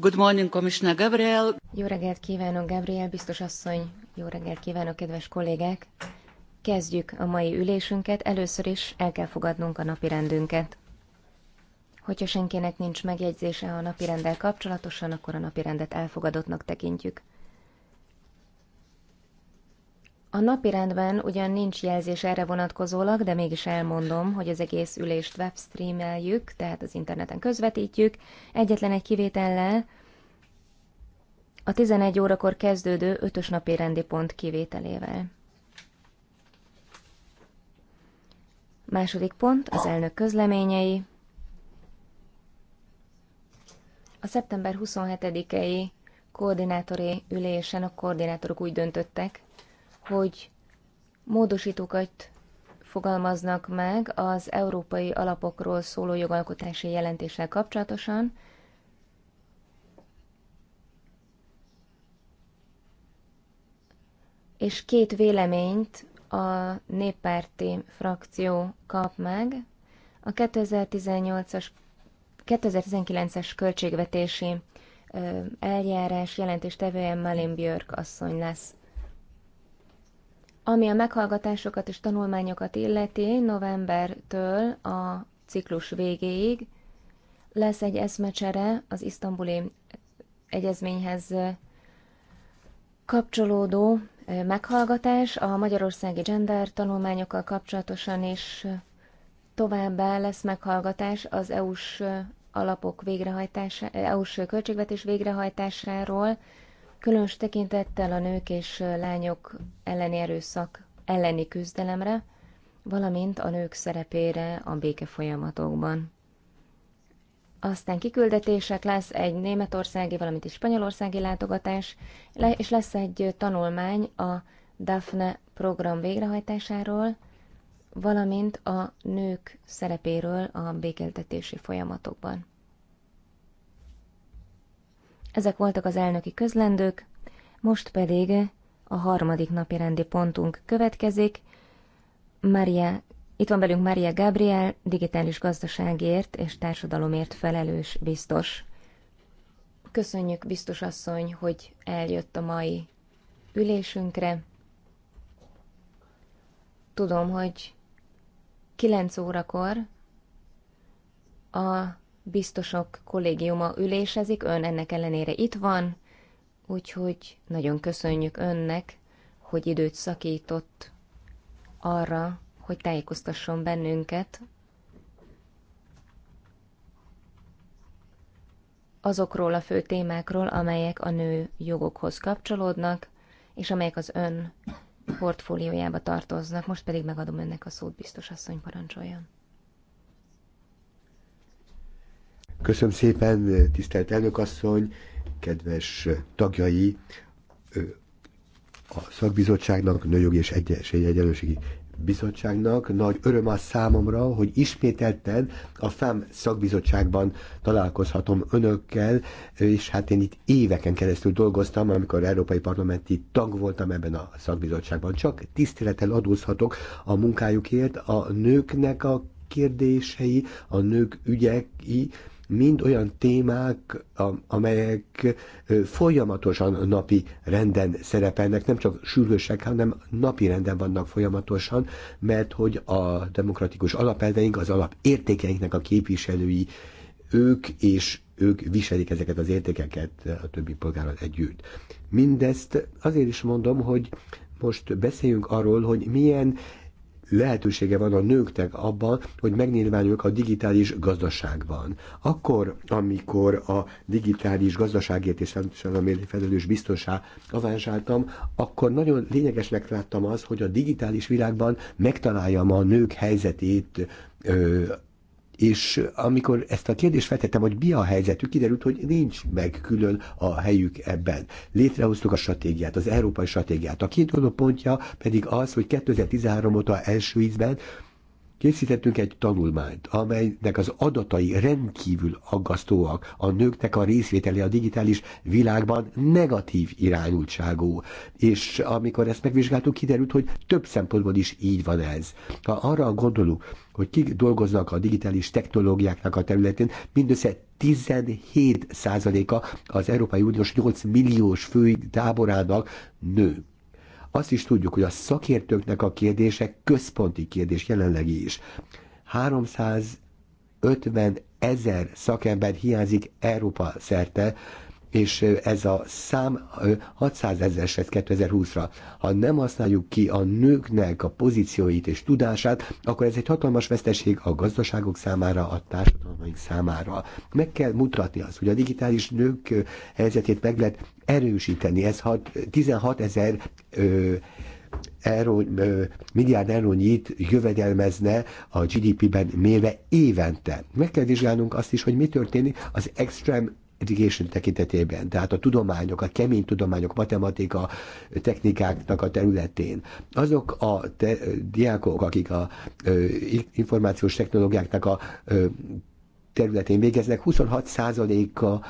Good morning, Commissioner Gabriel. Jó reggelt kívánok, Gabriel, biztos asszony. Jó reggelt kívánok, kedves kollégák. Kezdjük a mai ülésünket. Először is el kell fogadnunk a napi rendünket. Hogyha senkinek nincs megjegyzése a napirenddel kapcsolatosan, akkor a napirendet elfogadottnak tekintjük. A napirendben ugyan nincs jelzés erre vonatkozólag, de mégis elmondom, hogy az egész ülést webstreameljük, tehát az interneten közvetítjük, egyetlen egy kivétellel, a 11 órakor kezdődő ötös napi rendi pont kivételével. Második pont az elnök közleményei. A szeptember 27-i koordinátori ülésen a koordinátorok úgy döntöttek, hogy módosítókat fogalmaznak meg az európai alapokról szóló jogalkotási jelentéssel kapcsolatosan. És két véleményt a néppárti frakció kap meg. A 2018-as 2019-es költségvetési eljárás jelentéstevője Malin Björk asszony lesz. Ami a meghallgatásokat és tanulmányokat illeti, novembertől a ciklus végéig lesz egy eszmecsere az isztambuli egyezményhez kapcsolódó meghallgatás a magyarországi gender tanulmányokkal kapcsolatosan is továbbá lesz meghallgatás az EU-s alapok végrehajtása, EU-s költségvetés végrehajtásáról, különös tekintettel a nők és lányok elleni erőszak elleni küzdelemre, valamint a nők szerepére a béke folyamatokban. Aztán kiküldetések lesz egy németországi, valamint egy spanyolországi látogatás, és lesz egy tanulmány a DAFNE program végrehajtásáról, valamint a nők szerepéről a békeltetési folyamatokban. Ezek voltak az elnöki közlendők, most pedig a harmadik napi rendi pontunk következik. Maria, itt van velünk Maria Gabriel, digitális gazdaságért és társadalomért felelős biztos. Köszönjük, biztos asszony, hogy eljött a mai ülésünkre. Tudom, hogy 9 órakor a biztosok kollégiuma ülésezik, ön ennek ellenére itt van, úgyhogy nagyon köszönjük önnek, hogy időt szakított arra, hogy tájékoztasson bennünket azokról a fő témákról, amelyek a nő jogokhoz kapcsolódnak, és amelyek az ön portfóliójába tartoznak. Most pedig megadom önnek a szót, biztos asszony parancsoljon. Köszönöm szépen, tisztelt elnökasszony, kedves tagjai a szakbizottságnak, Nőjogi és Egyenlőségi Bizottságnak. Nagy öröm az számomra, hogy ismételten a FAM szakbizottságban találkozhatom önökkel, és hát én itt éveken keresztül dolgoztam, amikor Európai Parlamenti tag voltam ebben a szakbizottságban. Csak tisztelettel adózhatok a munkájukért, a nőknek a kérdései, a nők ügyei mind olyan témák, amelyek folyamatosan napi renden szerepelnek, nem csak sürgősek, hanem napi renden vannak folyamatosan, mert hogy a demokratikus alapelveink, az alapértékeinknek a képviselői ők és ők viselik ezeket az értékeket a többi polgárral együtt. Mindezt azért is mondom, hogy most beszéljünk arról, hogy milyen lehetősége van a nőknek abban, hogy megnyilvánuljuk a digitális gazdaságban. Akkor, amikor a digitális gazdaságért és rendszerűen felelős biztonság avázsáltam, akkor nagyon lényegesnek láttam az, hogy a digitális világban megtaláljam a nők helyzetét, és amikor ezt a kérdést feltettem, hogy mi a helyzetük, kiderült, hogy nincs meg külön a helyük ebben. Létrehoztuk a stratégiát, az európai stratégiát. A két pontja pedig az, hogy 2013 óta első ízben Készítettünk egy tanulmányt, amelynek az adatai rendkívül aggasztóak. A nőknek a részvételi a digitális világban negatív irányultságú. És amikor ezt megvizsgáltuk, kiderült, hogy több szempontból is így van ez. Ha arra gondolunk, hogy kik dolgoznak a digitális technológiáknak a területén, mindössze 17%-a az Európai Uniós 8 milliós fői táborának nő. Azt is tudjuk, hogy a szakértőknek a kérdése központi kérdés jelenlegi is. 350 ezer szakember hiányzik Európa szerte, és ez a szám 600 ezer lesz 2020-ra. Ha nem használjuk ki a nőknek a pozícióit és tudását, akkor ez egy hatalmas veszteség a gazdaságok számára, a társadalmaink számára. Meg kell mutatni azt, hogy a digitális nők helyzetét meg lehet erősíteni. Ez 16 ezer euró, milliárd eurónyit jövedelmezne a GDP-ben mérve évente. Meg kell vizsgálnunk azt is, hogy mi történik az extrém Education tekintetében, tehát a tudományok, a kemény tudományok, matematika, technikáknak a területén. Azok a te, diákok, akik a ö, információs technológiáknak a ö, területén végeznek, 26%-a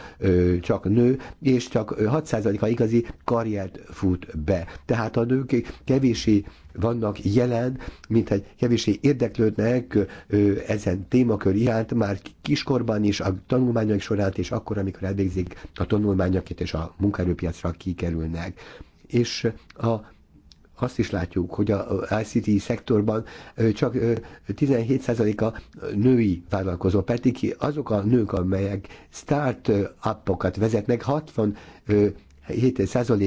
csak nő, és csak 6%-a igazi karriert fut be. Tehát a nők kevési vannak jelen, mint egy kevési érdeklődnek ö, ezen témakör iránt már kiskorban is, a tanulmányok során, és akkor, amikor elvégzik a tanulmányokat és a munkaerőpiacra kikerülnek. És a azt is látjuk, hogy a ICT szektorban csak 17%-a női vállalkozó, pedig azok a nők, amelyek start-upokat vezetnek, 67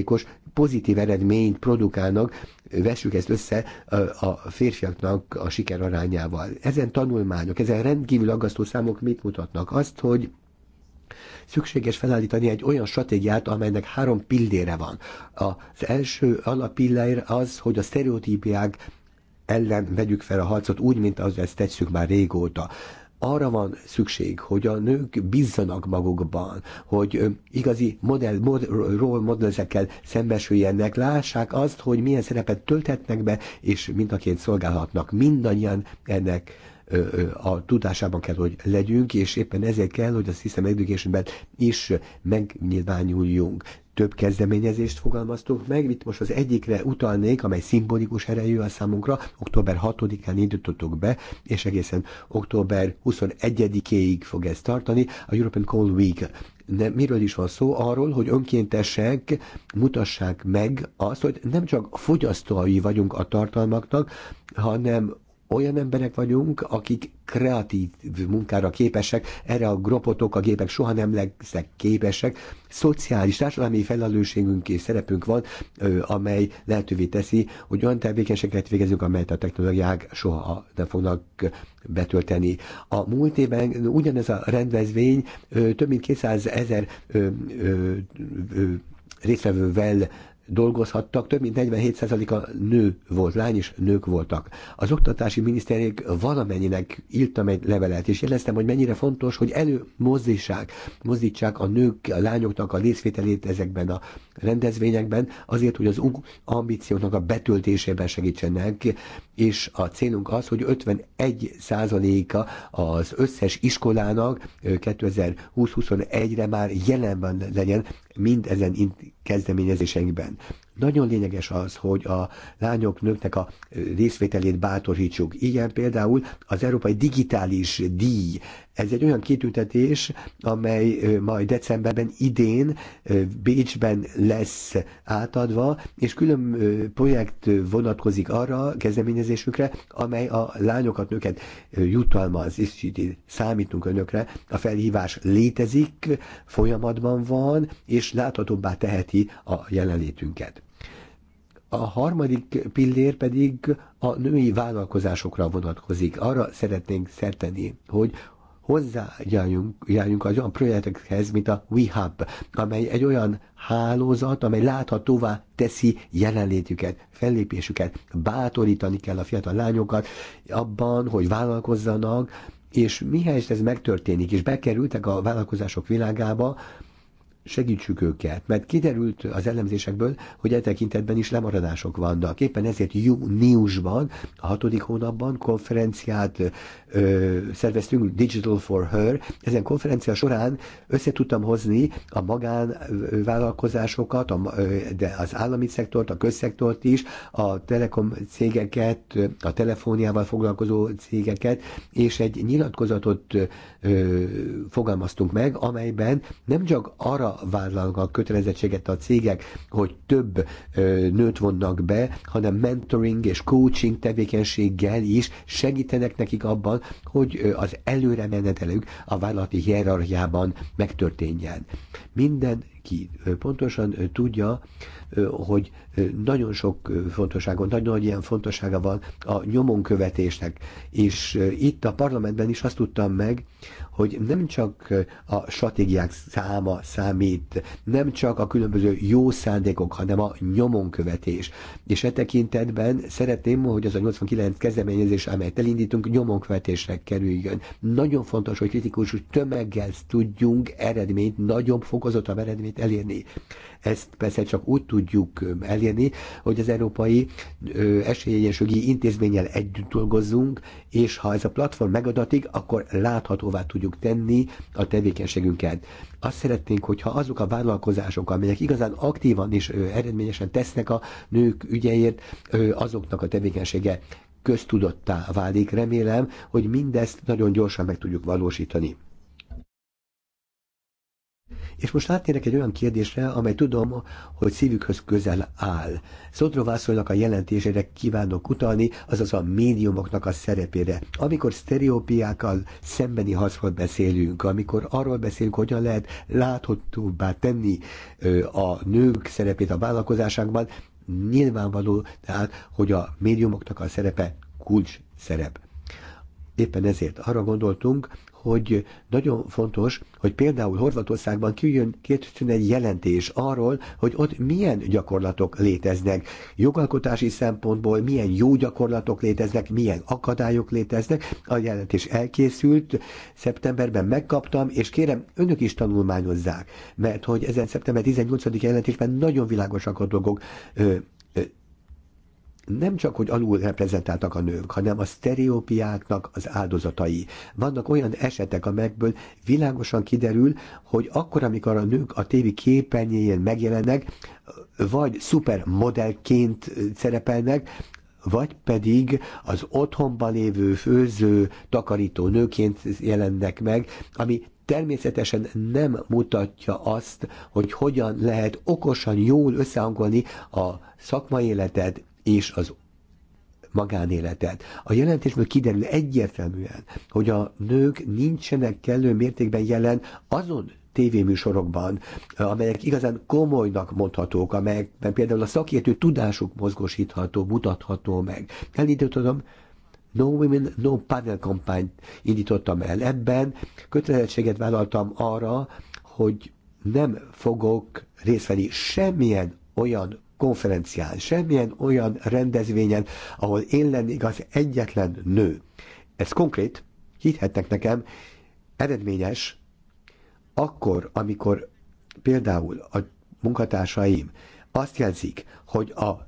os pozitív eredményt produkálnak, vessük ezt össze a férfiaknak a sikerarányával. Ezen tanulmányok, ezen rendkívül aggasztó számok mit mutatnak? Azt, hogy Szükséges felállítani egy olyan stratégiát, amelynek három pillére van. Az első alapillér az, hogy a sztereotípiák ellen vegyük fel a harcot úgy, mint az ezt tetszük már régóta arra van szükség, hogy a nők bízzanak magukban, hogy igazi modell, mod, role modellekkel szembesüljenek, lássák azt, hogy milyen szerepet tölthetnek be, és mintaként szolgálhatnak mindannyian ennek a tudásában kell, hogy legyünk, és éppen ezért kell, hogy a System Educationben is megnyilvánuljunk több kezdeményezést fogalmaztunk meg. Itt most az egyikre utalnék, amely szimbolikus erejű a számunkra. Október 6-án indítottuk be, és egészen október 21-éig fog ez tartani. A European Call Week De miről is van szó? Arról, hogy önkéntesek mutassák meg azt, hogy nem csak fogyasztói vagyunk a tartalmaknak, hanem olyan emberek vagyunk, akik kreatív munkára képesek, erre a gropotok, a gépek soha nem lesznek képesek. Szociális, társadalmi felelősségünk és szerepünk van, amely lehetővé teszi, hogy olyan tevékenységet végezünk, amelyet a technológiák soha nem fognak betölteni. A múlt évben ugyanez a rendezvény több mint 200 ezer részvevővel dolgozhattak, több mint 47%-a nő volt, lány és nők voltak. Az oktatási miniszterék valamennyinek írtam egy levelet, és jeleztem, hogy mennyire fontos, hogy előmozdítsák, mozdítsák a nők, a lányoknak a részvételét ezekben a rendezvényekben, azért, hogy az ambíciónak a betöltésében segítsenek, és a célunk az, hogy 51%-a az összes iskolának 2020-21-re már jelenben legyen mind ezen kezdeményezésekben. Nagyon lényeges az, hogy a lányok, nőknek a részvételét bátorítsuk. Ilyen például az Európai Digitális Díj. Ez egy olyan kitüntetés, amely majd decemberben idén Bécsben lesz átadva, és külön projekt vonatkozik arra kezdeményezésükre, amely a lányokat, nőket jutalmaz, és számítunk önökre. A felhívás létezik, folyamatban van, és láthatóbbá teheti a jelenlétünket. A harmadik pillér pedig a női vállalkozásokra vonatkozik. Arra szeretnénk szerteni, hogy hozzájárjunk, járjunk az olyan projektekhez, mint a WeHub, amely egy olyan hálózat, amely láthatóvá teszi jelenlétüket, fellépésüket. Bátorítani kell a fiatal lányokat abban, hogy vállalkozzanak, és mihelyest ez megtörténik, és bekerültek a vállalkozások világába, segítsük őket, mert kiderült az elemzésekből, hogy e tekintetben is lemaradások vannak. Éppen ezért júniusban, a hatodik hónapban konferenciát ö, szerveztünk, Digital for Her. Ezen konferencia során össze tudtam hozni a magánvállalkozásokat, a, de az állami szektort, a közszektort is, a telekom cégeket, a telefóniával foglalkozó cégeket, és egy nyilatkozatot ö, fogalmaztunk meg, amelyben nem csak arra vállalnak a kötelezettséget a cégek, hogy több nőt vonnak be, hanem mentoring és coaching tevékenységgel is segítenek nekik abban, hogy az előre menetelük a vállalati hierarchiában megtörténjen. Minden ki pontosan tudja, hogy nagyon sok fontossága, nagyon nagy ilyen fontossága van a nyomonkövetésnek, és itt a parlamentben is azt tudtam meg, hogy nem csak a stratégiák száma számít, nem csak a különböző jó szándékok, hanem a nyomonkövetés. És e tekintetben szeretném, hogy az a 89 kezdeményezés, amelyet elindítunk, nyomonkövetésre kerüljön. Nagyon fontos, hogy kritikus tömeggel tudjunk eredményt, nagyobb fokozottabb eredményt elérni. Ezt persze csak úgy tudjuk elérni, hogy az Európai Esélyegyensúlyi Intézménnyel együtt dolgozzunk, és ha ez a platform megadatik, akkor láthatóvá tudjuk tenni a tevékenységünket. Azt szeretnénk, hogyha azok a vállalkozások, amelyek igazán aktívan és eredményesen tesznek a nők ügyeért, azoknak a tevékenysége köztudottá válik. Remélem, hogy mindezt nagyon gyorsan meg tudjuk valósítani. És most átérek egy olyan kérdésre, amely tudom, hogy szívükhöz közel áll. Szodrovászolnak a jelentésére kívánok utalni, azaz a médiumoknak a szerepére. Amikor sztereópiákkal szembeni haszról beszélünk, amikor arról beszélünk, hogyan lehet láthatóbbá tenni a nők szerepét a vállalkozásánkban, nyilvánvaló tehát, hogy a médiumoknak a szerepe kulcs szerep. Éppen ezért arra gondoltunk, hogy nagyon fontos, hogy például Horvatországban kijön, két egy jelentés arról, hogy ott milyen gyakorlatok léteznek, jogalkotási szempontból milyen jó gyakorlatok léteznek, milyen akadályok léteznek. A jelentés elkészült, szeptemberben megkaptam, és kérem, önök is tanulmányozzák, mert hogy ezen szeptember 18. jelentésben nagyon világosak a dolgok nem csak, hogy alul reprezentáltak a nők, hanem a sztereópiáknak az áldozatai. Vannak olyan esetek, amelyekből világosan kiderül, hogy akkor, amikor a nők a tévi képernyőjén megjelennek, vagy szupermodellként szerepelnek, vagy pedig az otthonban lévő főző, takarító nőként jelennek meg, ami természetesen nem mutatja azt, hogy hogyan lehet okosan jól összehangolni a szakmai életet, és az magánéletet. A jelentésből kiderül egyértelműen, hogy a nők nincsenek kellő mértékben jelen azon tévéműsorokban, amelyek igazán komolynak mondhatók, amelyekben például a szakértő tudásuk mozgosítható, mutatható meg. Elindítottam No Women, No Panel kampányt indítottam el. Ebben kötelezettséget vállaltam arra, hogy nem fogok részt venni semmilyen olyan konferencián, semmilyen olyan rendezvényen, ahol én lennék az egyetlen nő. Ez konkrét, hithettek nekem, eredményes, akkor, amikor például a munkatársaim azt jelzik, hogy a,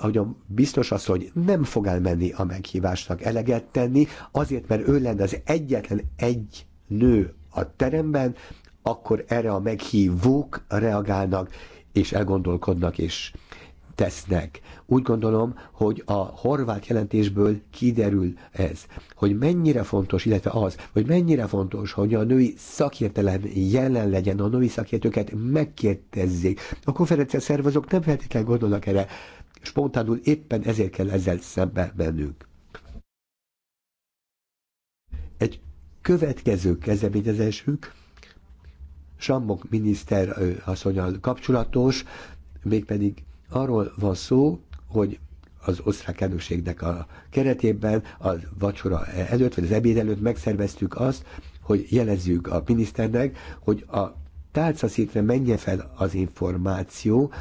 hogy a biztos asszony nem fog elmenni a meghívásnak eleget tenni, azért, mert ő lenne az egyetlen egy nő a teremben, akkor erre a meghívók reagálnak, és elgondolkodnak, és tesznek. Úgy gondolom, hogy a horvát jelentésből kiderül ez, hogy mennyire fontos, illetve az, hogy mennyire fontos, hogy a női szakértelem jelen legyen, a női szakértőket megkérdezzék. A konferencia szervezők nem feltétlenül gondolnak erre, spontánul éppen ezért kell ezzel szembe mennünk. Egy következő kezdeményezésünk, Sambok miniszter asszonyal kapcsolatos, mégpedig arról van szó, hogy az osztrák elnökségnek a keretében a vacsora előtt, vagy az ebéd előtt megszerveztük azt, hogy jelezzük a miniszternek, hogy a tálcaszétre menje fel az információ,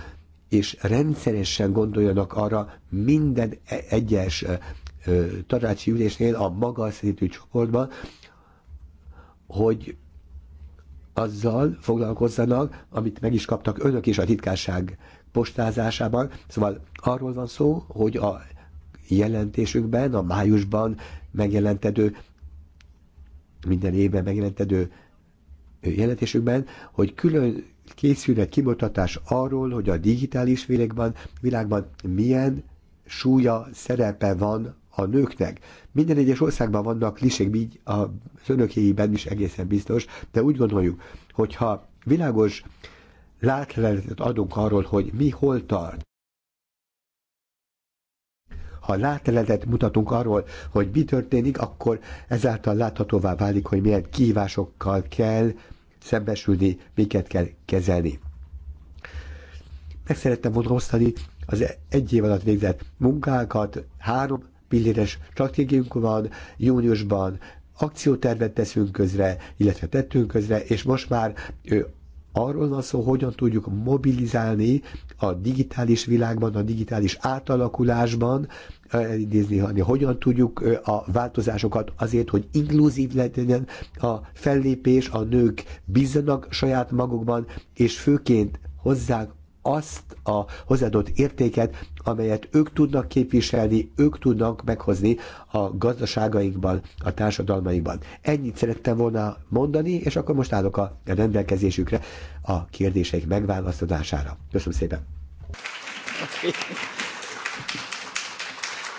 és rendszeresen gondoljanak arra minden e- egyes tanácsi ülésnél a magas szintű csoportban, hogy azzal foglalkozzanak, amit meg is kaptak önök is a titkárság postázásában. Szóval arról van szó, hogy a jelentésükben, a májusban megjelentedő, minden évben megjelentedő jelentésükben, hogy külön készül egy kimutatás arról, hogy a digitális világban, világban milyen súlya, szerepe van a nőknek. Minden egyes országban vannak lisék, így az önökéiben is egészen biztos, de úgy gondoljuk, hogyha világos látleletet adunk arról, hogy mi hol tart, ha láteletet mutatunk arról, hogy mi történik, akkor ezáltal láthatóvá válik, hogy milyen kihívásokkal kell szembesülni, miket kell kezelni. Meg szerettem volna osztani az egy év alatt végzett munkákat három pilléres stratégiunk van, júniusban akciótervet teszünk közre, illetve tettünk közre, és most már arról van szó, hogyan tudjuk mobilizálni a digitális világban, a digitális átalakulásban, idézni, hogy hogyan tudjuk a változásokat azért, hogy inkluzív legyen a fellépés, a nők bízzanak saját magukban, és főként hozzák azt a hozzáadott értéket, amelyet ők tudnak képviselni, ők tudnak meghozni a gazdaságainkban, a társadalmainkban. Ennyit szerettem volna mondani, és akkor most állok a rendelkezésükre a kérdéseik megválasztodására. Köszönöm szépen!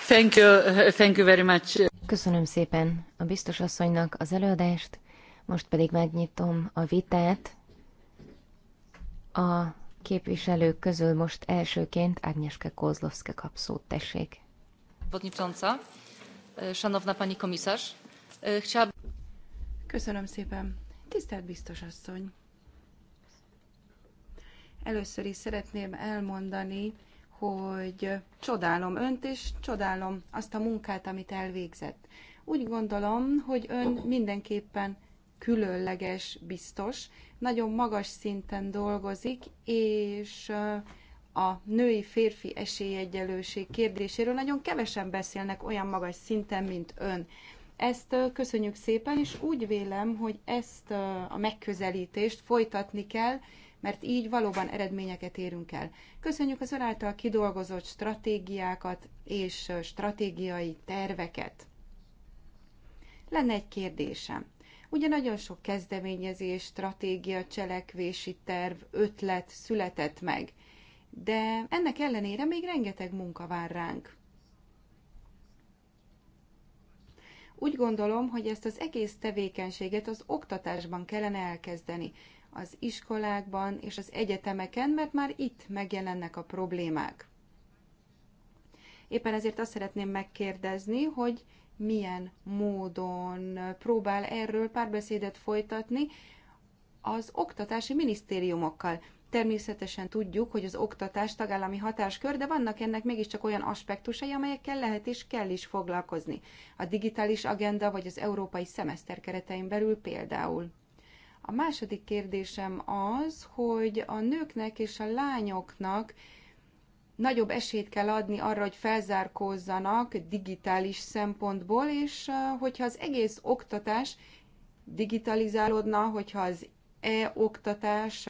Thank you, thank you very much. Köszönöm szépen a biztos asszonynak az előadást, most pedig megnyitom a vitát. A képviselők közül most elsőként Agnieszka Kozlowska kap szót, tessék. Przewodnicząca, e, szanowna pani komisarz, e, chciałabym... Köszönöm szépen. Tisztelt biztos asszony! Először is szeretném elmondani, hogy csodálom önt, és csodálom azt a munkát, amit elvégzett. Úgy gondolom, hogy ön mindenképpen különleges biztos, nagyon magas szinten dolgozik, és a női-férfi esélyegyelőség kérdéséről nagyon kevesen beszélnek olyan magas szinten, mint ön. Ezt köszönjük szépen, és úgy vélem, hogy ezt a megközelítést folytatni kell, mert így valóban eredményeket érünk el. Köszönjük az ön által kidolgozott stratégiákat és stratégiai terveket. Lenne egy kérdésem. Ugye nagyon sok kezdeményezés, stratégia, cselekvési terv, ötlet született meg, de ennek ellenére még rengeteg munka vár ránk. Úgy gondolom, hogy ezt az egész tevékenységet az oktatásban kellene elkezdeni, az iskolákban és az egyetemeken, mert már itt megjelennek a problémák. Éppen ezért azt szeretném megkérdezni, hogy milyen módon próbál erről párbeszédet folytatni az oktatási minisztériumokkal. Természetesen tudjuk, hogy az oktatás tagállami hatáskör, de vannak ennek mégiscsak olyan aspektusai, amelyekkel lehet és kell is foglalkozni. A digitális agenda vagy az európai szemeszter keretein belül például. A második kérdésem az, hogy a nőknek és a lányoknak nagyobb esélyt kell adni arra, hogy felzárkózzanak digitális szempontból, és hogyha az egész oktatás digitalizálódna, hogyha az e-oktatás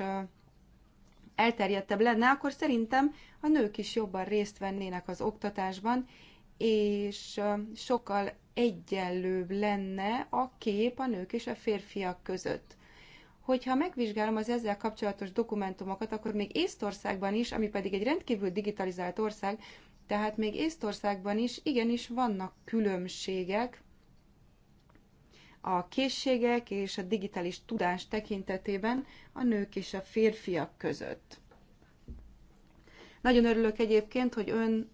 elterjedtebb lenne, akkor szerintem a nők is jobban részt vennének az oktatásban, és sokkal egyenlőbb lenne a kép a nők és a férfiak között. Hogyha megvizsgálom az ezzel kapcsolatos dokumentumokat, akkor még Észtországban is, ami pedig egy rendkívül digitalizált ország, tehát még Észtországban is igenis vannak különbségek a készségek és a digitális tudás tekintetében a nők és a férfiak között. Nagyon örülök egyébként, hogy ön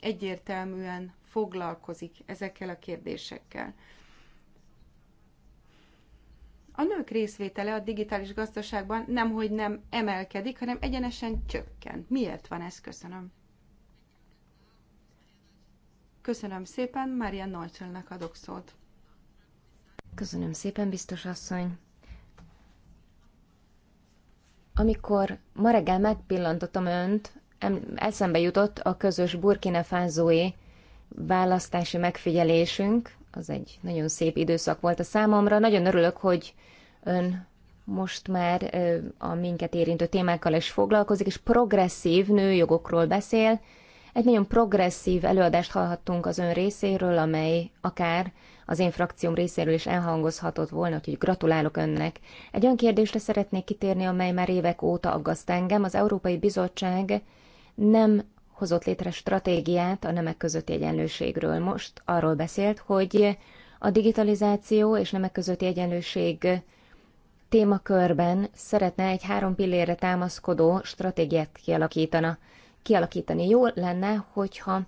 egyértelműen foglalkozik ezekkel a kérdésekkel. A nők részvétele a digitális gazdaságban nemhogy nem emelkedik, hanem egyenesen csökken. Miért van ez? Köszönöm. Köszönöm szépen, Mária Nolcsölnek adok szót. Köszönöm szépen, biztos asszony. Amikor ma reggel megpillantottam önt, eszembe jutott a közös burkina fázói választási megfigyelésünk, az egy nagyon szép időszak volt a számomra. Nagyon örülök, hogy ön most már a minket érintő témákkal is foglalkozik, és progresszív nőjogokról beszél. Egy nagyon progresszív előadást hallhattunk az ön részéről, amely akár az én frakcióm részéről is elhangozhatott volna, úgyhogy gratulálok önnek. Egy olyan kérdésre szeretnék kitérni, amely már évek óta aggaszt engem. Az Európai Bizottság nem hozott létre stratégiát a nemek közötti egyenlőségről. Most arról beszélt, hogy a digitalizáció és nemek közötti egyenlőség témakörben szeretne egy három pillére támaszkodó stratégiát kialakítana. kialakítani. Jó lenne, hogyha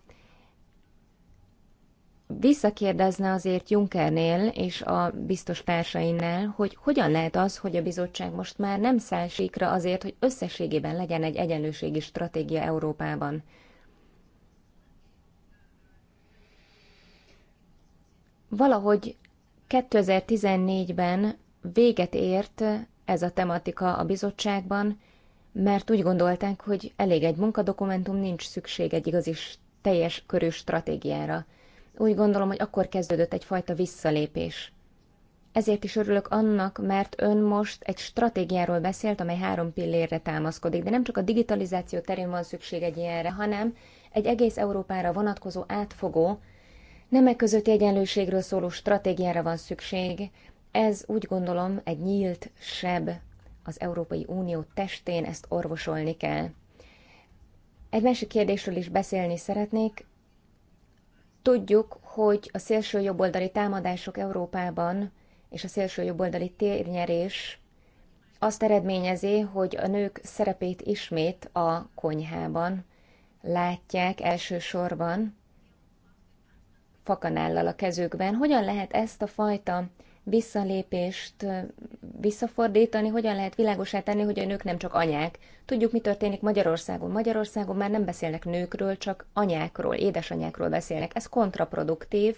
visszakérdezne azért Junckernél és a biztos társainnál, hogy hogyan lehet az, hogy a bizottság most már nem száll azért, hogy összességében legyen egy egyenlőségi stratégia Európában. Valahogy 2014-ben véget ért ez a tematika a bizottságban, mert úgy gondolták, hogy elég egy munkadokumentum, nincs szükség egy igazi teljes körű stratégiára. Úgy gondolom, hogy akkor kezdődött egyfajta visszalépés. Ezért is örülök annak, mert ön most egy stratégiáról beszélt, amely három pillérre támaszkodik, de nem csak a digitalizáció terén van szükség egy ilyenre, hanem egy egész Európára vonatkozó átfogó Nemek közötti egyenlőségről szóló stratégiára van szükség. Ez úgy gondolom egy nyílt seb az Európai Unió testén, ezt orvosolni kell. Egy másik kérdésről is beszélni szeretnék. Tudjuk, hogy a szélső jobboldali támadások Európában és a szélső jobboldali térnyerés azt eredményezi, hogy a nők szerepét ismét a konyhában látják elsősorban, fakanállal a kezükben. Hogyan lehet ezt a fajta visszalépést visszafordítani, hogyan lehet világosá tenni, hogy a nők nem csak anyák. Tudjuk, mi történik Magyarországon. Magyarországon már nem beszélnek nőkről, csak anyákról, édesanyákról beszélnek. Ez kontraproduktív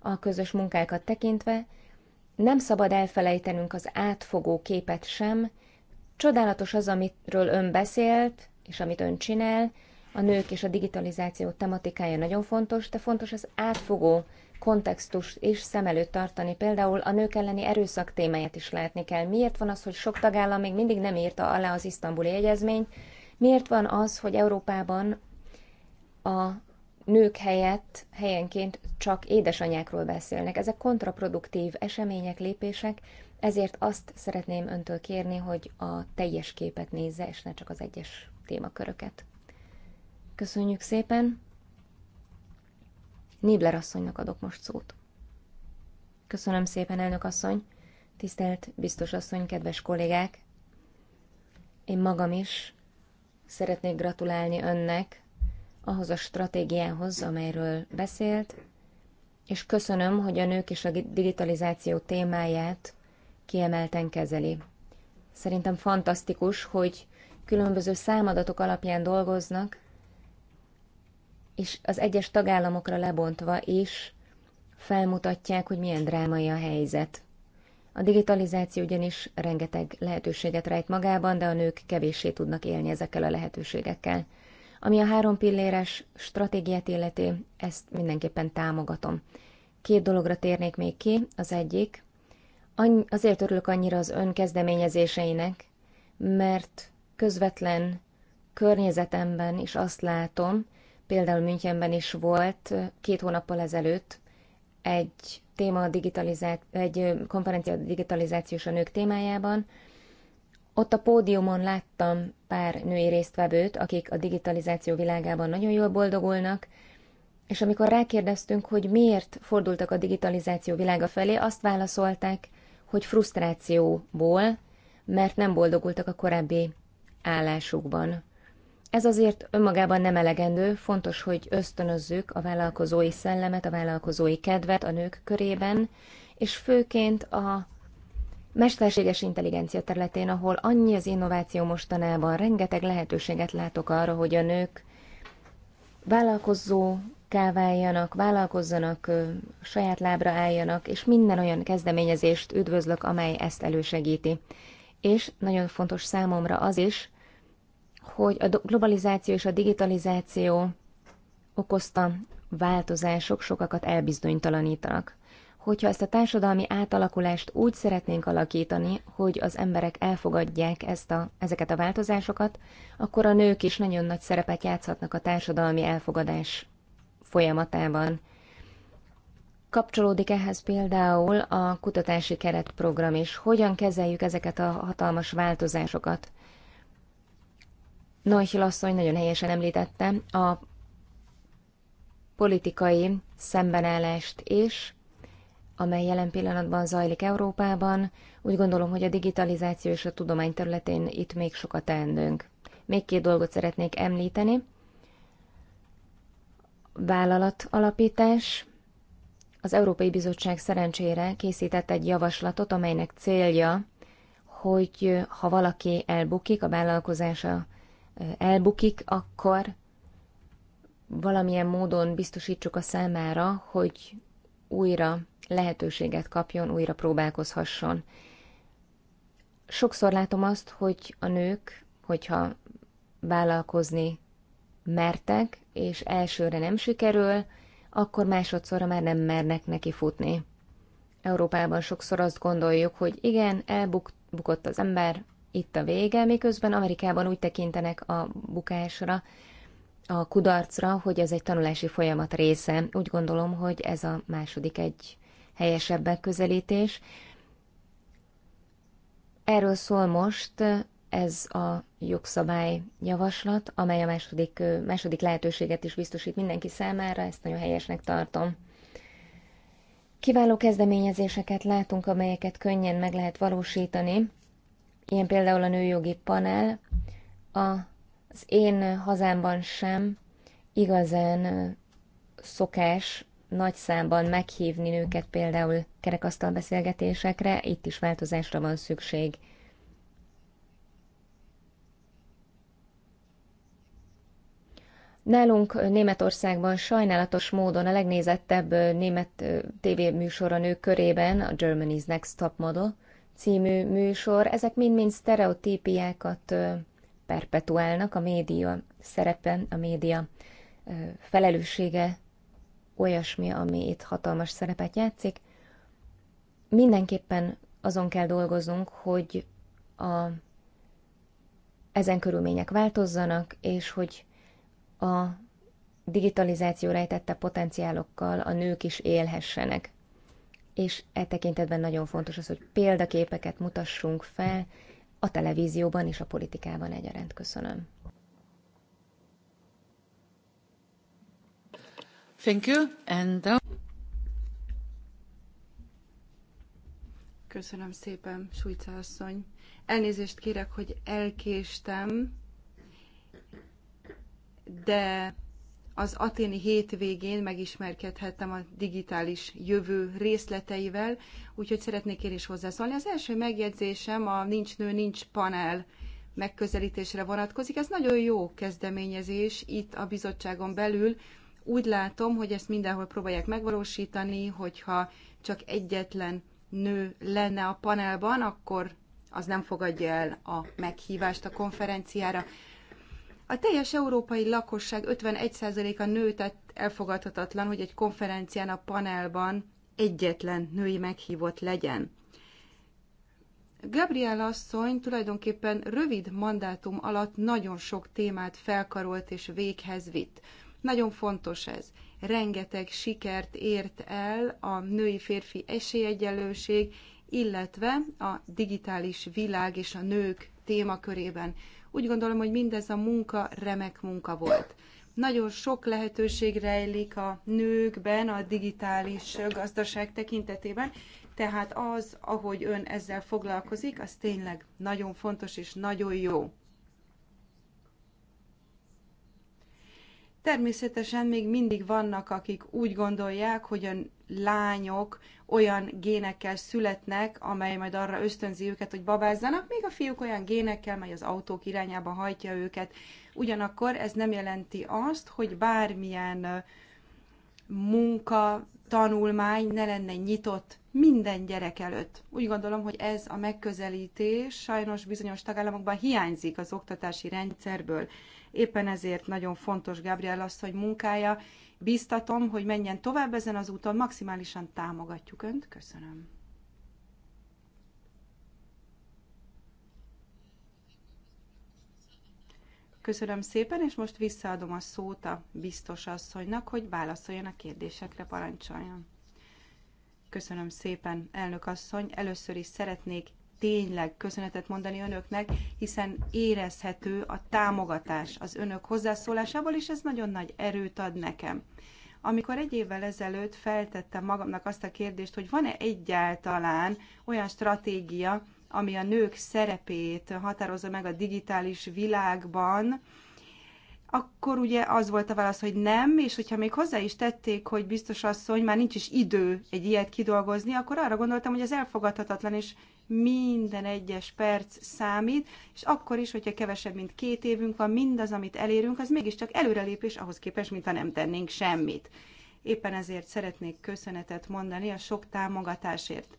a közös munkákat tekintve. Nem szabad elfelejtenünk az átfogó képet sem. Csodálatos az, amiről ön beszélt, és amit ön csinál, a nők és a digitalizáció tematikája nagyon fontos, de fontos az átfogó kontextus és szem előtt tartani. Például a nők elleni erőszak témáját is látni kell. Miért van az, hogy sok tagállam még mindig nem írta alá az isztambuli egyezményt? Miért van az, hogy Európában a nők helyett helyenként csak édesanyákról beszélnek? Ezek kontraproduktív események, lépések, ezért azt szeretném öntől kérni, hogy a teljes képet nézze, és ne csak az egyes témaköröket. Köszönjük szépen. Nibler asszonynak adok most szót. Köszönöm szépen, elnök asszony. Tisztelt biztos asszony, kedves kollégák. Én magam is szeretnék gratulálni önnek ahhoz a stratégiához, amelyről beszélt, és köszönöm, hogy a nők és a digitalizáció témáját kiemelten kezeli. Szerintem fantasztikus, hogy különböző számadatok alapján dolgoznak, és az egyes tagállamokra lebontva is felmutatják, hogy milyen drámai a helyzet. A digitalizáció ugyanis rengeteg lehetőséget rejt magában, de a nők kevéssé tudnak élni ezekkel a lehetőségekkel. Ami a három pilléres stratégiát illeti, ezt mindenképpen támogatom. Két dologra térnék még ki, az egyik, azért örülök annyira az ön kezdeményezéseinek, mert közvetlen környezetemben is azt látom, Például Münchenben is volt két hónappal ezelőtt egy téma digitalizált, egy konferencia digitalizációs a nők témájában. Ott a pódiumon láttam pár női résztvevőt, akik a digitalizáció világában nagyon jól boldogulnak, és amikor rákérdeztünk, hogy miért fordultak a digitalizáció világa felé, azt válaszolták, hogy frusztrációból, mert nem boldogultak a korábbi állásukban. Ez azért önmagában nem elegendő, fontos, hogy ösztönözzük a vállalkozói szellemet, a vállalkozói kedvet a nők körében, és főként a mesterséges intelligencia területén, ahol annyi az innováció mostanában, rengeteg lehetőséget látok arra, hogy a nők vállalkozóká váljanak, vállalkozzanak, saját lábra álljanak, és minden olyan kezdeményezést üdvözlök, amely ezt elősegíti. És nagyon fontos számomra az is, hogy a globalizáció és a digitalizáció okozta változások sokakat elbizonytalanítanak. Hogyha ezt a társadalmi átalakulást úgy szeretnénk alakítani, hogy az emberek elfogadják ezt a, ezeket a változásokat, akkor a nők is nagyon nagy szerepet játszhatnak a társadalmi elfogadás folyamatában. Kapcsolódik ehhez például a kutatási keretprogram is. Hogyan kezeljük ezeket a hatalmas változásokat? Neuchil asszony nagyon helyesen említette a politikai szembenállást is, amely jelen pillanatban zajlik Európában. Úgy gondolom, hogy a digitalizáció és a tudomány területén itt még sokat teendünk. Még két dolgot szeretnék említeni. Vállalat alapítás. Az Európai Bizottság szerencsére készített egy javaslatot, amelynek célja, hogy ha valaki elbukik a vállalkozása elbukik, akkor valamilyen módon biztosítsuk a számára, hogy újra lehetőséget kapjon, újra próbálkozhasson. Sokszor látom azt, hogy a nők, hogyha vállalkozni mertek, és elsőre nem sikerül, akkor másodszorra már nem mernek neki futni. Európában sokszor azt gondoljuk, hogy igen, elbukott az ember, itt a vége, miközben Amerikában úgy tekintenek a bukásra, a kudarcra, hogy ez egy tanulási folyamat része. Úgy gondolom, hogy ez a második egy helyesebb megközelítés. Erről szól most ez a jogszabály javaslat, amely a második, második lehetőséget is biztosít mindenki számára, ezt nagyon helyesnek tartom. Kiváló kezdeményezéseket látunk, amelyeket könnyen meg lehet valósítani, ilyen például a nőjogi panel, az én hazámban sem igazán szokás nagy számban meghívni nőket például kerekasztal beszélgetésekre, itt is változásra van szükség. Nálunk Németországban sajnálatos módon a legnézettebb német tévéműsor a nők körében a Germany's Next Top Model – című műsor, ezek mind-mind sztereotípiákat perpetuálnak, a média szerepe, a média felelőssége olyasmi, ami itt hatalmas szerepet játszik. Mindenképpen azon kell dolgoznunk, hogy a, ezen körülmények változzanak, és hogy a digitalizáció rejtette potenciálokkal a nők is élhessenek és e tekintetben nagyon fontos az, hogy példaképeket mutassunk fel a televízióban és a politikában egyaránt. Köszönöm. Thank you. And uh, Köszönöm szépen, Sújca asszony. Elnézést kérek, hogy elkéstem, de az aténi hétvégén megismerkedhettem a digitális jövő részleteivel, úgyhogy szeretnék én is hozzászólni. Az első megjegyzésem a Nincs nő, nincs panel megközelítésre vonatkozik. Ez nagyon jó kezdeményezés itt a bizottságon belül. Úgy látom, hogy ezt mindenhol próbálják megvalósítani, hogyha csak egyetlen nő lenne a panelban, akkor az nem fogadja el a meghívást a konferenciára. A teljes európai lakosság 51%-a nő, tehát elfogadhatatlan, hogy egy konferencián a panelban egyetlen női meghívott legyen. Gabriel asszony tulajdonképpen rövid mandátum alatt nagyon sok témát felkarolt és véghez vitt. Nagyon fontos ez. Rengeteg sikert ért el a női-férfi esélyegyenlőség, illetve a digitális világ és a nők témakörében úgy gondolom, hogy mindez a munka remek munka volt. Nagyon sok lehetőség rejlik a nőkben a digitális gazdaság tekintetében, tehát az, ahogy ön ezzel foglalkozik, az tényleg nagyon fontos és nagyon jó. Természetesen még mindig vannak, akik úgy gondolják, hogy a lányok olyan génekkel születnek, amely majd arra ösztönzi őket, hogy babázzanak, még a fiúk olyan génekkel, mely az autók irányába hajtja őket. Ugyanakkor ez nem jelenti azt, hogy bármilyen munka, tanulmány ne lenne nyitott minden gyerek előtt. Úgy gondolom, hogy ez a megközelítés sajnos bizonyos tagállamokban hiányzik az oktatási rendszerből. Éppen ezért nagyon fontos Gabriel azt, hogy munkája Bíztatom, hogy menjen tovább ezen az úton, maximálisan támogatjuk Önt. Köszönöm. Köszönöm szépen, és most visszaadom a szót a biztos asszonynak, hogy válaszoljon a kérdésekre, parancsoljon. Köszönöm szépen, elnök asszony. Először is szeretnék tényleg köszönetet mondani önöknek, hiszen érezhető a támogatás az önök hozzászólásából, és ez nagyon nagy erőt ad nekem. Amikor egy évvel ezelőtt feltettem magamnak azt a kérdést, hogy van-e egyáltalán olyan stratégia, ami a nők szerepét határozza meg a digitális világban, akkor ugye az volt a válasz, hogy nem, és hogyha még hozzá is tették, hogy biztos asszony, már nincs is idő egy ilyet kidolgozni, akkor arra gondoltam, hogy ez elfogadhatatlan, és minden egyes perc számít, és akkor is, hogyha kevesebb, mint két évünk van, mindaz, amit elérünk, az mégiscsak előrelépés ahhoz képest, mintha nem tennénk semmit. Éppen ezért szeretnék köszönetet mondani a sok támogatásért.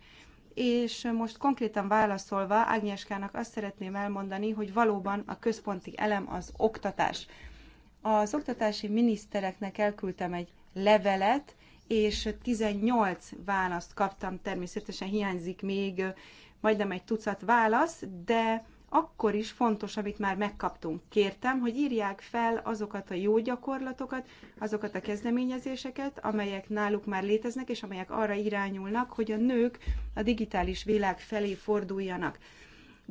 És most konkrétan válaszolva Ágnieskának azt szeretném elmondani, hogy valóban a központi elem az oktatás. Az oktatási minisztereknek elküldtem egy levelet, és 18 választ kaptam, természetesen hiányzik még majdnem egy tucat válasz, de akkor is fontos, amit már megkaptunk. Kértem, hogy írják fel azokat a jó gyakorlatokat, azokat a kezdeményezéseket, amelyek náluk már léteznek, és amelyek arra irányulnak, hogy a nők a digitális világ felé forduljanak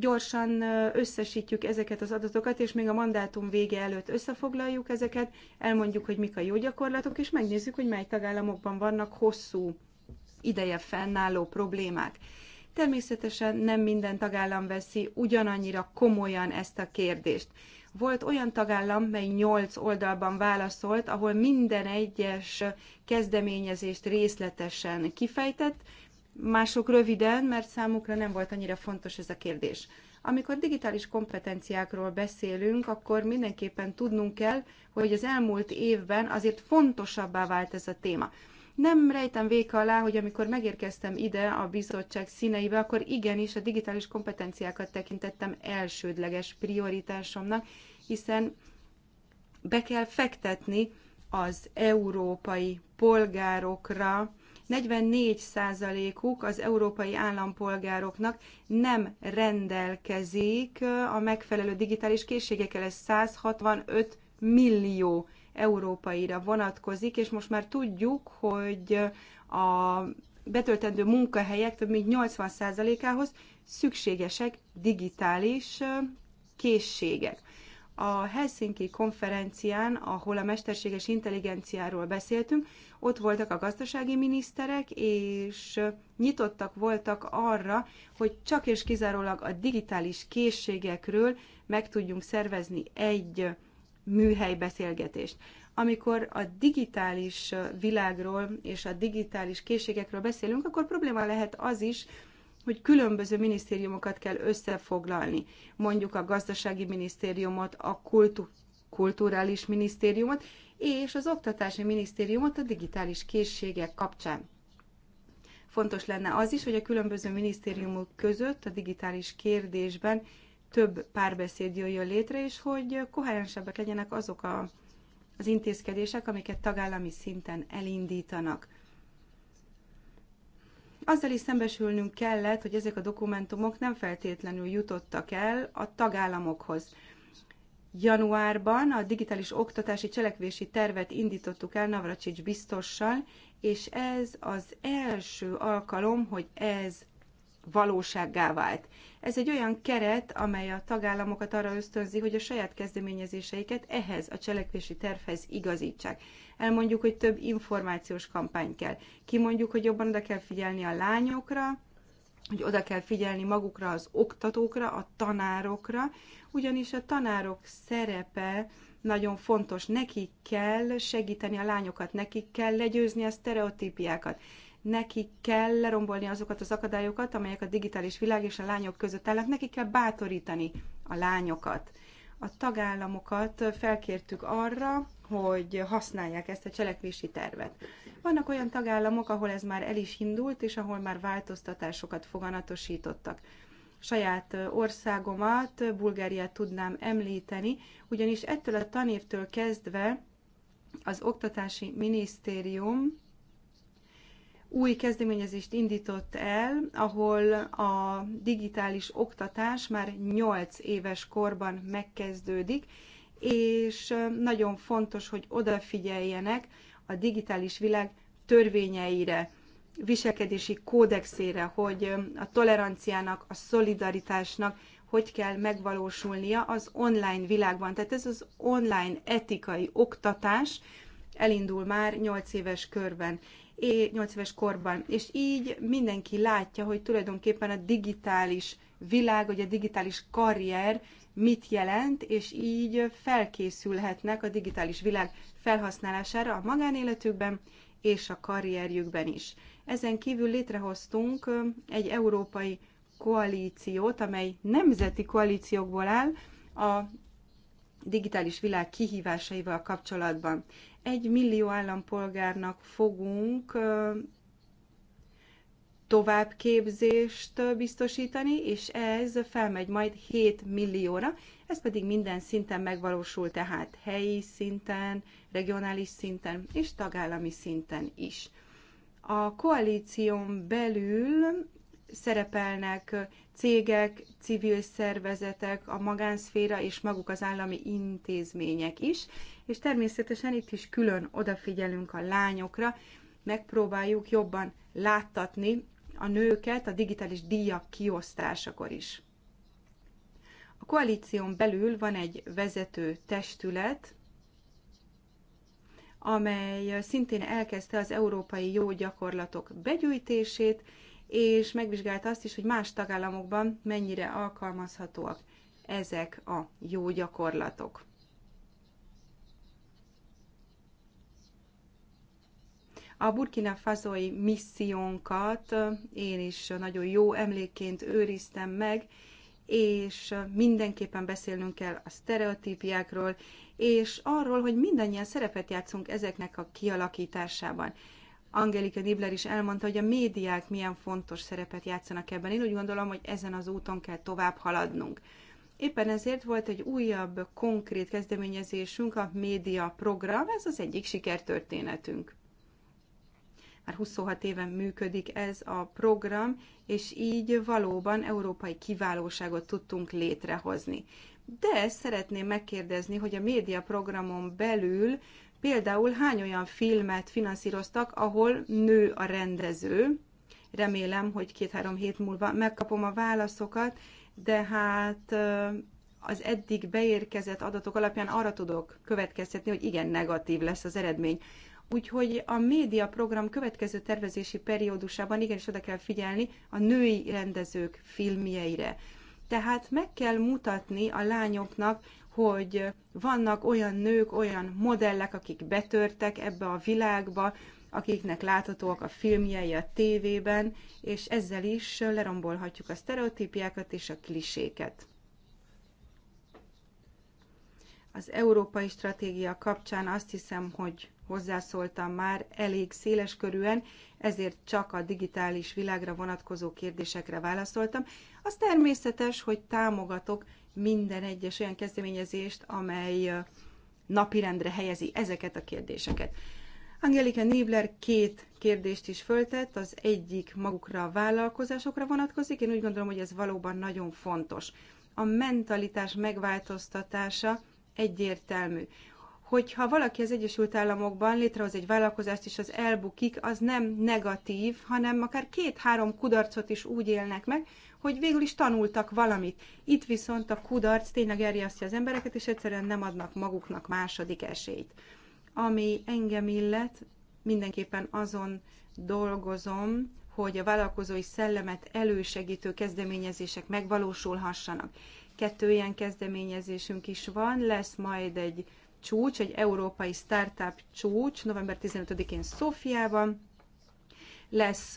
gyorsan összesítjük ezeket az adatokat, és még a mandátum vége előtt összefoglaljuk ezeket, elmondjuk, hogy mik a jó gyakorlatok, és megnézzük, hogy mely tagállamokban vannak hosszú ideje fennálló problémák. Természetesen nem minden tagállam veszi ugyanannyira komolyan ezt a kérdést. Volt olyan tagállam, mely nyolc oldalban válaszolt, ahol minden egyes kezdeményezést részletesen kifejtett, mások röviden, mert számukra nem volt annyira fontos ez a kérdés. Amikor digitális kompetenciákról beszélünk, akkor mindenképpen tudnunk kell, hogy az elmúlt évben azért fontosabbá vált ez a téma. Nem rejtem véka alá, hogy amikor megérkeztem ide a bizottság színeibe, akkor igenis a digitális kompetenciákat tekintettem elsődleges prioritásomnak, hiszen be kell fektetni az európai polgárokra, 44%-uk az európai állampolgároknak nem rendelkezik a megfelelő digitális készségekkel, ez 165 millió európaira vonatkozik, és most már tudjuk, hogy a betöltendő munkahelyek több mint 80%-ához szükségesek digitális készségek a Helsinki konferencián, ahol a mesterséges intelligenciáról beszéltünk, ott voltak a gazdasági miniszterek, és nyitottak voltak arra, hogy csak és kizárólag a digitális készségekről meg tudjunk szervezni egy műhelybeszélgetést. Amikor a digitális világról és a digitális készségekről beszélünk, akkor probléma lehet az is, hogy különböző minisztériumokat kell összefoglalni, mondjuk a gazdasági minisztériumot, a kultu- kulturális minisztériumot és az oktatási minisztériumot a digitális készségek kapcsán. Fontos lenne az is, hogy a különböző minisztériumok között a digitális kérdésben több párbeszéd jöjjön létre, és hogy koherensebbek legyenek azok a, az intézkedések, amiket tagállami szinten elindítanak azzal is szembesülnünk kellett, hogy ezek a dokumentumok nem feltétlenül jutottak el a tagállamokhoz. Januárban a digitális oktatási cselekvési tervet indítottuk el Navracsics biztossal, és ez az első alkalom, hogy ez valósággá vált. Ez egy olyan keret, amely a tagállamokat arra ösztönzi, hogy a saját kezdeményezéseiket ehhez a cselekvési tervhez igazítsák. Elmondjuk, hogy több információs kampány kell. Kimondjuk, hogy jobban oda kell figyelni a lányokra, hogy oda kell figyelni magukra, az oktatókra, a tanárokra, ugyanis a tanárok szerepe nagyon fontos. Nekik kell segíteni a lányokat, nekik kell legyőzni a sztereotípiákat Neki kell lerombolni azokat az akadályokat, amelyek a digitális világ és a lányok között állnak. Neki kell bátorítani a lányokat. A tagállamokat felkértük arra, hogy használják ezt a cselekvési tervet. Vannak olyan tagállamok, ahol ez már el is indult, és ahol már változtatásokat foganatosítottak saját országomat, Bulgáriát tudnám említeni, ugyanis ettől a tanévtől kezdve az Oktatási Minisztérium új kezdeményezést indított el, ahol a digitális oktatás már 8 éves korban megkezdődik, és nagyon fontos, hogy odafigyeljenek a digitális világ törvényeire, viselkedési kódexére, hogy a toleranciának, a szolidaritásnak hogy kell megvalósulnia az online világban. Tehát ez az online etikai oktatás elindul már 8 éves körben. 8 éves korban. És így mindenki látja, hogy tulajdonképpen a digitális világ, vagy a digitális karrier mit jelent, és így felkészülhetnek a digitális világ felhasználására a magánéletükben és a karrierjükben is. Ezen kívül létrehoztunk egy európai koalíciót, amely nemzeti koalíciókból áll a digitális világ kihívásaival kapcsolatban. Egy millió állampolgárnak fogunk továbbképzést biztosítani, és ez felmegy majd 7 millióra, ez pedig minden szinten megvalósul, tehát helyi szinten, regionális szinten és tagállami szinten is. A koalíción belül szerepelnek cégek, civil szervezetek, a magánszféra és maguk az állami intézmények is, és természetesen itt is külön odafigyelünk a lányokra, megpróbáljuk jobban láttatni a nőket a digitális díjak kiosztásakor is. A koalíción belül van egy vezető testület, amely szintén elkezdte az európai jó gyakorlatok begyűjtését, és megvizsgálta azt is, hogy más tagállamokban mennyire alkalmazhatóak ezek a jó gyakorlatok. A Burkina Fazoi missziónkat én is nagyon jó emlékként őriztem meg, és mindenképpen beszélnünk kell a sztereotípiákról, és arról, hogy mindannyian szerepet játszunk ezeknek a kialakításában. Angelika Dibler is elmondta, hogy a médiák milyen fontos szerepet játszanak ebben. Én úgy gondolom, hogy ezen az úton kell tovább haladnunk. Éppen ezért volt egy újabb konkrét kezdeményezésünk, a média program, ez az egyik sikertörténetünk. Már 26 éven működik ez a program, és így valóban európai kiválóságot tudtunk létrehozni. De szeretném megkérdezni, hogy a média programon belül Például hány olyan filmet finanszíroztak, ahol nő a rendező? Remélem, hogy két-három hét múlva megkapom a válaszokat, de hát az eddig beérkezett adatok alapján arra tudok következtetni, hogy igen, negatív lesz az eredmény. Úgyhogy a média program következő tervezési periódusában igenis oda kell figyelni a női rendezők filmjeire. Tehát meg kell mutatni a lányoknak, hogy vannak olyan nők, olyan modellek, akik betörtek ebbe a világba, akiknek láthatóak a filmjei a tévében, és ezzel is lerombolhatjuk a sztereotípiákat és a kliséket. Az európai stratégia kapcsán azt hiszem, hogy hozzászóltam már elég széles körűen, ezért csak a digitális világra vonatkozó kérdésekre válaszoltam. Az természetes, hogy támogatok minden egyes olyan kezdeményezést, amely napirendre helyezi ezeket a kérdéseket. Angelika Nibler két kérdést is föltett, az egyik magukra a vállalkozásokra vonatkozik, én úgy gondolom, hogy ez valóban nagyon fontos. A mentalitás megváltoztatása egyértelmű. Hogyha valaki az Egyesült Államokban létrehoz egy vállalkozást, és az elbukik, az nem negatív, hanem akár két-három kudarcot is úgy élnek meg, hogy végül is tanultak valamit. Itt viszont a kudarc tényleg erjesztje az embereket, és egyszerűen nem adnak maguknak második esélyt. Ami engem illet, mindenképpen azon dolgozom, hogy a vállalkozói szellemet elősegítő kezdeményezések megvalósulhassanak. Kettő ilyen kezdeményezésünk is van, lesz majd egy csúcs, egy európai startup csúcs november 15-én Szófiában, lesz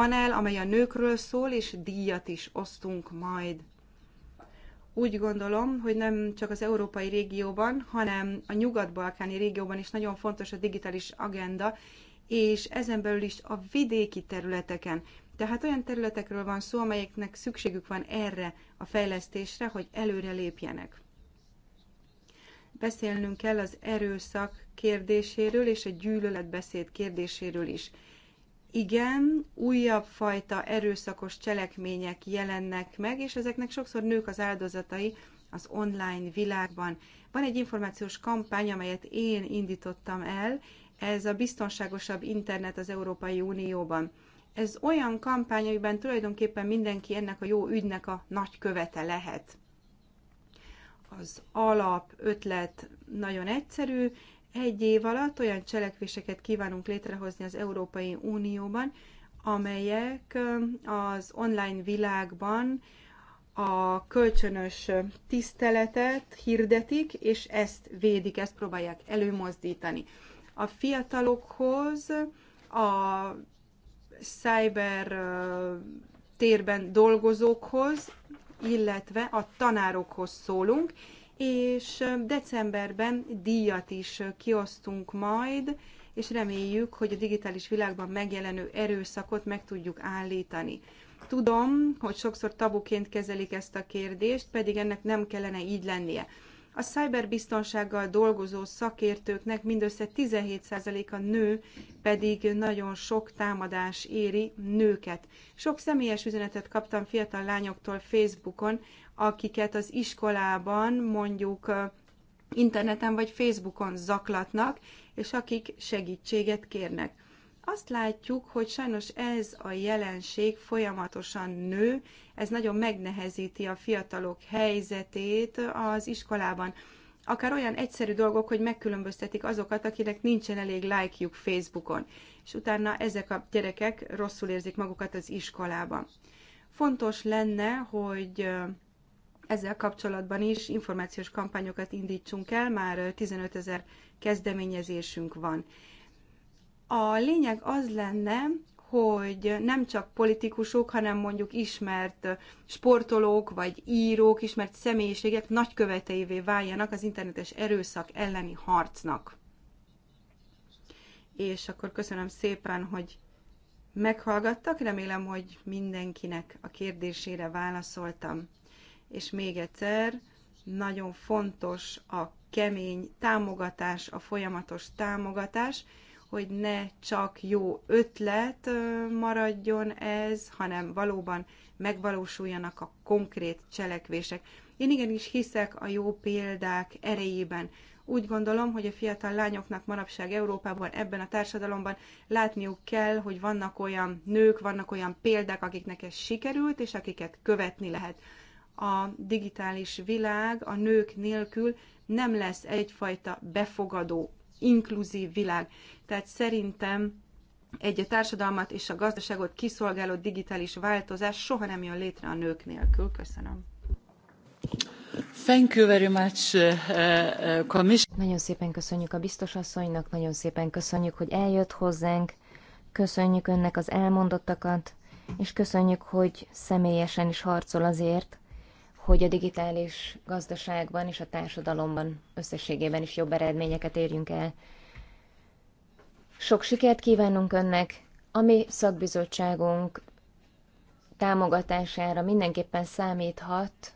panel, amely a nőkről szól, és díjat is osztunk majd. Úgy gondolom, hogy nem csak az európai régióban, hanem a nyugat-balkáni régióban is nagyon fontos a digitális agenda, és ezen belül is a vidéki területeken. Tehát olyan területekről van szó, amelyeknek szükségük van erre a fejlesztésre, hogy előre lépjenek. Beszélnünk kell az erőszak kérdéséről és a gyűlöletbeszéd kérdéséről is igen, újabb fajta erőszakos cselekmények jelennek meg, és ezeknek sokszor nők az áldozatai az online világban. Van egy információs kampány, amelyet én indítottam el, ez a biztonságosabb internet az Európai Unióban. Ez olyan kampány, amiben tulajdonképpen mindenki ennek a jó ügynek a követe lehet. Az alap ötlet nagyon egyszerű, egy év alatt olyan cselekvéseket kívánunk létrehozni az Európai Unióban, amelyek az online világban a kölcsönös tiszteletet hirdetik, és ezt védik, ezt próbálják előmozdítani. A fiatalokhoz a cyber térben dolgozókhoz, illetve a tanárokhoz szólunk, és decemberben díjat is kiosztunk majd, és reméljük, hogy a digitális világban megjelenő erőszakot meg tudjuk állítani. Tudom, hogy sokszor tabuként kezelik ezt a kérdést, pedig ennek nem kellene így lennie. A szájberbiztonsággal dolgozó szakértőknek mindössze 17%-a nő, pedig nagyon sok támadás éri nőket. Sok személyes üzenetet kaptam fiatal lányoktól Facebookon, akiket az iskolában mondjuk interneten vagy Facebookon zaklatnak, és akik segítséget kérnek. Azt látjuk, hogy sajnos ez a jelenség folyamatosan nő, ez nagyon megnehezíti a fiatalok helyzetét az iskolában. Akár olyan egyszerű dolgok, hogy megkülönböztetik azokat, akinek nincsen elég lájkjuk like Facebookon, és utána ezek a gyerekek rosszul érzik magukat az iskolában. Fontos lenne, hogy ezzel kapcsolatban is információs kampányokat indítsunk el, már 15 ezer kezdeményezésünk van. A lényeg az lenne, hogy nem csak politikusok, hanem mondjuk ismert sportolók vagy írók, ismert személyiségek nagyköveteivé váljanak az internetes erőszak elleni harcnak. És akkor köszönöm szépen, hogy meghallgattak, remélem, hogy mindenkinek a kérdésére válaszoltam. És még egyszer, nagyon fontos a kemény támogatás, a folyamatos támogatás, hogy ne csak jó ötlet maradjon ez, hanem valóban megvalósuljanak a konkrét cselekvések. Én igenis hiszek a jó példák erejében. Úgy gondolom, hogy a fiatal lányoknak manapság Európában, ebben a társadalomban látniuk kell, hogy vannak olyan nők, vannak olyan példák, akiknek ez sikerült, és akiket követni lehet. A digitális világ a nők nélkül nem lesz egyfajta befogadó, inkluzív világ. Tehát szerintem egy a társadalmat és a gazdaságot kiszolgáló digitális változás soha nem jön létre a nők nélkül. Köszönöm. Thank you very much, uh, uh, Nagyon szépen köszönjük a biztos asszonynak, nagyon szépen köszönjük, hogy eljött hozzánk, köszönjük önnek az elmondottakat, és köszönjük, hogy személyesen is harcol azért, hogy a digitális gazdaságban és a társadalomban összességében is jobb eredményeket érjünk el. Sok sikert kívánunk Önnek, a mi szakbizottságunk támogatására mindenképpen számíthat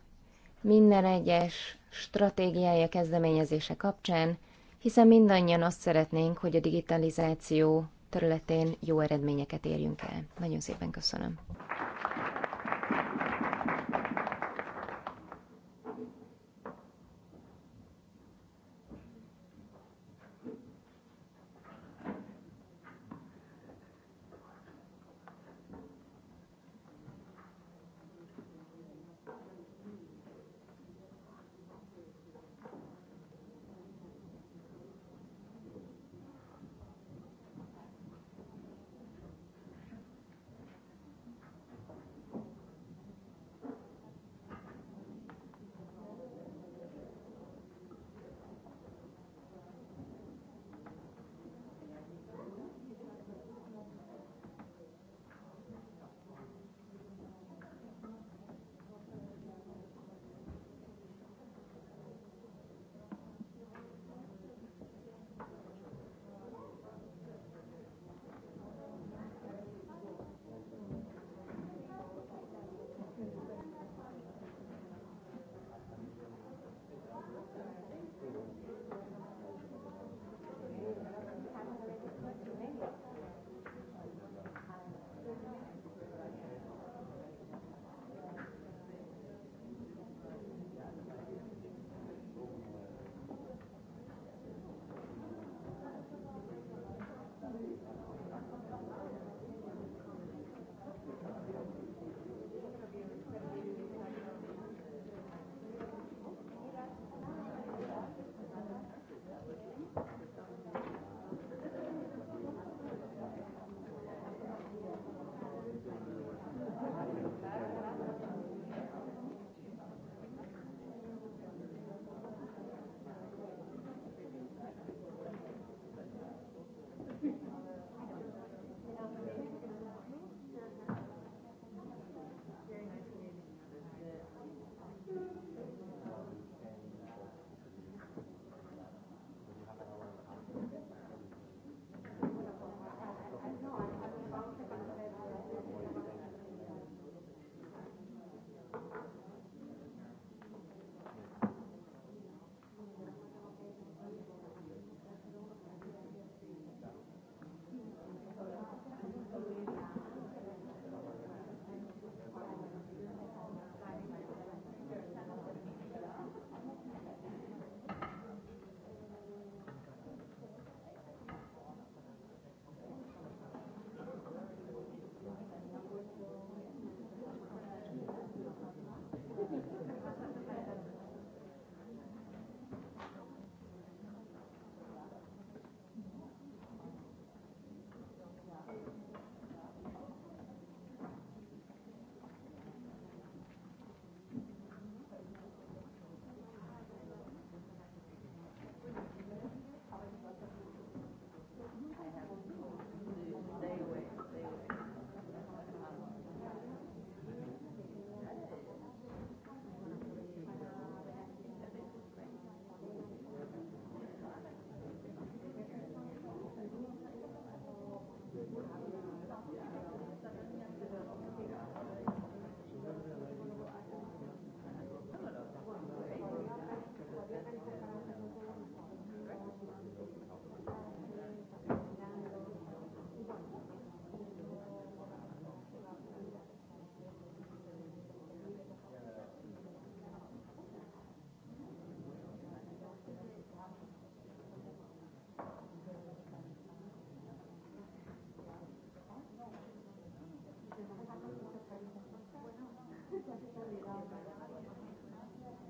minden egyes stratégiája kezdeményezése kapcsán, hiszen mindannyian azt szeretnénk, hogy a digitalizáció területén jó eredményeket érjünk el. Nagyon szépen köszönöm.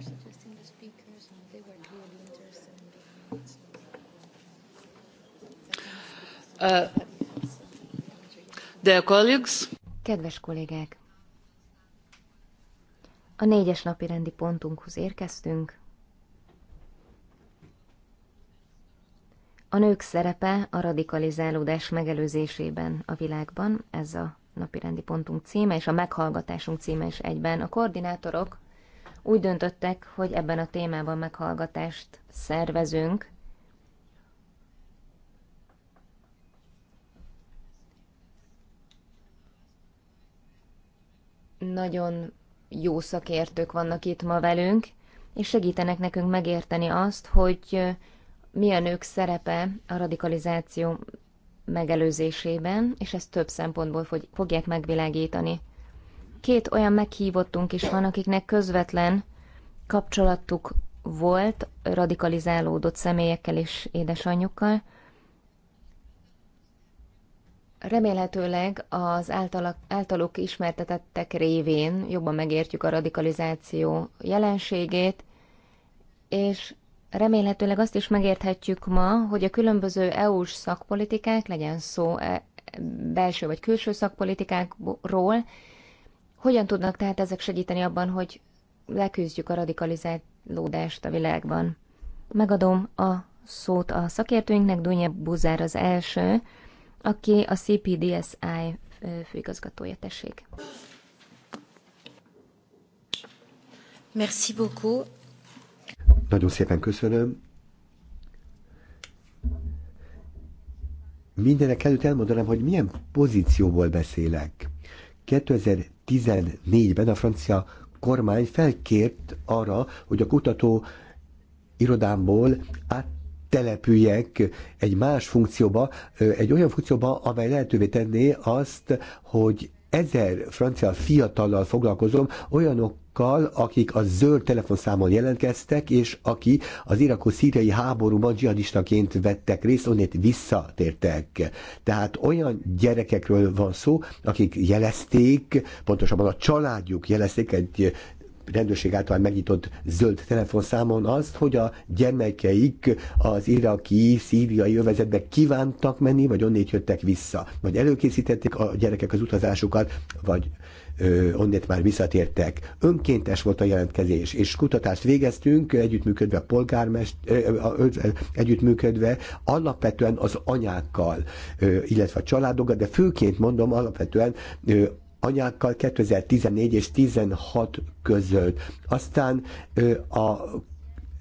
are suggesting the speakers, they were clearly interested in Uh, dear colleagues. Kedves kollégák! A négyes napi rendi pontunkhoz érkeztünk. A nők szerepe a radikalizálódás megelőzésében a világban, ez a napirendi pontunk címe, és a meghallgatásunk címe is egyben. A koordinátorok úgy döntöttek, hogy ebben a témában meghallgatást szervezünk. Nagyon jó szakértők vannak itt ma velünk, és segítenek nekünk megérteni azt, hogy mi a nők szerepe a radikalizáció megelőzésében, és ezt több szempontból fogják megvilágítani. Két olyan meghívottunk is van, akiknek közvetlen kapcsolatuk volt radikalizálódott személyekkel és édesanyjukkal. Remélhetőleg az általak, általuk ismertetettek révén jobban megértjük a radikalizáció jelenségét, és remélhetőleg azt is megérthetjük ma, hogy a különböző EU-s szakpolitikák, legyen szó e- belső vagy külső szakpolitikákról, hogyan tudnak tehát ezek segíteni abban, hogy leküzdjük a radikalizálódást a világban? Megadom a szót a szakértőinknek, Dunja Buzár az első, aki a CPDSI főigazgatója, tessék. Merci beaucoup. Nagyon szépen köszönöm. Mindenek előtt elmondanám, hogy milyen pozícióból beszélek. 2000 2014-ben a francia kormány felkért arra, hogy a kutató irodámból át települjek egy más funkcióba, egy olyan funkcióba, amely lehetővé tenné azt, hogy ezer francia fiatallal foglalkozom, olyanok azokkal, akik a zöld telefonszámon jelentkeztek, és aki az irakó-szíriai háborúban dzsihadistaként vettek részt, onnét visszatértek. Tehát olyan gyerekekről van szó, akik jelezték, pontosabban a családjuk jelezték egy rendőrség által megnyitott zöld telefonszámon azt, hogy a gyermekeik az iraki, szíriai övezetbe kívántak menni, vagy onnét jöttek vissza, vagy előkészítették a gyerekek az utazásukat, vagy onnét már visszatértek. Önkéntes volt a jelentkezés, és kutatást végeztünk, együttműködve a polgármest, együttműködve alapvetően az anyákkal, illetve a családokkal, de főként mondom alapvetően anyákkal 2014 és 16 között. Aztán a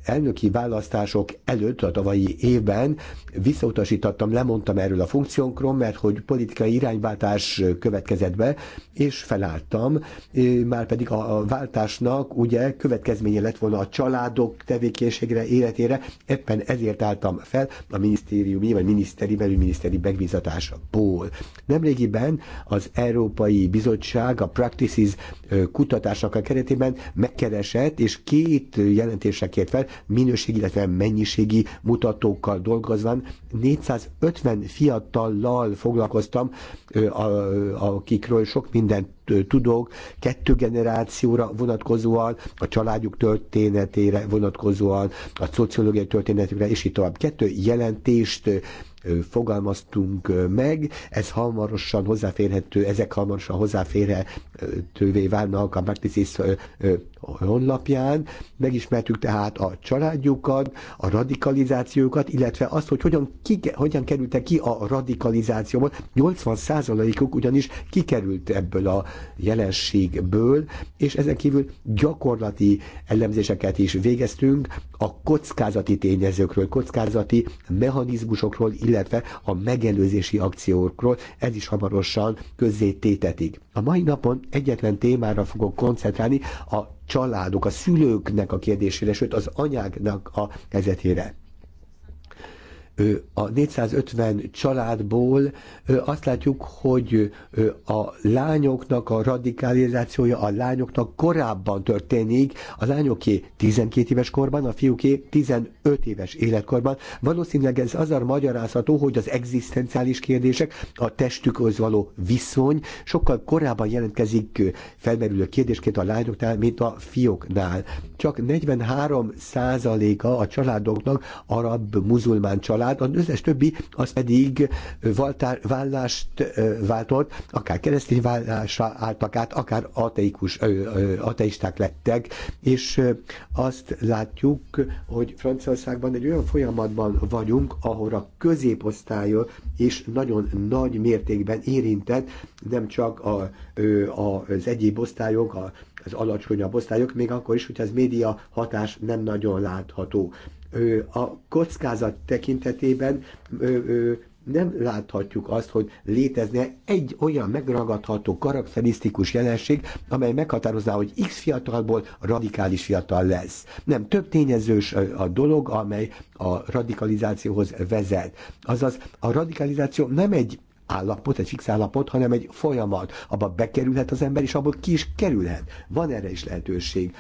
elnöki választások előtt a tavalyi évben visszautasítottam, lemondtam erről a funkciónkról, mert hogy politikai irányváltás következett be, és felálltam, már pedig a váltásnak ugye következménye lett volna a családok tevékenységre, életére, éppen ezért álltam fel a minisztériumi, vagy miniszteri, belügyminiszteri megbízatásból. Nemrégiben az Európai Bizottság a Practices kutatásnak a keretében megkeresett, és két jelentésre kért fel, minőségi, illetve mennyiségi mutatókkal dolgozva. 450 fiatallal foglalkoztam, akikről sok mindent tudok, kettő generációra vonatkozóan, a családjuk történetére vonatkozóan, a szociológiai történetükre, és így tovább. Kettő jelentést fogalmaztunk meg, ez hamarosan hozzáférhető, ezek hamarosan hozzáférhetővé válnak a Martisis honlapján. Megismertük tehát a családjukat, a radikalizációkat, illetve azt, hogy hogyan, ki, hogyan kerültek ki a radikalizációból. 80%-uk ugyanis kikerült ebből a jelenségből, és ezen kívül gyakorlati elemzéseket is végeztünk a kockázati tényezőkről, kockázati mechanizmusokról, illetve a megelőzési akciókról. Ez is hamarosan közzé tétetik. A mai napon egyetlen témára fogok koncentrálni, a családok, a szülőknek a kérdésére, sőt az anyáknak a helyzetére a 450 családból azt látjuk, hogy a lányoknak a radikalizációja a lányoknak korábban történik, a lányoké 12 éves korban, a fiúké 15 éves életkorban. Valószínűleg ez azzal magyarázható, hogy az egzisztenciális kérdések, a testükhöz való viszony sokkal korábban jelentkezik felmerülő kérdésként a lányoknál, mint a fióknál. Csak 43 százaléka a családoknak arab-muzulmán család, család, az összes többi az pedig valtár, vállást váltott, akár keresztény vállásra álltak át, akár ateikus, ateisták lettek, és azt látjuk, hogy Franciaországban egy olyan folyamatban vagyunk, ahol a középosztály és nagyon nagy mértékben érintett, nem csak a, az egyéb osztályok, a, az alacsonyabb osztályok, még akkor is, hogyha ez média hatás nem nagyon látható a kockázat tekintetében nem láthatjuk azt, hogy létezne egy olyan megragadható karakterisztikus jelenség, amely meghatározná, hogy X fiatalból radikális fiatal lesz. Nem, több tényezős a dolog, amely a radikalizációhoz vezet. Azaz a radikalizáció nem egy állapot, egy fix állapot, hanem egy folyamat. Abba bekerülhet az ember, és abból ki is kerülhet. Van erre is lehetőség.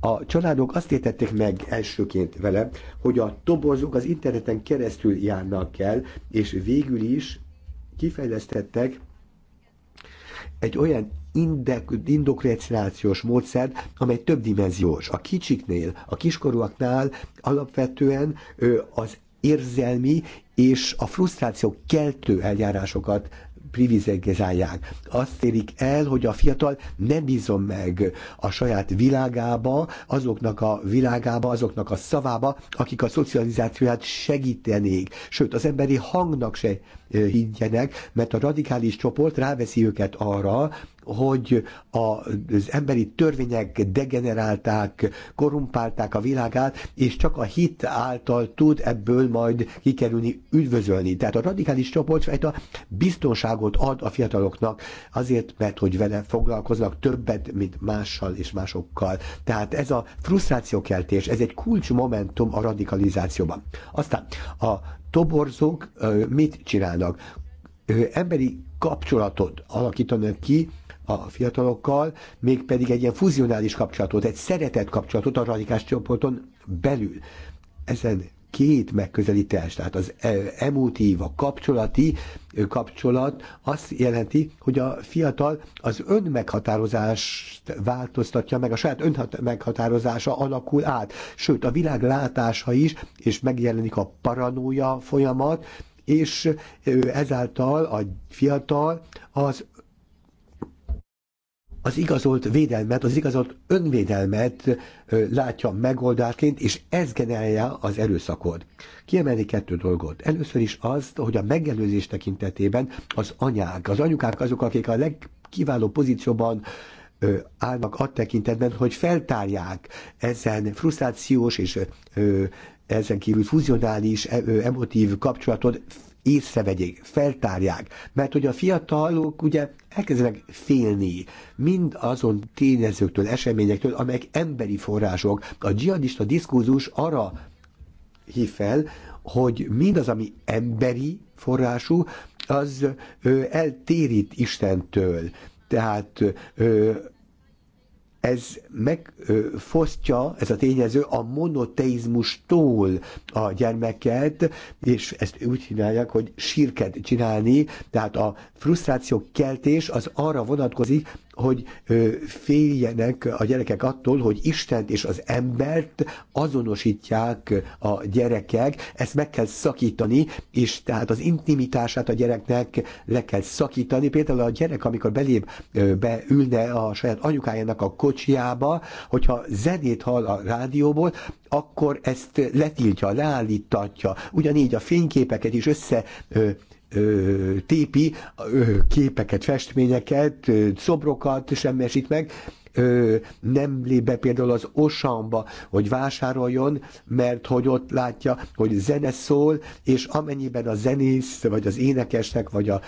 A családok azt értették meg elsőként vele, hogy a toborzók az interneten keresztül járnak el, és végül is kifejlesztettek egy olyan indoktrinációs módszert, amely többdimenziós. A kicsiknél, a kiskorúaknál alapvetően az érzelmi és a frusztráció keltő eljárásokat privilegizálják. Azt érik el, hogy a fiatal nem bízom meg a saját világába, azoknak a világába, azoknak a szavába, akik a szocializációját segítenék. Sőt, az emberi hangnak se eh, higgyenek, mert a radikális csoport ráveszi őket arra, hogy az emberi törvények degenerálták, korumpálták a világát, és csak a hit által tud ebből majd kikerülni, üdvözölni. Tehát a radikális csoportfajta biztonságot ad a fiataloknak azért, mert hogy vele foglalkoznak többet, mint mással és másokkal. Tehát ez a frusztrációkeltés, ez egy kulcsmomentum a radikalizációban. Aztán a toborzók mit csinálnak? Emberi kapcsolatot alakítanak ki a fiatalokkal, mégpedig egy ilyen fuzionális kapcsolatot, egy szeretett kapcsolatot a radikális csoporton belül. Ezen két megközelítés, tehát az e, emotív, a kapcsolati kapcsolat azt jelenti, hogy a fiatal az önmeghatározást változtatja meg, a saját önmeghatározása alakul át, sőt a világ látása is, és megjelenik a paranója folyamat, és ezáltal a fiatal az az igazolt védelmet, az igazolt önvédelmet látja megoldásként, és ez generálja az erőszakot. Kiemelni kettő dolgot. Először is azt, hogy a megelőzés tekintetében az anyák, az anyukák azok, akik a legkiváló pozícióban állnak a tekintetben, hogy feltárják ezen frusztrációs és ezen kívül fuzionális, e, emotív kapcsolatot észrevegyék, feltárják, mert hogy a fiatalok ugye elkezdenek félni mind azon tényezőktől, eseményektől, amelyek emberi források. A dzsihadista diskurzus arra hív fel, hogy mindaz, ami emberi forrású, az eltérít Istentől. Tehát ez megfosztja, ez a tényező a monoteizmustól a gyermeket, és ezt úgy csinálják, hogy sírket csinálni, tehát a frusztráció keltés az arra vonatkozik, hogy féljenek a gyerekek attól, hogy Istent és az embert azonosítják a gyerekek, ezt meg kell szakítani, és tehát az intimitását a gyereknek le kell szakítani. Például a gyerek, amikor belép, beülne a saját anyukájának a kocsiába, hogyha zenét hall a rádióból, akkor ezt letiltja, leállítatja. Ugyanígy a fényképeket is össze tépi képeket, festményeket, szobrokat semmesít meg, nem be például az Osamba, hogy vásároljon, mert hogy ott látja, hogy zene szól, és amennyiben a zenész, vagy az énekesnek, vagy a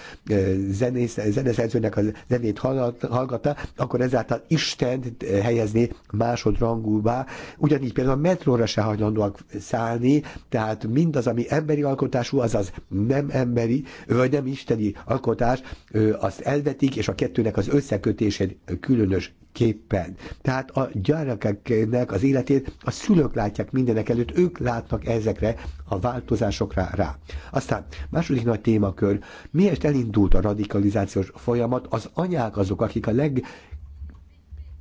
zenész, zeneszerzőnek a zenét hallgatta, akkor ezáltal Isten helyezni másodrangúvá. Ugyanígy például a metróra se hajlandóak szállni, tehát mindaz, ami emberi alkotású, azaz nem emberi, vagy nem isteni alkotás, azt elvetik, és a kettőnek az összekötését különös képpen. Tehát a gyerekeknek az életét a szülők látják mindenek előtt, ők látnak ezekre a változásokra rá. Aztán második nagy témakör, miért elindult a radikalizációs folyamat, az anyák azok, akik a leg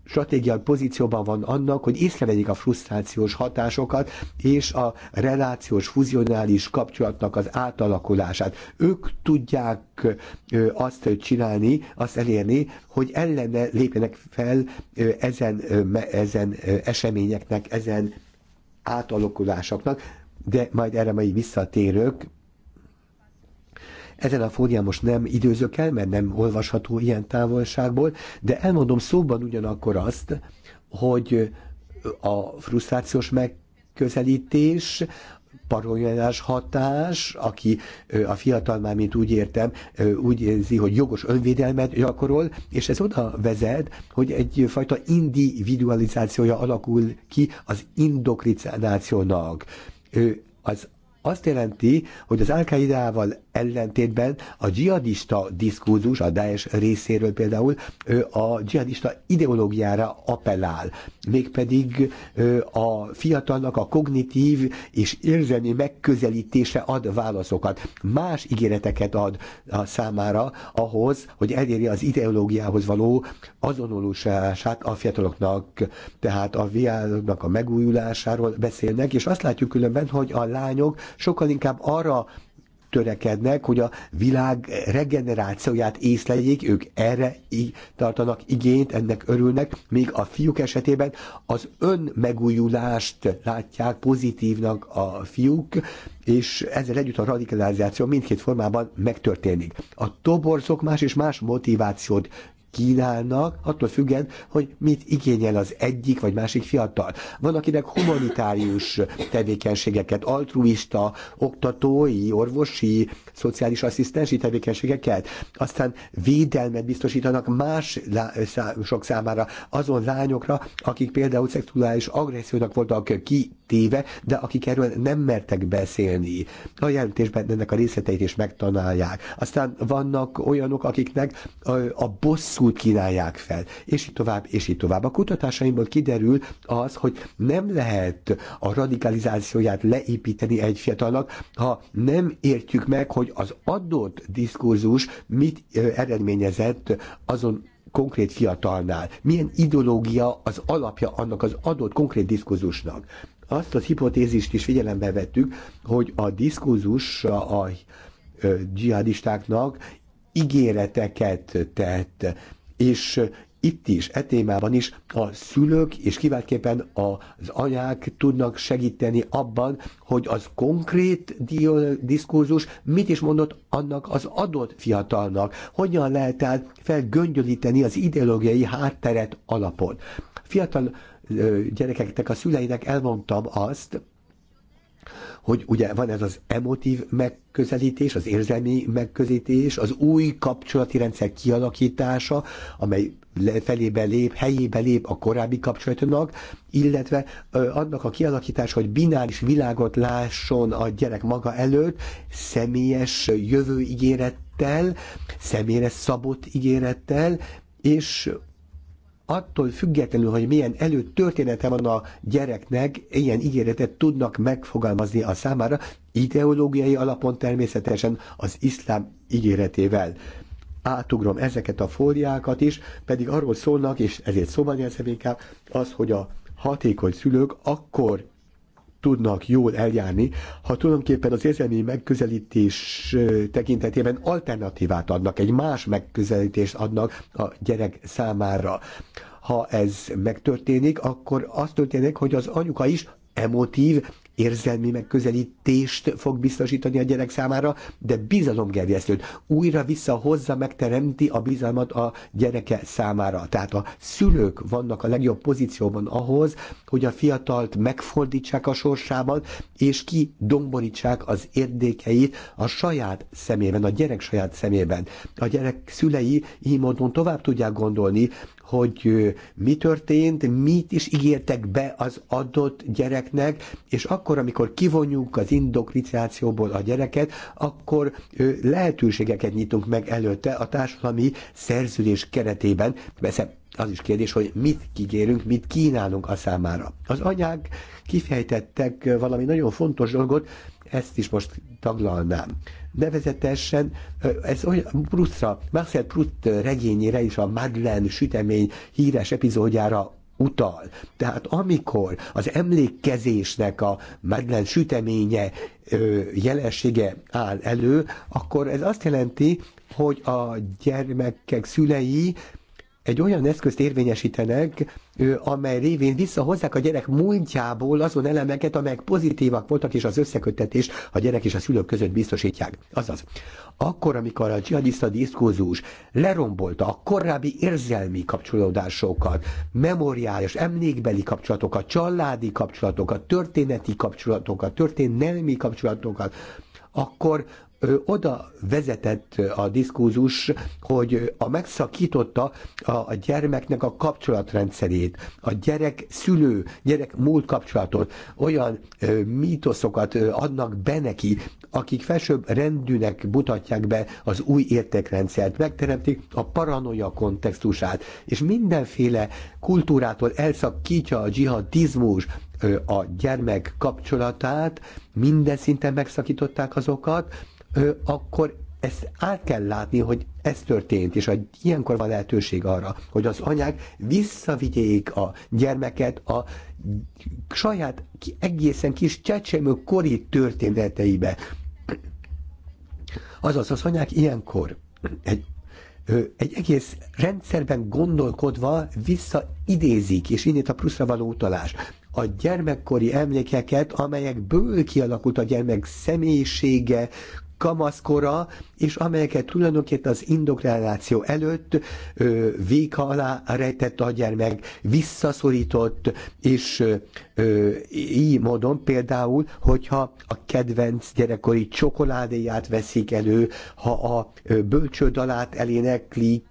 stratégiai pozícióban van annak, hogy észrevegyék a frusztrációs hatásokat és a relációs, fuzionális kapcsolatnak az átalakulását. Ők tudják azt csinálni, azt elérni, hogy ellene lépjenek fel ezen, ezen eseményeknek, ezen átalakulásoknak, de majd erre majd visszatérök, ezen a fórián most nem időzök el, mert nem olvasható ilyen távolságból, de elmondom szóban ugyanakkor azt, hogy a frusztrációs megközelítés, parolyanás hatás, aki a fiatal már, mint úgy értem, úgy érzi, hogy jogos önvédelmet gyakorol, és ez oda vezet, hogy egyfajta individualizációja alakul ki az indokricinációnak. Az azt jelenti, hogy az al ellentétben a dzsihadista diskurzus, a Daesh részéről például ő a dzsihadista ideológiára appellál, mégpedig a fiatalnak a kognitív és érzelmi megközelítése ad válaszokat, más ígéreteket ad a számára ahhoz, hogy elérje az ideológiához való azonosulását a fiataloknak, tehát a viáloknak a megújulásáról beszélnek, és azt látjuk különben, hogy a lányok sokkal inkább arra törekednek, hogy a világ regenerációját észleljék, ők erre így tartanak igényt, ennek örülnek, még a fiúk esetében az önmegújulást látják pozitívnak a fiúk, és ezzel együtt a radikalizáció mindkét formában megtörténik. A toborzok más és más motivációt kínálnak, attól függen, hogy mit igényel az egyik vagy másik fiatal. Van, akinek humanitárius tevékenységeket, altruista, oktatói, orvosi, szociális asszisztensi tevékenységeket, aztán védelmet biztosítanak más sok számára, azon lányokra, akik például szexuális agressziónak voltak kitéve, de akik erről nem mertek beszélni. A jelentésben ennek a részleteit is megtanálják. Aztán vannak olyanok, akiknek a bosszú út királyák fel. És így tovább, és így tovább. A kutatásaimból kiderül az, hogy nem lehet a radikalizációját leépíteni egy fiatalnak, ha nem értjük meg, hogy az adott diskurzus mit eredményezett azon konkrét fiatalnál, milyen ideológia az alapja annak az adott konkrét diskurzusnak. Azt a hipotézist is figyelembe vettük, hogy a diskurzus a, a dzsihadistáknak ígéreteket tett, és itt is, e témában is a szülők és kiváltképpen az anyák tudnak segíteni abban, hogy az konkrét diskurzus mit is mondott annak az adott fiatalnak, hogyan lehet el felgöngyölíteni az ideológiai hátteret alapon. Fiatal gyerekeknek, a szüleinek elmondtam azt, hogy ugye van ez az emotív megközelítés, az érzelmi megközelítés, az új kapcsolati rendszer kialakítása, amely felébe lép, helyébe lép a korábbi kapcsolatnak, illetve ö, annak a kialakítása, hogy bináris világot lásson a gyerek maga előtt, személyes jövő ígérettel, személyre szabott ígérettel, és attól függetlenül, hogy milyen előtörténete van a gyereknek, ilyen ígéretet tudnak megfogalmazni a számára, ideológiai alapon természetesen az iszlám ígéretével. Átugrom ezeket a fóliákat is, pedig arról szólnak, és ezért szóban jelzem inkább, az, hogy a hatékony szülők akkor tudnak jól eljárni, ha tulajdonképpen az érzelmi megközelítés tekintetében alternatívát adnak, egy más megközelítést adnak a gyerek számára. Ha ez megtörténik, akkor az történik, hogy az anyuka is emotív érzelmi megközelítést fog biztosítani a gyerek számára, de bizalomgerjesztőt újra vissza hozza, megteremti a bizalmat a gyereke számára. Tehát a szülők vannak a legjobb pozícióban ahhoz, hogy a fiatalt megfordítsák a sorsában, és ki domborítsák az érdékeit a saját szemében, a gyerek saját szemében. A gyerek szülei így módon tovább tudják gondolni, hogy mi történt, mit is ígértek be az adott gyereknek, és akkor, amikor kivonjuk az indokritációból a gyereket, akkor lehetőségeket nyitunk meg előtte a társadalmi szerződés keretében. Persze az is kérdés, hogy mit kigérünk, mit kínálunk a számára. Az anyák kifejtettek valami nagyon fontos dolgot, ezt is most taglalnám nevezetesen ez olyan Prusztra, Marcel Proust regényére is a Madeleine sütemény híres epizódjára utal. Tehát amikor az emlékkezésnek a Madeleine süteménye jelensége áll elő, akkor ez azt jelenti, hogy a gyermekek szülei egy olyan eszközt érvényesítenek, amely révén visszahozzák a gyerek múltjából azon elemeket, amelyek pozitívak voltak, és az összeköttetés a gyerek és a szülők között biztosítják. Azaz, akkor, amikor a dzsihadista diszkózus lerombolta a korábbi érzelmi kapcsolódásokat, memoriális, emlékbeli kapcsolatokat, családi kapcsolatokat, történeti kapcsolatokat, történelmi kapcsolatokat, akkor oda vezetett a diskurzus, hogy a megszakította a gyermeknek a kapcsolatrendszerét, a gyerek-szülő, gyerek-múlt kapcsolatot, olyan mítoszokat adnak be neki, akik felsőbb rendűnek mutatják be az új értékrendszert, megteremtik a paranoia kontextusát, és mindenféle kultúrától elszakítja a dzsihadizmus, a gyermek kapcsolatát, minden szinten megszakították azokat, akkor ezt át kell látni, hogy ez történt, és a, ilyenkor van lehetőség arra, hogy az anyák visszavigyék a gyermeket a saját egészen kis csecsemő kori történeteibe. Azaz, az anyák ilyenkor egy egy egész rendszerben gondolkodva visszaidézik, és innét a pluszra való utalás, a gyermekkori emlékeket, amelyekből kialakult a gyermek személyisége, kamaszkora, és amelyeket tulajdonképpen az indoktrináció előtt ö, véka alá rejtett a gyermek, visszaszorított, és ö, így módon például, hogyha a kedvenc gyerekkori csokoládéját veszik elő, ha a bölcsődalát eléneklik,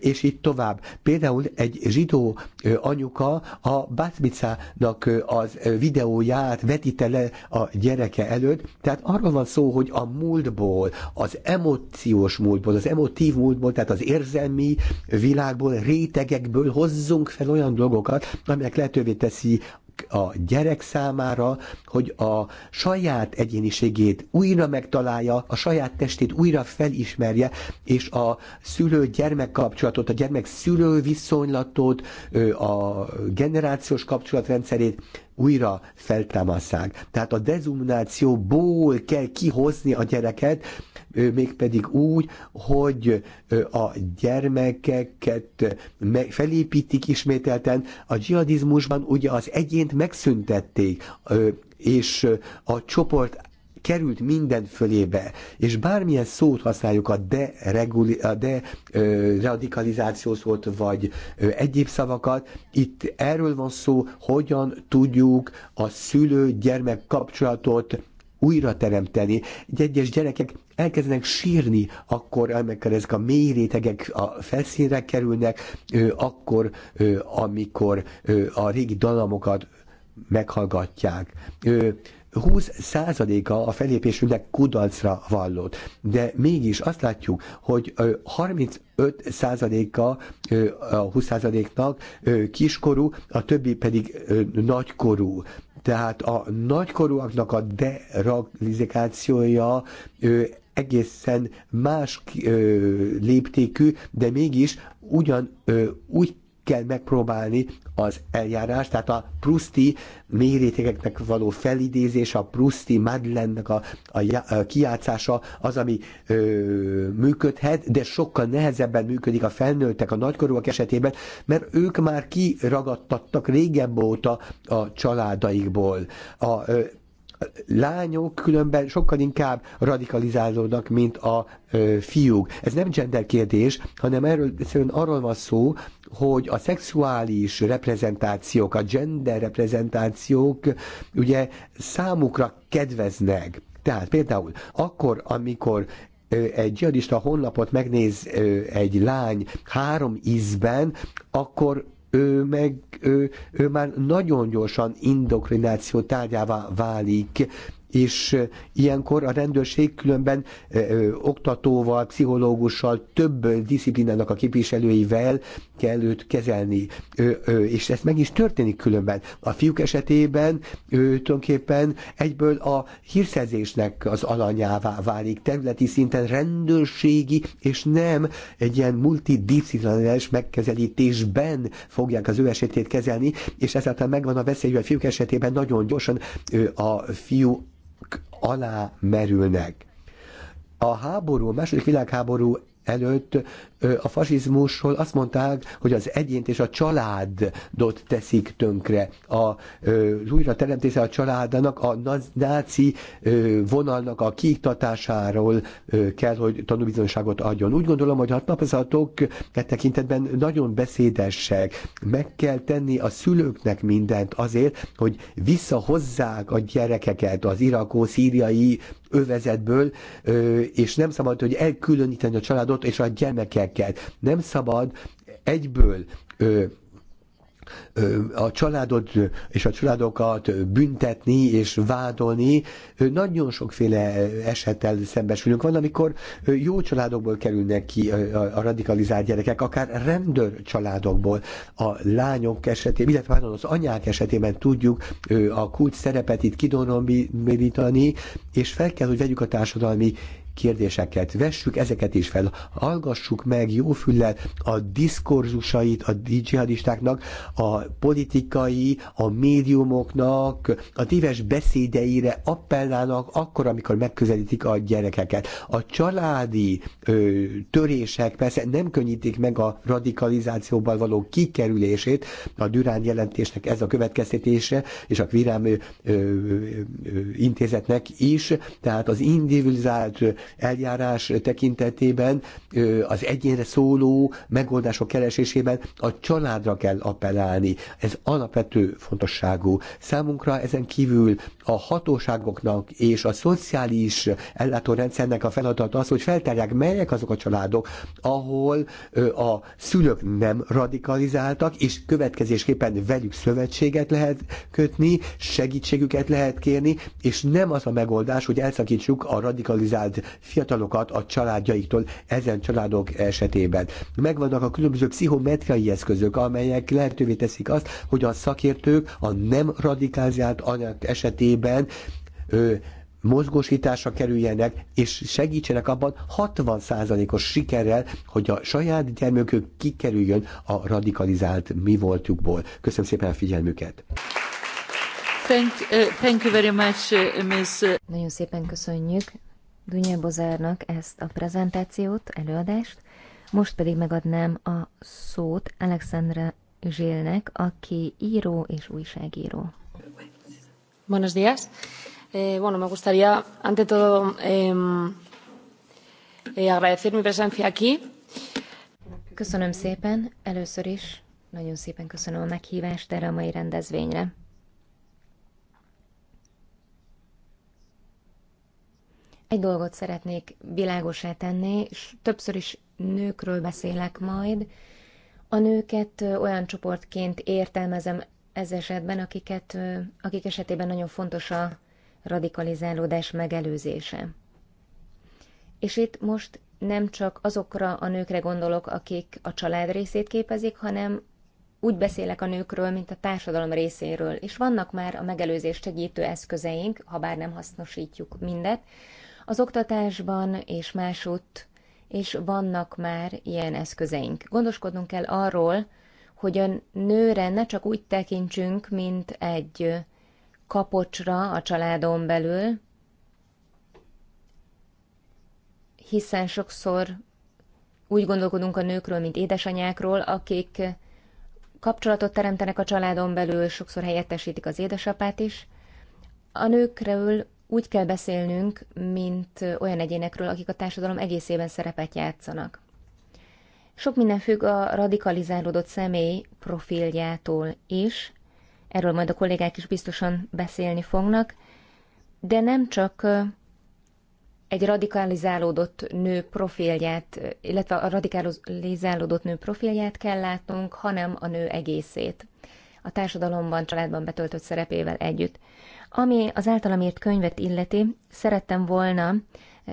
és így tovább. Például egy zsidó anyuka a Bátmicának az videóját vetite le a gyereke előtt, tehát arról van szó, hogy a múltból, az emóciós múltból, az emotív múltból, tehát az érzelmi világból, rétegekből hozzunk fel olyan dolgokat, amelyek lehetővé teszi a gyerek számára, hogy a saját egyéniségét újra megtalálja, a saját testét újra felismerje, és a szülő-gyermek kapcsolatot, a gyermek-szülő viszonylatot, a generációs kapcsolatrendszerét újra feltámaszák. Tehát a dezumnációból kell kihozni a gyereket, mégpedig úgy, hogy a gyermekeket felépítik ismételten. A dzsihadizmusban ugye az egyént megszüntették, és a csoport került minden fölébe, és bármilyen szót használjuk, a dereguli, a de ö, radikalizáció szót, vagy ö, egyéb szavakat, itt erről van szó, hogyan tudjuk a szülő-gyermek kapcsolatot újra teremteni. Egy egyes gyerekek elkezdenek sírni, akkor, amikor ezek a mély rétegek a felszínre kerülnek, akkor, amikor a régi dalamokat meghallgatják. 20%-a a felépésünknek kudarcra vallott. De mégis azt látjuk, hogy 35%-a a 20%-nak kiskorú, a többi pedig nagykorú. Tehát a nagykorúaknak a deradikalizációja egészen más léptékű, de mégis ugyan úgy kell megpróbálni az eljárást, tehát a Pruszti mérétékeknek való felidézés, a Pruszti Madlennek a, a, a kiátszása az, ami ö, működhet, de sokkal nehezebben működik a felnőttek, a nagykorúak esetében, mert ők már kiragadtattak régebb óta a családaikból. A ö, lányok különben sokkal inkább radikalizálódnak, mint a ö, fiúk. Ez nem gender kérdés, hanem erről, arról van szó, hogy a szexuális reprezentációk, a gender reprezentációk ugye számukra kedveznek. Tehát például akkor, amikor egy dzsihadista honlapot megnéz egy lány három ízben, akkor ő meg ő, ő már nagyon gyorsan indokrináció tárgyává válik, és ilyenkor a rendőrség különben ö, ö, oktatóval, pszichológussal, több disziplinának a képviselőivel kell őt kezelni, ö, ö, és ez meg is történik különben. A fiúk esetében ő tulajdonképpen egyből a hírszerzésnek az alanyává válik, területi szinten rendőrségi, és nem egy ilyen multidisciplinális megkezelítésben fogják az ő esetét kezelni, és ezáltal megvan a veszély, hogy a fiúk esetében nagyon gyorsan ö, a fiú alá merülnek. A háború, a második világháború előtt a fasizmusról azt mondták, hogy az egyént és a családot teszik tönkre. A, az újra teremtése a családnak a náci vonalnak a kiiktatásáról kell, hogy tanúbizonyságot adjon. Úgy gondolom, hogy a napozatok e tekintetben nagyon beszédesek. Meg kell tenni a szülőknek mindent azért, hogy visszahozzák a gyerekeket az irakó-szíriai övezetből, és nem szabad, hogy elkülöníteni a családot és a gyermeket gyermekeket. Nem szabad egyből ö, a családot és a családokat büntetni és vádolni. Nagyon sokféle esettel szembesülünk. Van, amikor jó családokból kerülnek ki a radikalizált gyerekek, akár rendőr családokból. A lányok esetében, illetve az anyák esetében tudjuk a kult szerepet itt kidonombítani, és fel kell, hogy vegyük a társadalmi kérdéseket. Vessük ezeket is fel, hallgassuk meg jó füllel a diskurzusait a dzsihadistáknak, a politikai, a médiumoknak, a téves beszédeire appellálnak akkor, amikor megközelítik a gyerekeket. A családi ö, törések persze nem könnyítik meg a radikalizációban való kikerülését, a Durán jelentésnek ez a következtetése, és a Kvirám ö, ö, ö, intézetnek is, tehát az individualizált eljárás tekintetében az egyénre szóló megoldások keresésében a családra kell appellálni. Ez alapvető fontosságú. Számunkra ezen kívül a hatóságoknak és a szociális ellátórendszernek a feladata az, hogy feltárják, melyek azok a családok, ahol a szülők nem radikalizáltak, és következésképpen velük szövetséget lehet kötni, segítségüket lehet kérni, és nem az a megoldás, hogy elszakítsuk a radikalizált fiatalokat a családjaiktól ezen családok esetében. Megvannak a különböző pszichometriai eszközök, amelyek lehetővé teszik azt, hogy a szakértők a nem radikalizált anyag esetében ő, mozgósításra kerüljenek, és segítsenek abban 60%-os sikerrel, hogy a saját gyermekük kikerüljön a radikalizált mi voltukból. Köszönöm szépen a figyelmüket! Thank, uh, thank you very much, uh, Miss. Uh, Nagyon szépen köszönjük, Dünye Bozárnak ezt a prezentációt, előadást, most pedig megadnám a szót Alexandra Zsélnek, aki író és újságíró. Buenos días. Eh, bueno, me gustaría, ante todo, eh, eh, agradecer mi presencia aquí. Köszönöm szépen. Először is nagyon szépen köszönöm a meghívást erre a mai rendezvényre. Egy dolgot szeretnék világosá tenni, és többször is nőkről beszélek majd. A nőket olyan csoportként értelmezem ez esetben, akiket, akik esetében nagyon fontos a radikalizálódás megelőzése. És itt most nem csak azokra a nőkre gondolok, akik a család részét képezik, hanem úgy beszélek a nőkről, mint a társadalom részéről, és vannak már a megelőzés segítő eszközeink, ha bár nem hasznosítjuk mindet, az oktatásban és másutt, és vannak már ilyen eszközeink. Gondoskodnunk kell arról, hogy a nőre ne csak úgy tekintsünk, mint egy kapocsra a családon belül, hiszen sokszor úgy gondolkodunk a nőkről, mint édesanyákról, akik kapcsolatot teremtenek a családon belül, sokszor helyettesítik az édesapát is. A nőkről úgy kell beszélnünk, mint olyan egyénekről, akik a társadalom egészében szerepet játszanak. Sok minden függ a radikalizálódott személy profiljától is, erről majd a kollégák is biztosan beszélni fognak, de nem csak egy radikalizálódott nő profilját, illetve a radikalizálódott nő profilját kell látnunk, hanem a nő egészét. A társadalomban, családban betöltött szerepével együtt. Ami az általam írt könyvet illeti, szerettem volna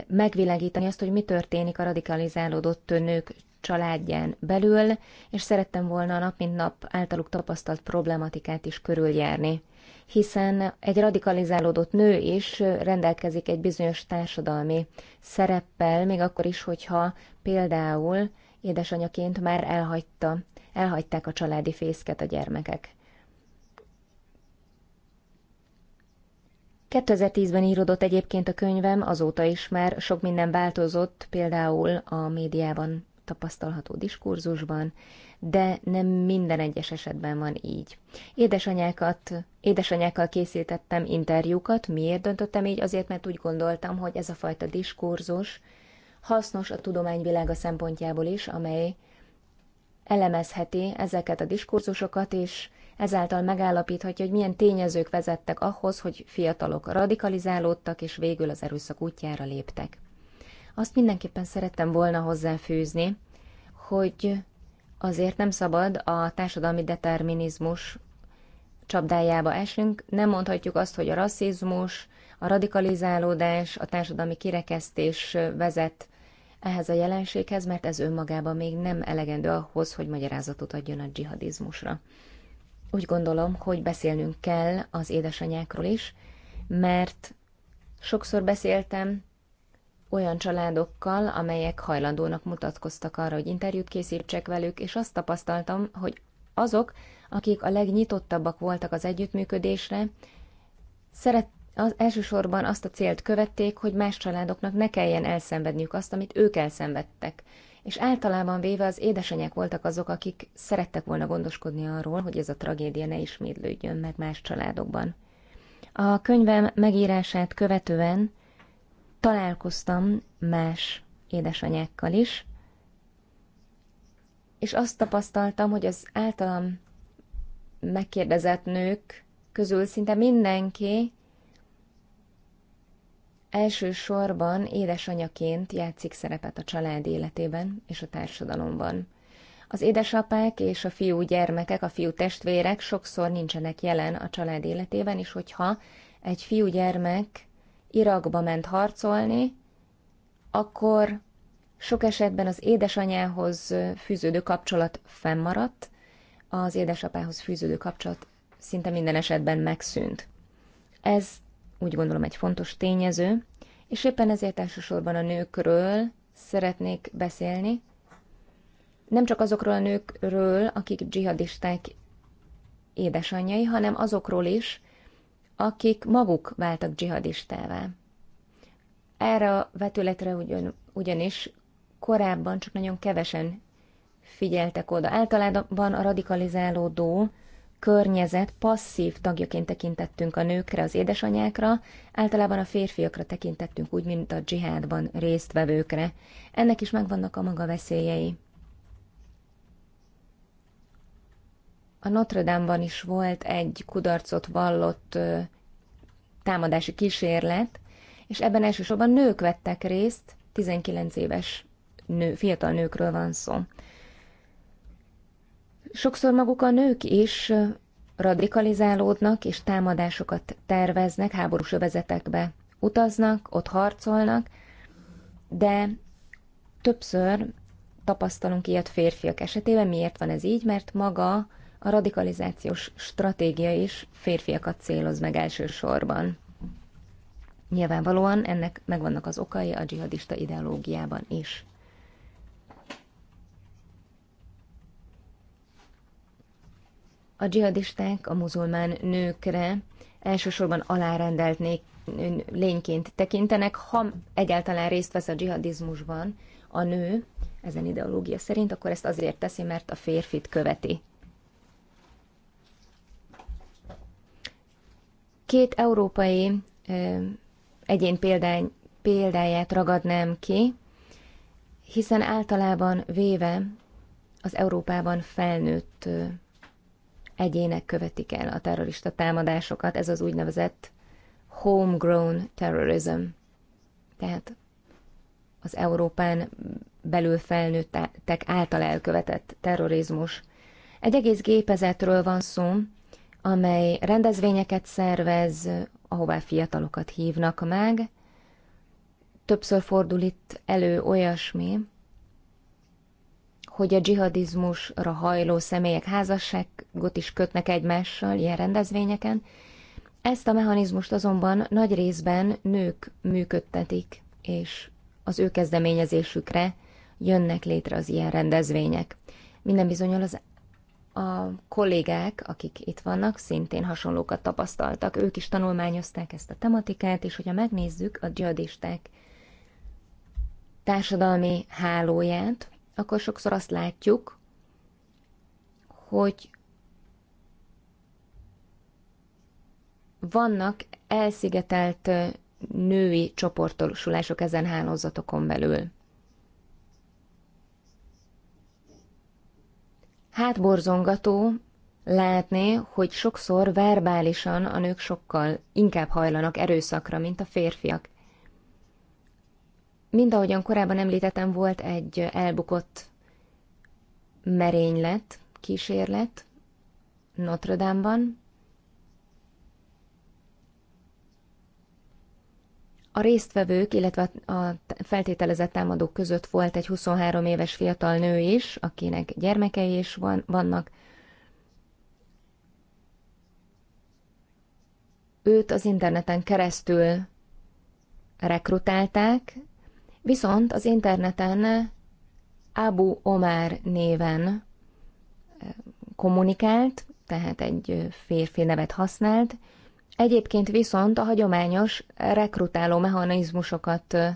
megvilágítani azt, hogy mi történik a radikalizálódott nők családján belül, és szerettem volna nap mint nap általuk tapasztalt problematikát is körüljárni. Hiszen egy radikalizálódott nő is rendelkezik egy bizonyos társadalmi szereppel, még akkor is, hogyha például édesanyaként már elhagyta, elhagyták a családi fészket a gyermekek. 2010-ben íródott egyébként a könyvem, azóta is már sok minden változott, például a médiában tapasztalható diskurzusban, de nem minden egyes esetben van így. Édesanyákat, édesanyákkal készítettem interjúkat, miért döntöttem így? Azért, mert úgy gondoltam, hogy ez a fajta diskurzus hasznos a tudományvilága szempontjából is, amely elemezheti ezeket a diskurzusokat, és ezáltal megállapíthatja, hogy milyen tényezők vezettek ahhoz, hogy fiatalok radikalizálódtak és végül az erőszak útjára léptek. Azt mindenképpen szerettem volna hozzáfűzni, hogy azért nem szabad a társadalmi determinizmus csapdájába esünk, nem mondhatjuk azt, hogy a rasszizmus, a radikalizálódás, a társadalmi kirekesztés vezet ehhez a jelenséghez, mert ez önmagában még nem elegendő ahhoz, hogy magyarázatot adjon a dzsihadizmusra úgy gondolom, hogy beszélnünk kell az édesanyákról is, mert sokszor beszéltem olyan családokkal, amelyek hajlandónak mutatkoztak arra, hogy interjút készítsek velük, és azt tapasztaltam, hogy azok, akik a legnyitottabbak voltak az együttműködésre, szeret, az elsősorban azt a célt követték, hogy más családoknak ne kelljen elszenvedniük azt, amit ők elszenvedtek és általában véve az édesanyák voltak azok, akik szerettek volna gondoskodni arról, hogy ez a tragédia ne ismétlődjön meg más családokban. A könyvem megírását követően találkoztam más édesanyákkal is, és azt tapasztaltam, hogy az általam megkérdezett nők közül szinte mindenki Elsősorban édesanyaként játszik szerepet a család életében és a társadalomban. Az édesapák és a fiú gyermekek, a fiú testvérek sokszor nincsenek jelen a család életében, és hogyha egy fiú gyermek Irakba ment harcolni, akkor sok esetben az édesanyához fűződő kapcsolat fennmaradt, az édesapához fűződő kapcsolat szinte minden esetben megszűnt. Ez úgy gondolom egy fontos tényező, és éppen ezért elsősorban a nőkről szeretnék beszélni, nem csak azokról a nőkről, akik dzsihadisták édesanyjai, hanem azokról is, akik maguk váltak dzsihadistává. Erre a vetületre ugyan, ugyanis korábban csak nagyon kevesen figyeltek oda. Általában a radikalizálódó környezet passzív tagjaként tekintettünk a nőkre, az édesanyákra, általában a férfiakra tekintettünk úgy, mint a dzsihádban résztvevőkre. Ennek is megvannak a maga veszélyei. A Notre Dame-ban is volt egy kudarcot vallott támadási kísérlet, és ebben elsősorban nők vettek részt, 19 éves nő, fiatal nőkről van szó. Sokszor maguk a nők is radikalizálódnak és támadásokat terveznek, háborús övezetekbe utaznak, ott harcolnak, de többször tapasztalunk ilyet férfiak esetében. Miért van ez így? Mert maga a radikalizációs stratégia is férfiakat céloz meg elsősorban. Nyilvánvalóan ennek megvannak az okai a dzsihadista ideológiában is. A dzsihadisták a muzulmán nőkre elsősorban alárendelt lényként tekintenek, ha egyáltalán részt vesz a dzsihadizmusban a nő, ezen ideológia szerint, akkor ezt azért teszi, mert a férfit követi. Két európai ö, egyén példány, példáját ragadnám ki, hiszen általában véve az Európában felnőtt egyének követik el a terrorista támadásokat, ez az úgynevezett homegrown terrorism. Tehát az Európán belül felnőttek által elkövetett terrorizmus. Egy egész gépezetről van szó, amely rendezvényeket szervez, ahová fiatalokat hívnak meg. Többször fordul itt elő olyasmi, hogy a dzsihadizmusra hajló személyek házasságot is kötnek egymással ilyen rendezvényeken. Ezt a mechanizmust azonban nagy részben nők működtetik, és az ő kezdeményezésükre jönnek létre az ilyen rendezvények. Minden bizonyal az a kollégák, akik itt vannak, szintén hasonlókat tapasztaltak. Ők is tanulmányozták ezt a tematikát, és hogyha megnézzük a dzsihadisták társadalmi hálóját, akkor sokszor azt látjuk, hogy vannak elszigetelt női csoportosulások ezen hálózatokon belül. Hátborzongató látni, hogy sokszor verbálisan a nők sokkal inkább hajlanak erőszakra, mint a férfiak. Mind ahogyan korábban említettem, volt egy elbukott merénylet, kísérlet Notre Dame-ban. A résztvevők, illetve a feltételezett támadók között volt egy 23 éves fiatal nő is, akinek gyermekei is van, vannak. Őt az interneten keresztül rekrutálták, Viszont az interneten Abu Omar néven eh, kommunikált, tehát egy eh, férfi nevet használt, egyébként viszont a hagyományos rekrutáló mechanizmusokat eh,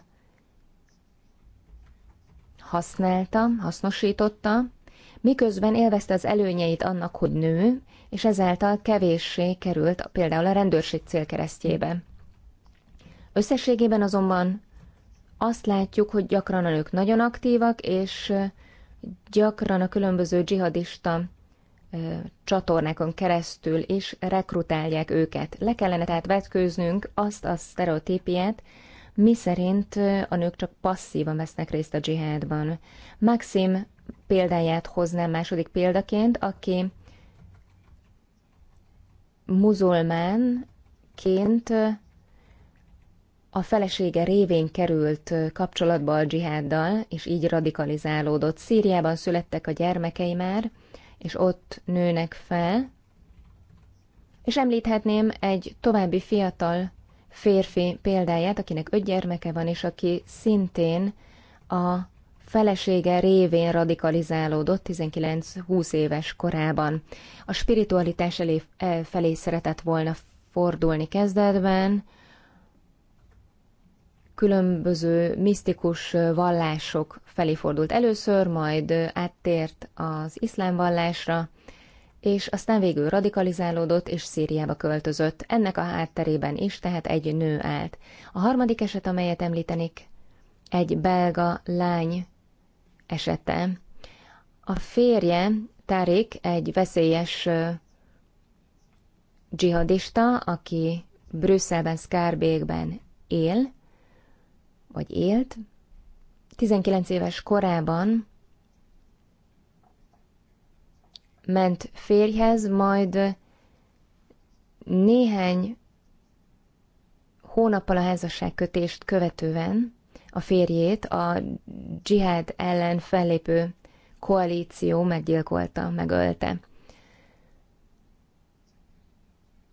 használta, hasznosította, miközben élvezte az előnyeit annak, hogy nő, és ezáltal kevéssé került például a rendőrség célkeresztjébe. Összességében azonban azt látjuk, hogy gyakran a nők nagyon aktívak, és gyakran a különböző dzsihadista csatornákon keresztül is rekrutálják őket. Le kellene tehát vetkőznünk azt a sztereotípiát, mi szerint a nők csak passzívan vesznek részt a dzsihádban. Maxim példáját hoznám második példaként, aki muzulmánként a felesége révén került kapcsolatba a dzsiháddal, és így radikalizálódott. Szíriában születtek a gyermekei már, és ott nőnek fel. És említhetném egy további fiatal férfi példáját, akinek öt gyermeke van, és aki szintén a felesége révén radikalizálódott 19-20 éves korában. A spiritualitás elé, e, felé szeretett volna fordulni kezdetben, különböző misztikus vallások felé fordult először, majd áttért az iszlám vallásra, és aztán végül radikalizálódott és Szíriába költözött. Ennek a hátterében is tehát egy nő állt. A harmadik eset, amelyet említenik, egy belga lány esete. A férje, Tarik, egy veszélyes dzsihadista, aki Brüsszelben, Skárbékben él, vagy élt. 19 éves korában ment férjhez, majd néhány hónappal a házasságkötést követően a férjét a dzsihád ellen fellépő koalíció meggyilkolta, megölte.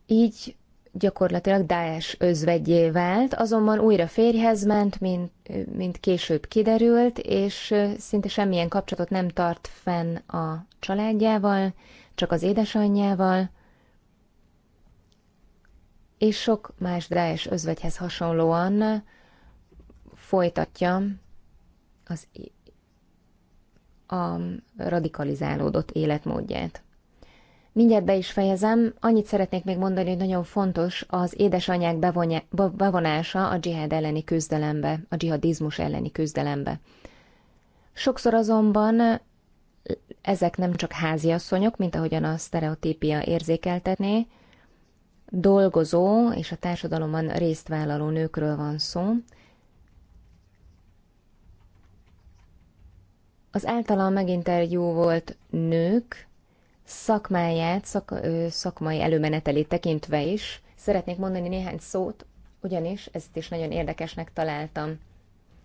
Így gyakorlatilag Daesh özvegyé vált, azonban újra férjhez ment, mint, mint később kiderült, és szinte semmilyen kapcsolatot nem tart fenn a családjával, csak az édesanyjával, és sok más Daesh özvegyhez hasonlóan folytatja az, a radikalizálódott életmódját. Mindjárt be is fejezem, annyit szeretnék még mondani, hogy nagyon fontos az édesanyák bevonja, bevonása a dzsihád elleni küzdelembe, a dzsihadizmus elleni küzdelembe. Sokszor azonban ezek nem csak háziasszonyok, mint ahogyan a sztereotípia érzékeltetné, dolgozó és a társadalomban vállaló nőkről van szó. Az általam meginterjú volt nők, szakmáját, szak, ö, szakmai előmenetelét tekintve is szeretnék mondani néhány szót, ugyanis ezt is nagyon érdekesnek találtam,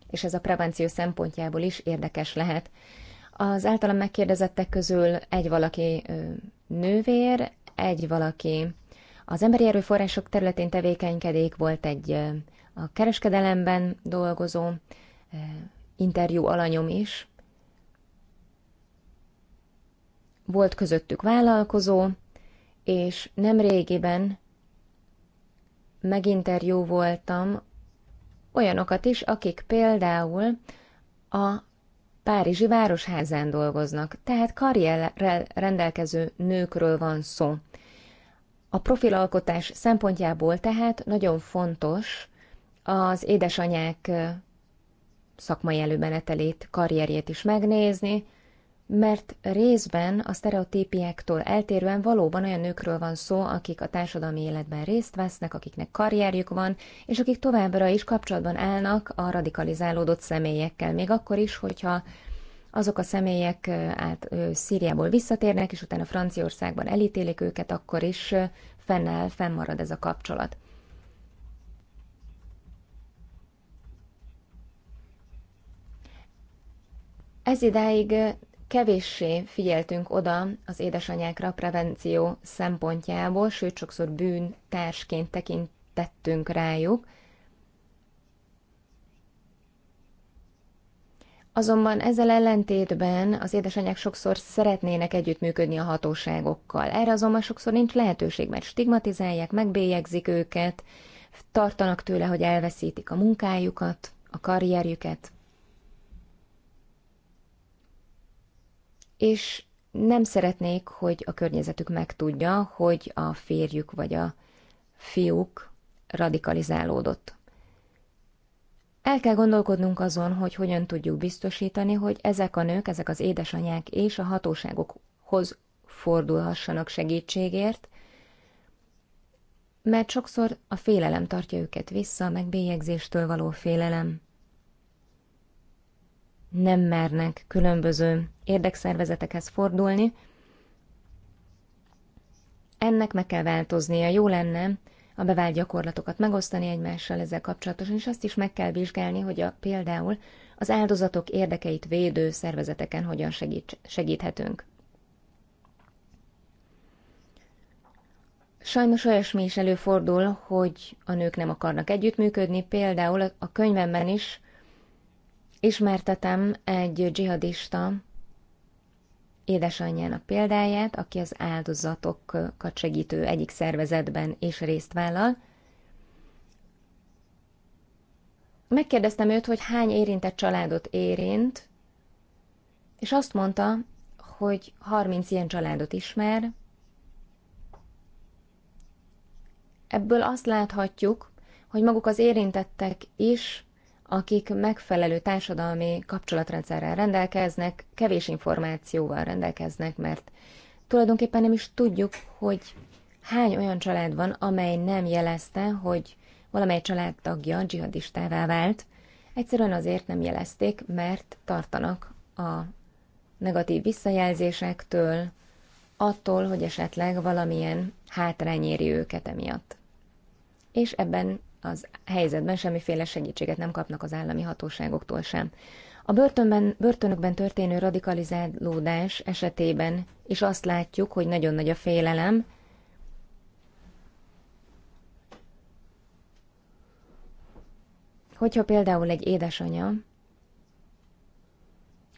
és ez a prevenció szempontjából is érdekes lehet. Az általam megkérdezettek közül egy valaki ö, nővér, egy valaki az emberi erőforrások területén tevékenykedik, volt egy ö, a kereskedelemben dolgozó interjú alanyom is, volt közöttük vállalkozó, és nem régiben meginterjú voltam olyanokat is, akik például a Párizsi Városházán dolgoznak, tehát karrierrel rendelkező nőkről van szó. A profilalkotás szempontjából tehát nagyon fontos az édesanyák szakmai előmenetelét, karrierjét is megnézni, mert részben a sztereotípiáktól eltérően valóban olyan nőkről van szó, akik a társadalmi életben részt vesznek, akiknek karrierjük van, és akik továbbra is kapcsolatban állnak a radikalizálódott személyekkel, még akkor is, hogyha azok a személyek át Szíriából visszatérnek, és utána Franciaországban elítélik őket, akkor is fennáll, fennmarad ez a kapcsolat. Ez idáig kevéssé figyeltünk oda az édesanyákra a prevenció szempontjából, sőt sokszor bűn társként tekintettünk rájuk. Azonban ezzel ellentétben az édesanyák sokszor szeretnének együttműködni a hatóságokkal. Erre azonban sokszor nincs lehetőség, mert stigmatizálják, megbélyegzik őket, tartanak tőle, hogy elveszítik a munkájukat, a karrierjüket, és nem szeretnék, hogy a környezetük megtudja, hogy a férjük vagy a fiúk radikalizálódott. El kell gondolkodnunk azon, hogy hogyan tudjuk biztosítani, hogy ezek a nők, ezek az édesanyák és a hatóságokhoz fordulhassanak segítségért, mert sokszor a félelem tartja őket vissza, meg bélyegzéstől való félelem nem mernek különböző érdekszervezetekhez fordulni. Ennek meg kell változnia, jó lenne a bevált gyakorlatokat megosztani egymással ezzel kapcsolatosan, és azt is meg kell vizsgálni, hogy a, például az áldozatok érdekeit védő szervezeteken hogyan segít, segíthetünk. Sajnos olyasmi is előfordul, hogy a nők nem akarnak együttműködni, például a könyvemben is Ismertetem egy dzsihadista édesanyjának példáját, aki az áldozatokat segítő egyik szervezetben is részt vállal. Megkérdeztem őt, hogy hány érintett családot érint, és azt mondta, hogy 30 ilyen családot ismer. Ebből azt láthatjuk, hogy maguk az érintettek is akik megfelelő társadalmi kapcsolatrendszerrel rendelkeznek, kevés információval rendelkeznek, mert tulajdonképpen nem is tudjuk, hogy hány olyan család van, amely nem jelezte, hogy valamely családtagja dzsihadistává vált, egyszerűen azért nem jelezték, mert tartanak a negatív visszajelzésektől, attól, hogy esetleg valamilyen hátrány éri őket emiatt. És ebben az helyzetben semmiféle segítséget nem kapnak az állami hatóságoktól sem. A börtönben, börtönökben történő radikalizálódás esetében is azt látjuk, hogy nagyon nagy a félelem, Hogyha például egy édesanya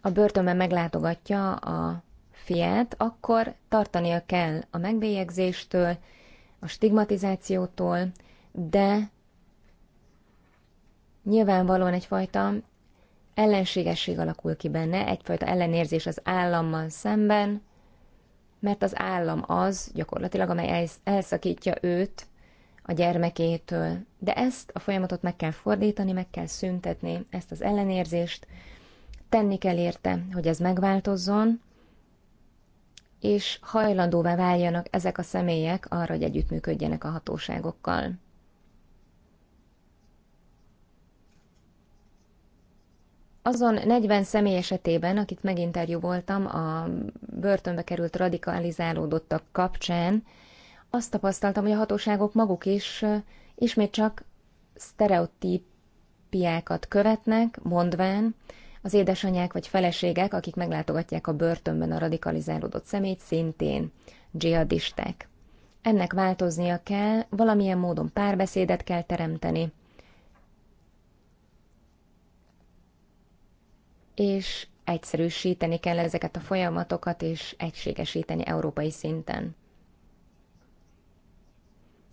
a börtönben meglátogatja a fiát, akkor tartania kell a megbélyegzéstől, a stigmatizációtól, de nyilvánvalóan egyfajta ellenségesség alakul ki benne, egyfajta ellenérzés az állammal szemben, mert az állam az gyakorlatilag, amely elszakítja őt a gyermekétől. De ezt a folyamatot meg kell fordítani, meg kell szüntetni, ezt az ellenérzést, tenni kell érte, hogy ez megváltozzon, és hajlandóvá váljanak ezek a személyek arra, hogy együttműködjenek a hatóságokkal. azon 40 személy esetében, akit meginterjúvoltam a börtönbe került radikalizálódottak kapcsán, azt tapasztaltam, hogy a hatóságok maguk is ismét csak sztereotípiákat követnek, mondván, az édesanyák vagy feleségek, akik meglátogatják a börtönben a radikalizálódott szemét, szintén dzsihadisták. Ennek változnia kell, valamilyen módon párbeszédet kell teremteni, és egyszerűsíteni kell ezeket a folyamatokat, és egységesíteni európai szinten.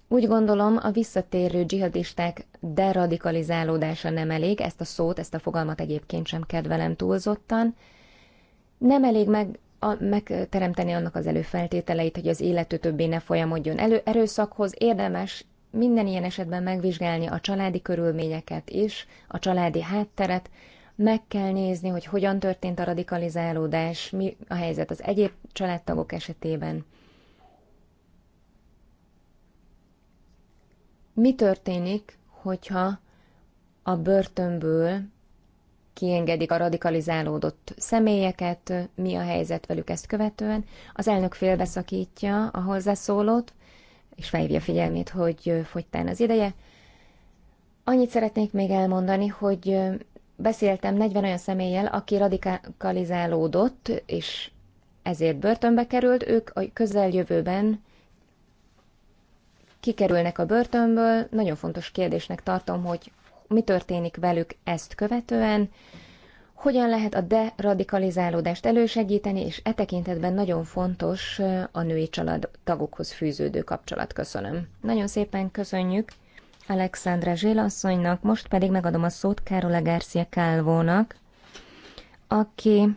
Úgy gondolom, a visszatérő dzsihadisták deradikalizálódása nem elég, ezt a szót, ezt a fogalmat egyébként sem kedvelem túlzottan. Nem elég meg, a, megteremteni annak az előfeltételeit, hogy az élető többé ne folyamodjon elő erőszakhoz, érdemes minden ilyen esetben megvizsgálni a családi körülményeket is, a családi hátteret, meg kell nézni, hogy hogyan történt a radikalizálódás, mi a helyzet az egyéb családtagok esetében. Mi történik, hogyha a börtönből kiengedik a radikalizálódott személyeket, mi a helyzet velük ezt követően. Az elnök félbeszakítja a hozzászólót, és felhívja figyelmét, hogy fogytán az ideje. Annyit szeretnék még elmondani, hogy beszéltem 40 olyan személlyel, aki radikalizálódott, és ezért börtönbe került, ők a közeljövőben kikerülnek a börtönből. Nagyon fontos kérdésnek tartom, hogy mi történik velük ezt követően, hogyan lehet a deradikalizálódást elősegíteni, és e tekintetben nagyon fontos a női családtagokhoz fűződő kapcsolat. Köszönöm. Nagyon szépen köszönjük. Alexandra Zsélasszonynak, most pedig megadom a szót Károla Garcia Calvónak, aki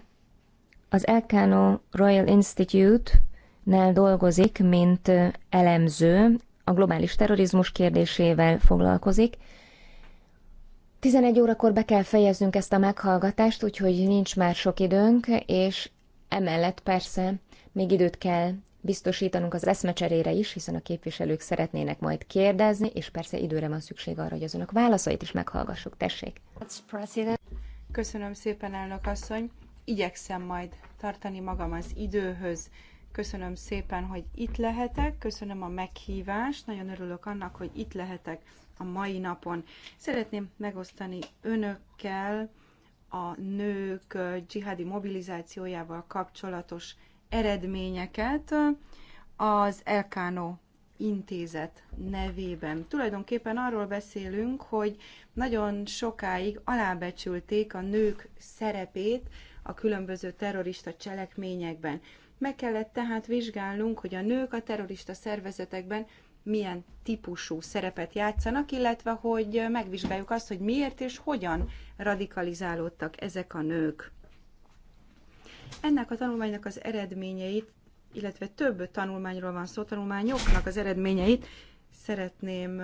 az Elcano Royal Institute-nál dolgozik, mint elemző, a globális terrorizmus kérdésével foglalkozik. 11 órakor be kell fejeznünk ezt a meghallgatást, úgyhogy nincs már sok időnk, és emellett persze még időt kell biztosítanunk az eszmecserére is, hiszen a képviselők szeretnének majd kérdezni, és persze időre van szükség arra, hogy az önök válaszait is meghallgassuk. Tessék! Köszönöm szépen, elnök asszony! Igyekszem majd tartani magam az időhöz. Köszönöm szépen, hogy itt lehetek, köszönöm a meghívást, nagyon örülök annak, hogy itt lehetek a mai napon. Szeretném megosztani önökkel a nők eh, dzsihádi mobilizációjával kapcsolatos eredményeket az Elkánó intézet nevében. Tulajdonképpen arról beszélünk, hogy nagyon sokáig alábecsülték a nők szerepét a különböző terrorista cselekményekben. Meg kellett tehát vizsgálnunk, hogy a nők a terrorista szervezetekben milyen típusú szerepet játszanak, illetve hogy megvizsgáljuk azt, hogy miért és hogyan radikalizálódtak ezek a nők. Ennek a tanulmánynak az eredményeit, illetve több tanulmányról van szó, tanulmányoknak az eredményeit szeretném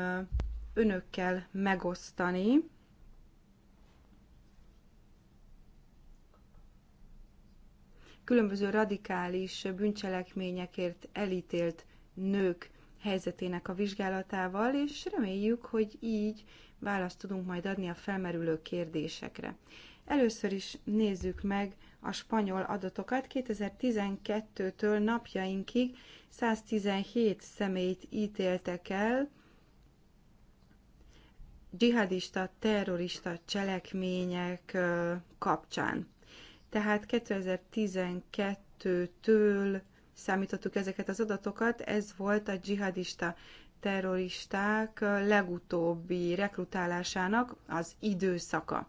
önökkel megosztani. Különböző radikális bűncselekményekért elítélt nők helyzetének a vizsgálatával, és reméljük, hogy így választ tudunk majd adni a felmerülő kérdésekre. Először is nézzük meg a spanyol adatokat. 2012-től napjainkig 117 személyt ítéltek el dzsihadista, terrorista cselekmények kapcsán. Tehát 2012-től számítottuk ezeket az adatokat, ez volt a dzsihadista terroristák legutóbbi rekrutálásának az időszaka.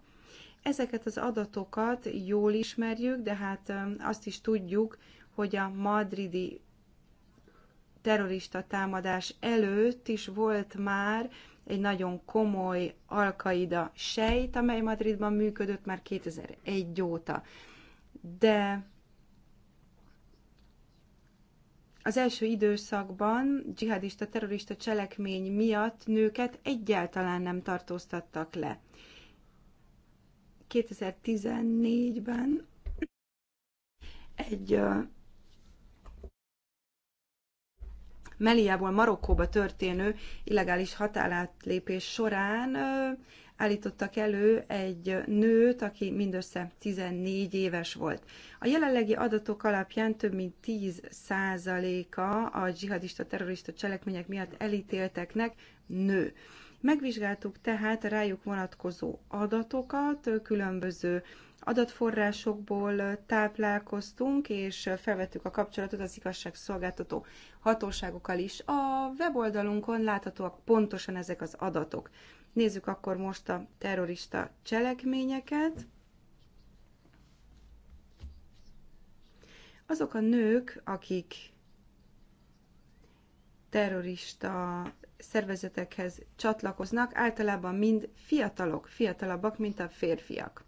Ezeket az adatokat jól ismerjük, de hát azt is tudjuk, hogy a madridi terrorista támadás előtt is volt már egy nagyon komoly alkaida sejt, amely Madridban működött már 2001 óta. De az első időszakban dzsihadista terrorista cselekmény miatt nőket egyáltalán nem tartóztattak le. 2014-ben egy Meliából Marokkóba történő illegális határátlépés során állítottak elő egy nőt, aki mindössze 14 éves volt. A jelenlegi adatok alapján több mint 10%-a a dzsihadista terrorista cselekmények miatt elítélteknek nő. Megvizsgáltuk tehát a rájuk vonatkozó adatokat, különböző adatforrásokból táplálkoztunk, és felvettük a kapcsolatot az igazságszolgáltató hatóságokkal is. A weboldalunkon láthatóak pontosan ezek az adatok. Nézzük akkor most a terrorista cselekményeket. Azok a nők, akik terrorista szervezetekhez csatlakoznak, általában mind fiatalok, fiatalabbak, mint a férfiak.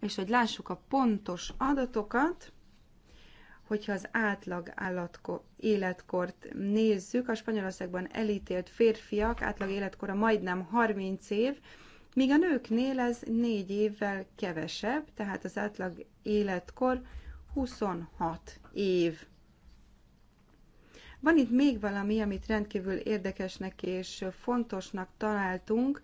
És hogy lássuk a pontos adatokat, hogyha az átlag állatko, életkort nézzük, a Spanyolországban elítélt férfiak átlag életkora majdnem 30 év, míg a nőknél ez 4 évvel kevesebb, tehát az átlag életkor 26 év. Van itt még valami, amit rendkívül érdekesnek és fontosnak találtunk,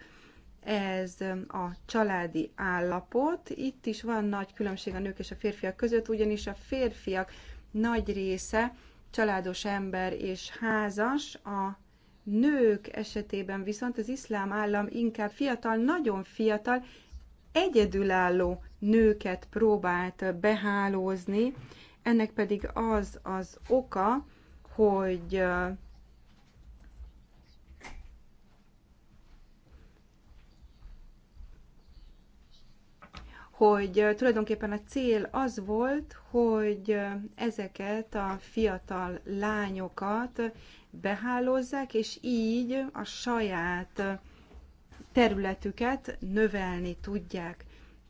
ez a családi állapot. Itt is van nagy különbség a nők és a férfiak között, ugyanis a férfiak nagy része családos ember és házas, a nők esetében viszont az iszlám állam inkább fiatal, nagyon fiatal, egyedülálló nőket próbált behálózni, ennek pedig az az oka, hogy hogy tulajdonképpen a cél az volt, hogy ezeket a fiatal lányokat behálózzák, és így a saját területüket növelni tudják.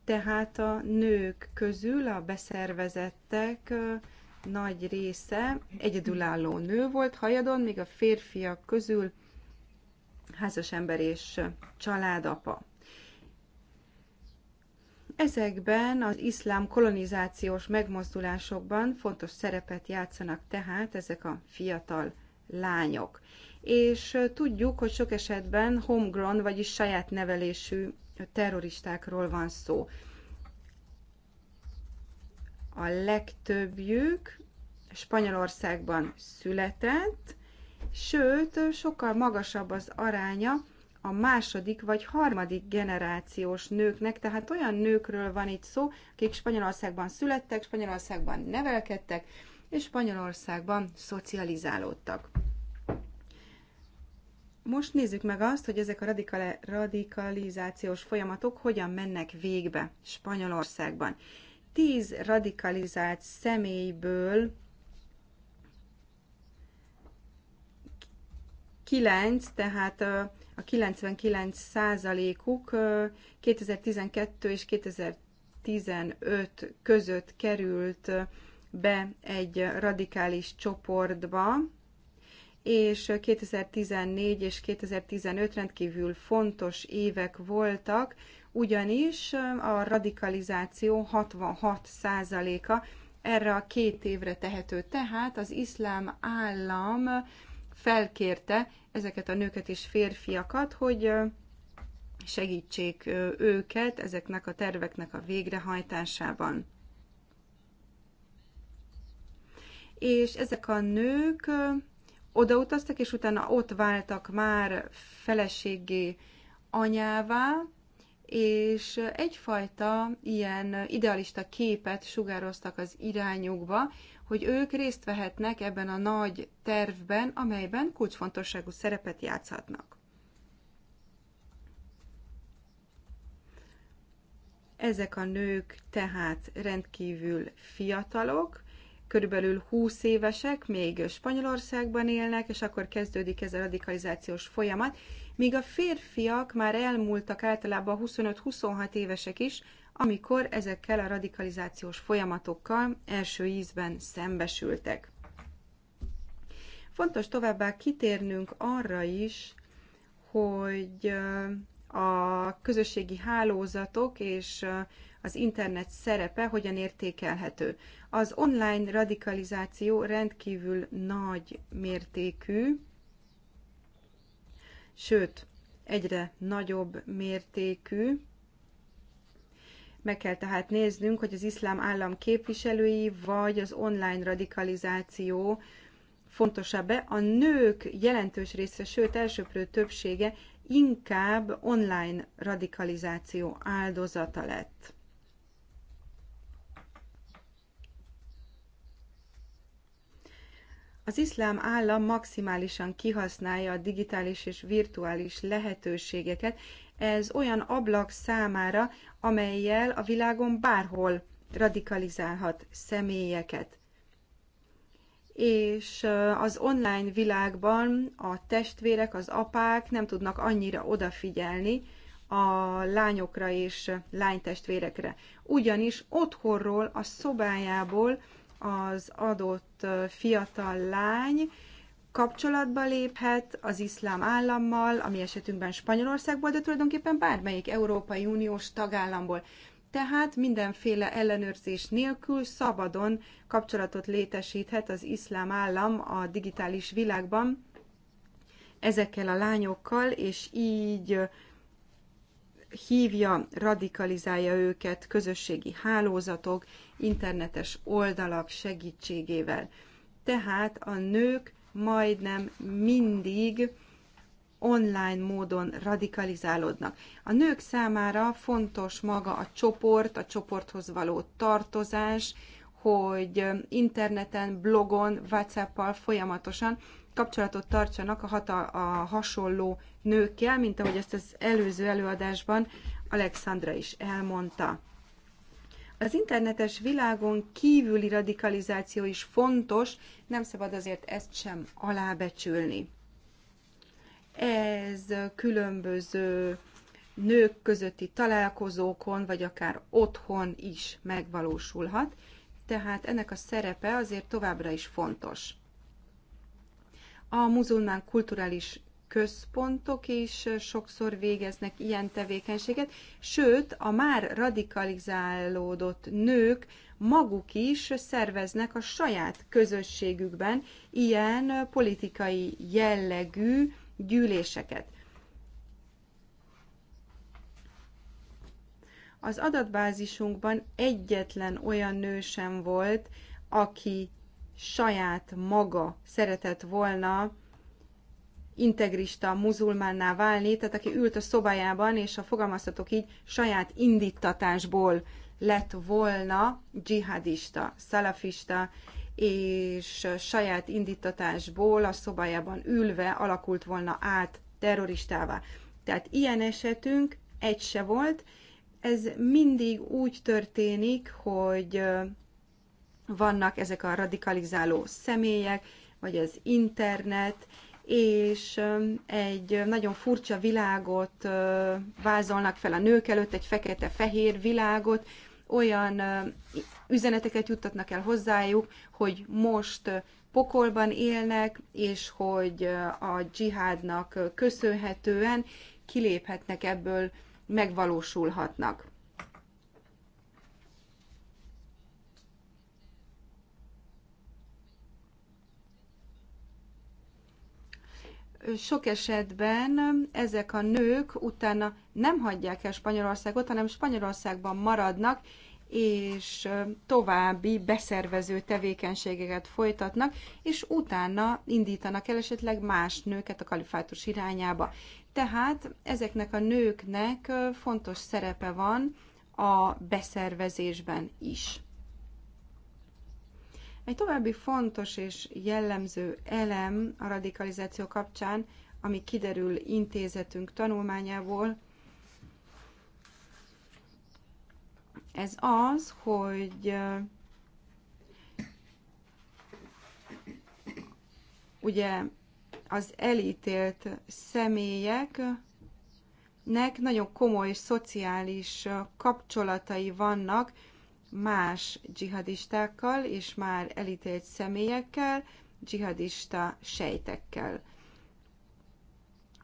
Tehát a nők közül a beszervezettek nagy része egyedülálló nő volt hajadon, míg a férfiak közül házas ember és családapa. Ezekben az iszlám kolonizációs megmozdulásokban fontos szerepet játszanak tehát ezek a fiatal lányok. És tudjuk, hogy sok esetben homegrown, vagyis saját nevelésű terroristákról van szó a legtöbbjük Spanyolországban született, sőt, sokkal magasabb az aránya a második vagy harmadik generációs nőknek, tehát olyan nőkről van itt szó, akik Spanyolországban születtek, Spanyolországban nevelkedtek, és Spanyolországban szocializálódtak. Most nézzük meg azt, hogy ezek a radikalizációs folyamatok hogyan mennek végbe Spanyolországban tíz radikalizált személyből kilenc, tehát a 99 százalékuk 2012 és 2015 között került be egy radikális csoportba, és 2014 és 2015 rendkívül fontos évek voltak ugyanis a radikalizáció 66%-a erre a két évre tehető. Tehát az iszlám állam felkérte ezeket a nőket és férfiakat, hogy segítsék őket ezeknek a terveknek a végrehajtásában. És ezek a nők odautaztak, és utána ott váltak már feleségé anyává, és egyfajta ilyen idealista képet sugároztak az irányukba, hogy ők részt vehetnek ebben a nagy tervben, amelyben kulcsfontosságú szerepet játszhatnak. Ezek a nők tehát rendkívül fiatalok, körülbelül 20 évesek, még Spanyolországban élnek, és akkor kezdődik ez a radikalizációs folyamat, míg a férfiak már elmúltak általában 25-26 évesek is, amikor ezekkel a radikalizációs folyamatokkal első ízben szembesültek. Fontos továbbá kitérnünk arra is, hogy a közösségi hálózatok és az internet szerepe hogyan értékelhető. Az online radikalizáció rendkívül nagy mértékű, sőt, egyre nagyobb mértékű. Meg kell tehát néznünk, hogy az iszlám állam képviselői vagy az online radikalizáció fontosabb-e. A nők jelentős része, sőt elsőprő többsége inkább online radikalizáció áldozata lett. Az iszlám állam maximálisan kihasználja a digitális és virtuális lehetőségeket. Ez olyan ablak számára, amelyel a világon bárhol radikalizálhat személyeket. És az online világban a testvérek, az apák nem tudnak annyira odafigyelni, a lányokra és lánytestvérekre. Ugyanis otthonról, a szobájából az adott fiatal lány kapcsolatba léphet az iszlám állammal, ami esetünkben Spanyolországból, de tulajdonképpen bármelyik Európai Uniós tagállamból. Tehát mindenféle ellenőrzés nélkül szabadon kapcsolatot létesíthet az iszlám állam a digitális világban ezekkel a lányokkal, és így hívja, radikalizálja őket közösségi hálózatok, internetes oldalak segítségével. Tehát a nők majdnem mindig online módon radikalizálódnak. A nők számára fontos maga a csoport, a csoporthoz való tartozás, hogy interneten, blogon, WhatsApp-al folyamatosan kapcsolatot tartsanak a, hata, a hasonló nőkkel, mint ahogy ezt az előző előadásban Alexandra is elmondta. Az internetes világon kívüli radikalizáció is fontos, nem szabad azért ezt sem alábecsülni. Ez különböző nők közötti találkozókon, vagy akár otthon is megvalósulhat, tehát ennek a szerepe azért továbbra is fontos. A muzulmán kulturális központok is sokszor végeznek ilyen tevékenységet, sőt, a már radikalizálódott nők maguk is szerveznek a saját közösségükben ilyen politikai jellegű gyűléseket. Az adatbázisunkban egyetlen olyan nő sem volt, aki saját maga szeretett volna integrista muzulmánná válni, tehát aki ült a szobájában, és a fogalmaztatok így saját indítatásból lett volna dzsihadista, szalafista, és saját indítatásból a szobájában ülve alakult volna át terroristává. Tehát ilyen esetünk egy se volt. Ez mindig úgy történik, hogy vannak ezek a radikalizáló személyek, vagy az internet, és egy nagyon furcsa világot vázolnak fel a nők előtt, egy fekete-fehér világot, olyan üzeneteket juttatnak el hozzájuk, hogy most pokolban élnek, és hogy a dzsihádnak köszönhetően kiléphetnek ebből, megvalósulhatnak. sok esetben ezek a nők utána nem hagyják el Spanyolországot, hanem Spanyolországban maradnak, és további beszervező tevékenységeket folytatnak, és utána indítanak el esetleg más nőket a kalifátus irányába. Tehát ezeknek a nőknek fontos szerepe van a beszervezésben is. Egy további fontos és jellemző elem a radikalizáció kapcsán, ami kiderül intézetünk tanulmányából, ez az, hogy ugye az elítélt személyeknek nagyon komoly szociális kapcsolatai vannak más dzsihadistákkal és már elítélt személyekkel, dzsihadista sejtekkel.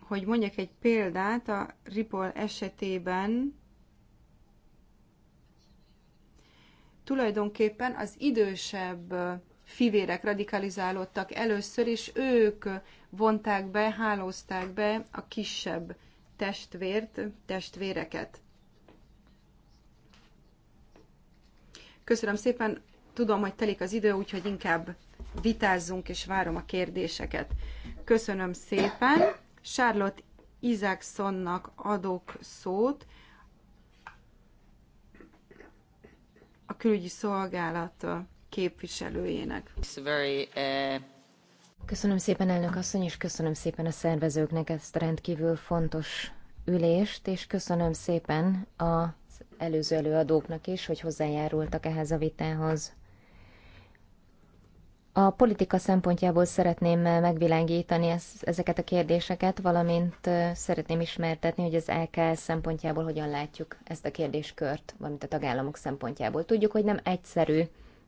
Hogy mondjak egy példát, a Ripol esetében tulajdonképpen az idősebb fivérek radikalizálódtak először, és ők vonták be, hálózták be a kisebb testvért, testvéreket. Köszönöm szépen, tudom, hogy telik az idő, úgyhogy inkább vitázzunk, és várom a kérdéseket. Köszönöm szépen. Charlotte Isaacsonnak adok szót. a külügyi szolgálat képviselőjének. Eh, köszönöm szépen, elnök asszony, és köszönöm szépen a szervezőknek ezt rendkívül fontos ülést, és köszönöm szépen a előző előadóknak is, hogy hozzájárultak ehhez a vitához. A politika szempontjából szeretném megvilágítani ezeket a kérdéseket, valamint szeretném ismertetni, hogy az LKS szempontjából hogyan látjuk ezt a kérdéskört, valamint a tagállamok szempontjából. Tudjuk, hogy nem egyszerű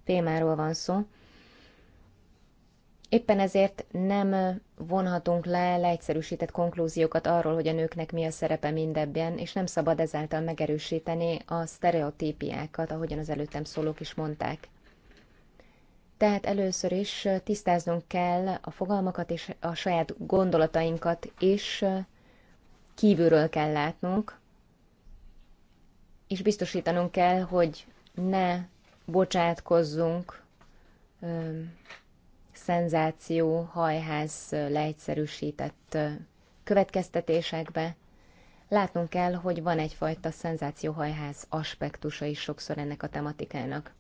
témáról van szó, Éppen ezért nem vonhatunk le leegyszerűsített konklúziókat arról, hogy a nőknek mi a szerepe mindebben, és nem szabad ezáltal megerősíteni a sztereotípiákat, ahogyan az előttem szólók is mondták. Tehát először is tisztáznunk kell a fogalmakat és a saját gondolatainkat is kívülről kell látnunk, és biztosítanunk kell, hogy ne bocsátkozzunk szenzáció hajház leegyszerűsített következtetésekbe. Látnunk kell, hogy van egyfajta szenzációhajház aspektusa is sokszor ennek a tematikának.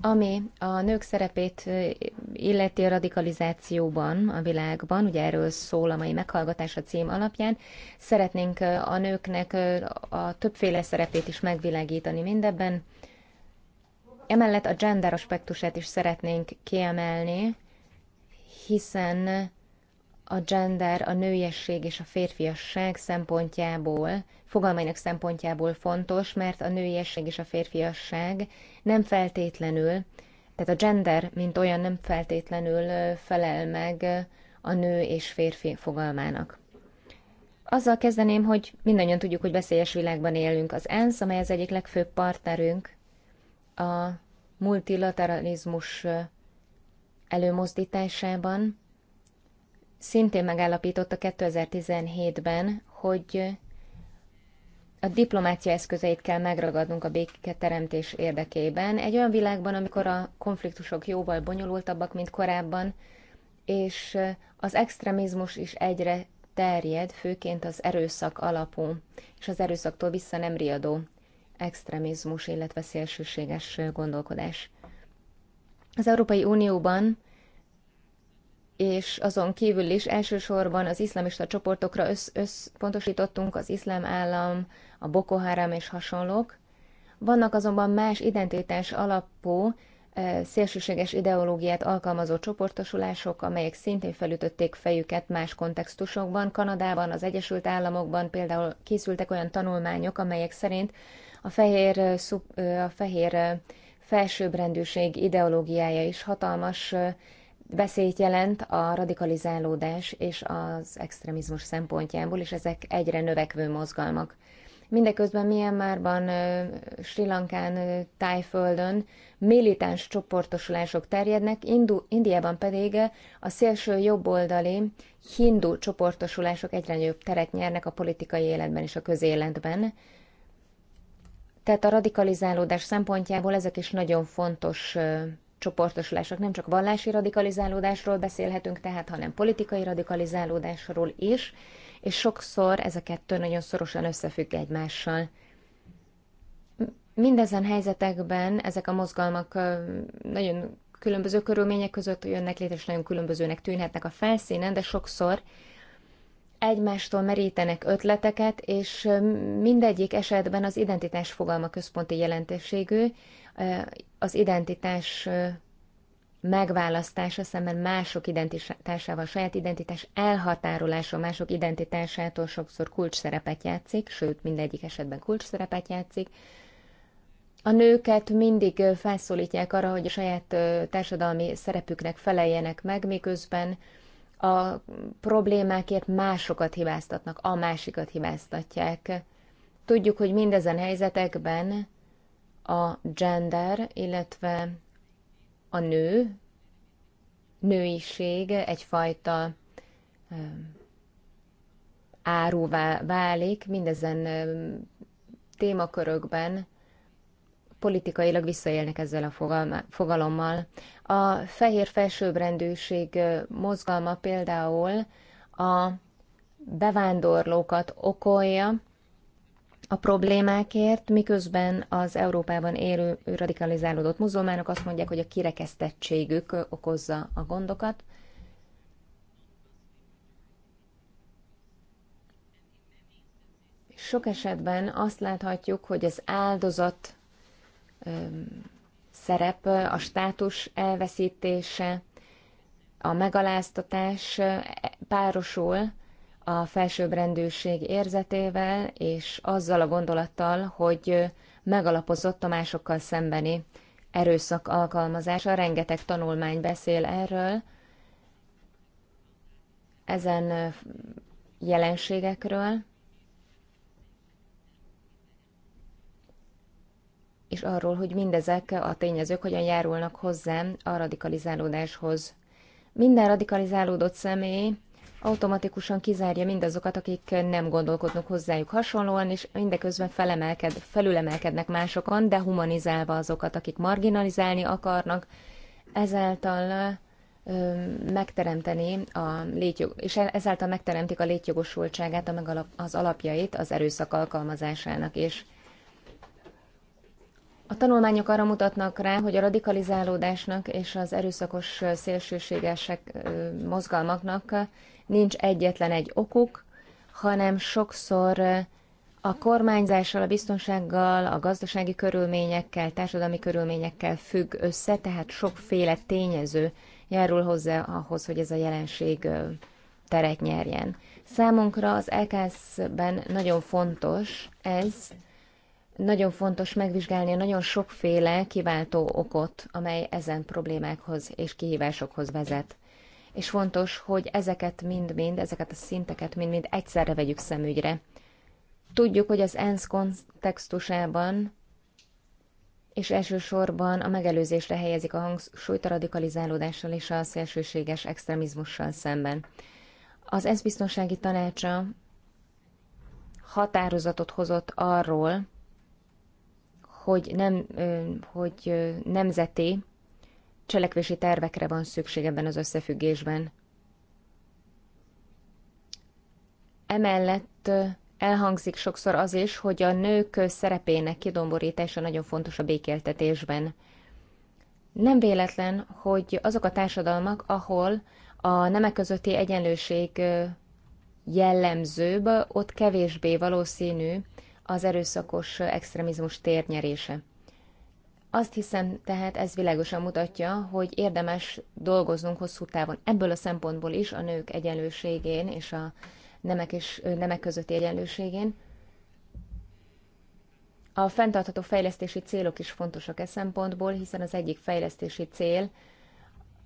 Ami a nők szerepét illeti a radikalizációban a világban, ugye erről szól a mai meghallgatás a cím alapján, szeretnénk a nőknek a többféle szerepét is megvilágítani mindebben, Emellett a gender aspektusát is szeretnénk kiemelni, hiszen a gender, a nőiesség és a férfiasság szempontjából, fogalmainak szempontjából fontos, mert a nőiesség és a férfiasság nem feltétlenül, tehát a gender, mint olyan nem feltétlenül felel meg a nő és férfi fogalmának. Azzal kezdeném, hogy mindannyian tudjuk, hogy veszélyes világban élünk. Az ENSZ, amely az egyik legfőbb partnerünk a multilateralizmus előmozdításában szintén megállapította 2017-ben, hogy a diplomácia eszközeit kell megragadnunk a béketeremtés érdekében. Egy olyan világban, amikor a konfliktusok jóval bonyolultabbak, mint korábban, és az extremizmus is egyre terjed, főként az erőszak alapú és az erőszaktól vissza nem riadó extremizmus, illetve szélsőséges gondolkodás. Az Európai Unióban és azon kívül is elsősorban az iszlamista csoportokra össz összpontosítottunk, az iszlám állam, a Boko Haram és hasonlók. Vannak azonban más identitás alapú, szélsőséges ideológiát alkalmazó csoportosulások, amelyek szintén felütötték fejüket más kontextusokban. Kanadában, az Egyesült Államokban például készültek olyan tanulmányok, amelyek szerint a fehér, a fehér felsőbbrendűség ideológiája is hatalmas veszélyt jelent a radikalizálódás és az extremizmus szempontjából, és ezek egyre növekvő mozgalmak. Mindeközben Myanmarban, Sri Lankán, Tájföldön militáns csoportosulások terjednek, Indu, Indiában pedig a szélső jobboldali hindu csoportosulások egyre nagyobb teret nyernek a politikai életben és a közéletben. Tehát a radikalizálódás szempontjából ezek is nagyon fontos csoportosulások. Nem csak vallási radikalizálódásról beszélhetünk tehát, hanem politikai radikalizálódásról is, és sokszor ez a kettő nagyon szorosan összefügg egymással. Mindezen helyzetekben ezek a mozgalmak nagyon különböző körülmények között jönnek létre, és nagyon különbözőnek tűnhetnek a felszínen, de sokszor egymástól merítenek ötleteket, és mindegyik esetben az identitás fogalma központi jelentőségű, az identitás megválasztása szemben mások identitásával, saját identitás elhatárolása mások identitásától sokszor kulcs szerepet játszik, sőt, mindegyik esetben kulcs szerepet játszik. A nőket mindig felszólítják arra, hogy a saját társadalmi szerepüknek feleljenek meg, miközben a problémákért másokat hibáztatnak, a másikat hibáztatják. Tudjuk, hogy mindezen helyzetekben a gender, illetve a nő, nőiség egyfajta áruvá válik, mindezen témakörökben politikailag visszaélnek ezzel a fogalommal. A fehér felsőbbrendűség mozgalma például a bevándorlókat okolja a problémákért, miközben az Európában élő radikalizálódott muzulmánok azt mondják, hogy a kirekesztettségük okozza a gondokat. Sok esetben azt láthatjuk, hogy az áldozat szerep, a státus elveszítése, a megaláztatás párosul a felsőbbrendűség érzetével és azzal a gondolattal, hogy megalapozott a másokkal szembeni erőszak alkalmazása. Rengeteg tanulmány beszél erről, ezen jelenségekről, és arról, hogy mindezek a tényezők hogyan járulnak hozzá a radikalizálódáshoz. Minden radikalizálódott személy automatikusan kizárja mindazokat, akik nem gondolkodnak hozzájuk hasonlóan, és mindeközben felemelked, felülemelkednek másokon, de humanizálva azokat, akik marginalizálni akarnak, ezáltal megteremteni a létjog, és e-, ezáltal megteremtik a létjogosultságát, meg az alapjait az erőszak alkalmazásának, és a tanulmányok arra mutatnak rá, hogy a radikalizálódásnak és az erőszakos szélsőségesek mozgalmaknak nincs egyetlen egy okuk, hanem sokszor a kormányzással, a biztonsággal, a gazdasági körülményekkel, társadalmi körülményekkel függ össze, tehát sokféle tényező járul hozzá ahhoz, hogy ez a jelenség teret nyerjen. Számunkra az EKSZ-ben nagyon fontos ez, nagyon fontos megvizsgálni a nagyon sokféle kiváltó okot, amely ezen problémákhoz és kihívásokhoz vezet. És fontos, hogy ezeket mind-mind, ezeket a szinteket mind-mind egyszerre vegyük szemügyre. Tudjuk, hogy az ENSZ kontextusában és elsősorban a megelőzésre helyezik a hangsúlyt a radikalizálódással és a szélsőséges extremizmussal szemben. Az ENSZ biztonsági tanácsa határozatot hozott arról, hogy, nem, hogy nemzeti cselekvési tervekre van szükség ebben az összefüggésben. Emellett elhangzik sokszor az is, hogy a nők szerepének kidomborítása nagyon fontos a békéltetésben. Nem véletlen, hogy azok a társadalmak, ahol a nemek közötti egyenlőség jellemzőbb, ott kevésbé valószínű az erőszakos extremizmus térnyerése. Azt hiszem, tehát ez világosan mutatja, hogy érdemes dolgoznunk hosszú távon ebből a szempontból is a nők egyenlőségén és a nemek, és, nemek közötti egyenlőségén. A fenntartható fejlesztési célok is fontosak e szempontból, hiszen az egyik fejlesztési cél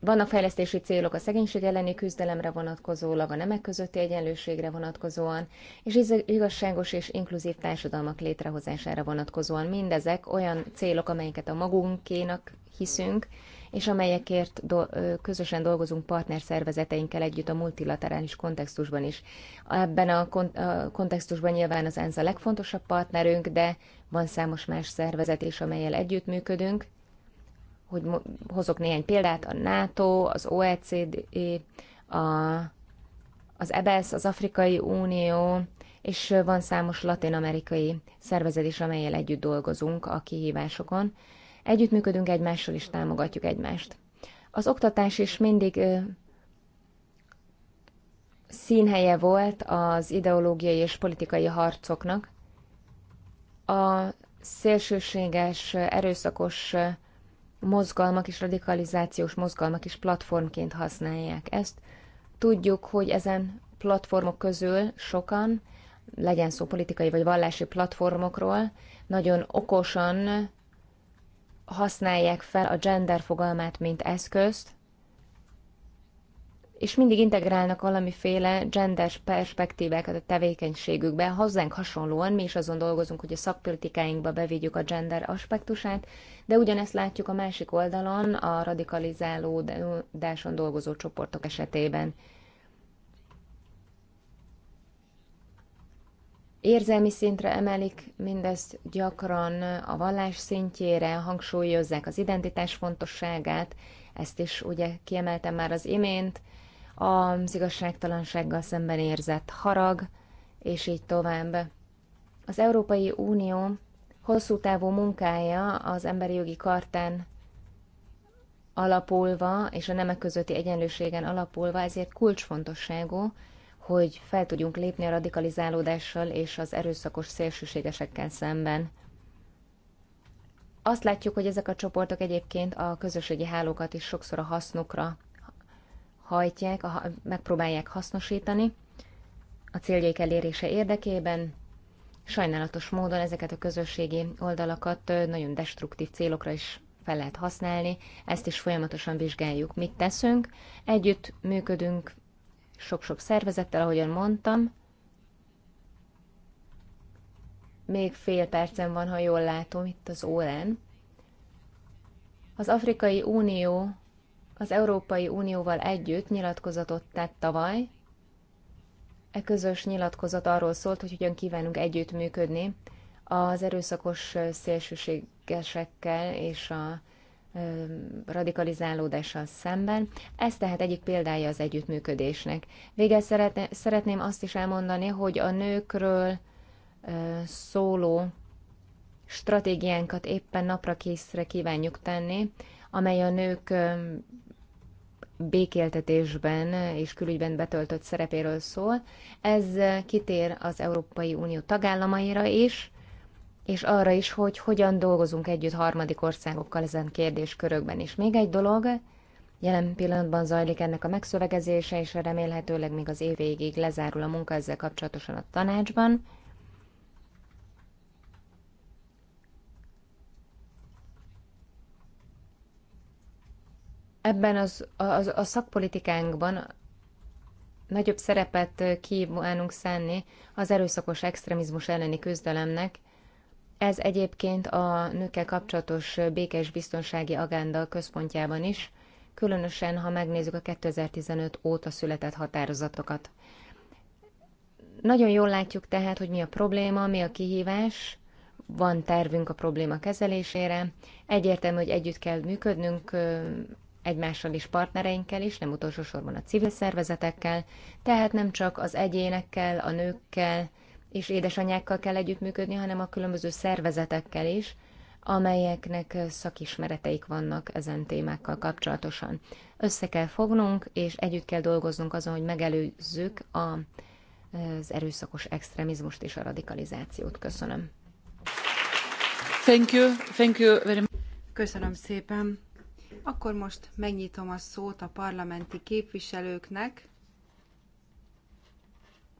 vannak fejlesztési célok a szegénység elleni küzdelemre vonatkozólag, a nemek közötti egyenlőségre vonatkozóan, és igazságos és inkluzív társadalmak létrehozására vonatkozóan. Mindezek olyan célok, amelyeket a magunkénak hiszünk, és amelyekért do- közösen dolgozunk partnerszervezeteinkkel együtt a multilaterális kontextusban is. Ebben a, kon- a kontextusban nyilván az ENSZ a legfontosabb partnerünk, de van számos más szervezet is, amelyel együttműködünk, hogy hozok néhány példát, a NATO, az OECD, a, az EBS, e az Afrikai Unió, és van számos latin-amerikai szervezet is, amelyel együtt dolgozunk a kihívásokon. Együttműködünk egymással, és támogatjuk egymást. Az oktatás is mindig színhelye volt az ideológiai és politikai harcoknak. A szélsőséges, erőszakos mozgalmak és radikalizációs mozgalmak is platformként használják ezt. Tudjuk, hogy ezen platformok közül sokan, legyen szó politikai vagy vallási platformokról, nagyon okosan használják fel a gender fogalmát, mint eszközt, és mindig integrálnak valamiféle gender perspektívákat a tevékenységükbe. Hozzánk hasonlóan mi is azon dolgozunk, hogy a szakpolitikáinkba bevigyük a gender aspektusát, de ugyanezt látjuk a másik oldalon, a radikalizálódáson dolgozó csoportok esetében. Érzelmi szintre emelik mindezt gyakran a vallás szintjére, hangsúlyozzák az identitás fontosságát, ezt is ugye kiemeltem már az imént, az igazságtalansággal szemben érzett harag, és így tovább. Az Európai Unió hosszú távú munkája az emberi jogi kartán alapulva és a nemek közötti egyenlőségen alapulva, ezért kulcsfontosságú, hogy fel tudjunk lépni a radikalizálódással és az erőszakos szélsőségesekkel szemben. Azt látjuk, hogy ezek a csoportok egyébként a közösségi hálókat is sokszor a hasznukra hajtják, a, megpróbálják hasznosítani a céljaik elérése érdekében. Sajnálatos módon ezeket a közösségi oldalakat nagyon destruktív célokra is fel lehet használni, ezt is folyamatosan vizsgáljuk, mit teszünk. Együtt működünk sok-sok szervezettel, ahogyan mondtam. Még fél percen van, ha jól látom, itt az órán. Az Afrikai Unió az Európai Unióval együtt nyilatkozatot tett tavaly. E közös nyilatkozat arról szólt, hogy hogyan kívánunk együttműködni az erőszakos szélsőségesekkel és a radikalizálódással szemben. Ez tehát egyik példája az együttműködésnek. Végül szeretném azt is elmondani, hogy a nőkről szóló stratégiánkat éppen napra készre kívánjuk tenni, amely a nők békéltetésben és külügyben betöltött szerepéről szól. Ez kitér az Európai Unió tagállamaira is, és arra is, hogy hogyan dolgozunk együtt harmadik országokkal ezen kérdéskörökben is. Még egy dolog, jelen pillanatban zajlik ennek a megszövegezése, és remélhetőleg még az év végéig lezárul a munka ezzel kapcsolatosan a tanácsban. ebben az, az, a szakpolitikánkban nagyobb szerepet kívánunk szánni az erőszakos extremizmus elleni küzdelemnek. Ez egyébként a nőkkel kapcsolatos békés biztonsági agenda központjában is, különösen ha megnézzük a 2015 óta született határozatokat. Nagyon jól látjuk tehát, hogy mi a probléma, mi a kihívás, van tervünk a probléma kezelésére, egyértelmű, hogy együtt kell működnünk egymással és partnereinkkel is, nem utolsó sorban a civil szervezetekkel, tehát nem csak az egyénekkel, a nőkkel és édesanyákkal kell együttműködni, hanem a különböző szervezetekkel is, amelyeknek szakismereteik vannak ezen témákkal kapcsolatosan. Össze kell fognunk, és együtt kell dolgoznunk azon, hogy megelőzzük a, az erőszakos extremizmust és a radikalizációt. Köszönöm. Thank you. Thank you very much. Köszönöm szépen. Akkor most megnyitom a szót a parlamenti képviselőknek.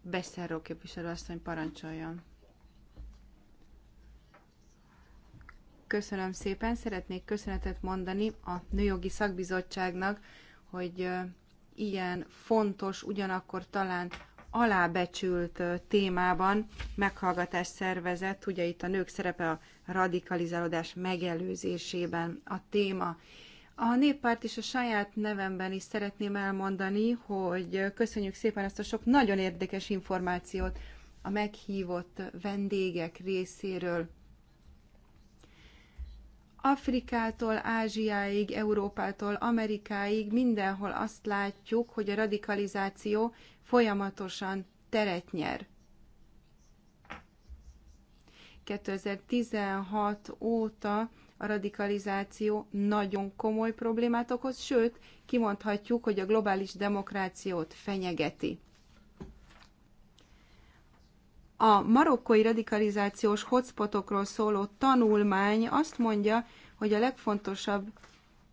Beszerró képviselő asszony parancsoljon. Köszönöm szépen, szeretnék köszönetet mondani a Nőjogi Szakbizottságnak, hogy ilyen fontos, ugyanakkor talán alábecsült témában meghallgatást szervezett, ugye itt a nők szerepe a radikalizálódás megelőzésében a téma, a néppárt is a saját nevemben is szeretném elmondani, hogy köszönjük szépen ezt a sok nagyon érdekes információt a meghívott vendégek részéről. Afrikától, Ázsiáig, Európától, Amerikáig mindenhol azt látjuk, hogy a radikalizáció folyamatosan teret nyer. 2016 óta a radikalizáció nagyon komoly problémát okoz, sőt, kimondhatjuk, hogy a globális demokrációt fenyegeti. A marokkói radikalizációs hotspotokról szóló tanulmány azt mondja, hogy a legfontosabb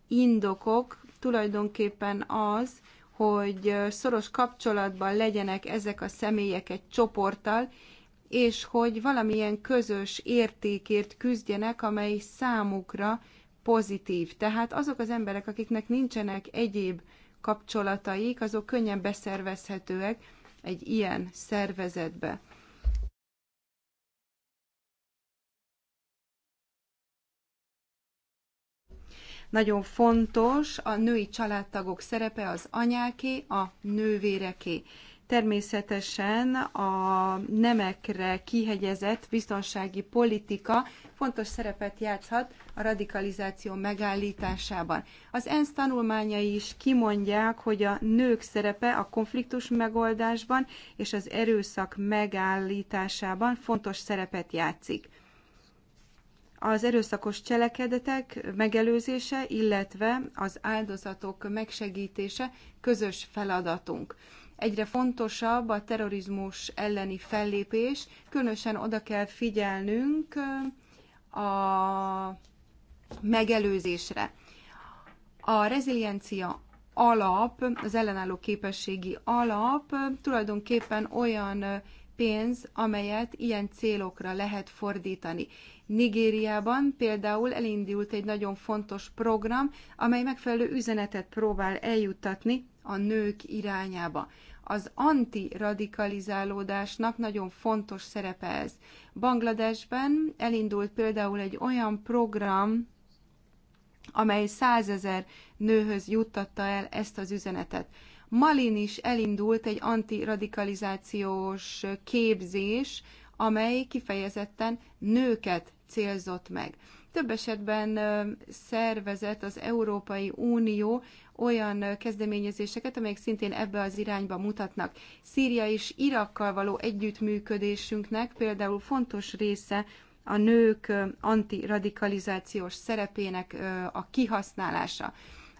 indokok tulajdonképpen az, hogy szoros kapcsolatban legyenek ezek a személyek egy csoporttal, és hogy valamilyen közös értékért küzdjenek, amely számukra pozitív. Tehát azok az emberek, akiknek nincsenek egyéb kapcsolataik, azok könnyen beszervezhetőek egy ilyen szervezetbe. Nagyon fontos a női családtagok szerepe az anyáké, a nővéreké. Természetesen a nemekre kihegyezett biztonsági politika fontos szerepet játszhat a radikalizáció megállításában. Az ENSZ tanulmányai is kimondják, hogy a nők szerepe a konfliktus megoldásban és az erőszak megállításában fontos szerepet játszik az erőszakos cselekedetek megelőzése, illetve az áldozatok megsegítése közös feladatunk. Egyre fontosabb a terrorizmus elleni fellépés, különösen oda kell figyelnünk a megelőzésre. A reziliencia alap, az ellenálló képességi alap tulajdonképpen olyan pénz, amelyet ilyen célokra lehet fordítani. Nigériában például elindult egy nagyon fontos program, amely megfelelő üzenetet próbál eljuttatni a nők irányába. Az antiradikalizálódásnak nagyon fontos szerepe ez. Bangladesben elindult például egy olyan program, amely százezer nőhöz juttatta el ezt az üzenetet. Malin is elindult egy antiradikalizációs képzés, amely kifejezetten nőket célzott meg. Több esetben szervezett az Európai Unió olyan kezdeményezéseket, amelyek szintén ebbe az irányba mutatnak. Szíria és Irakkal való együttműködésünknek például fontos része a nők antiradikalizációs szerepének a kihasználása.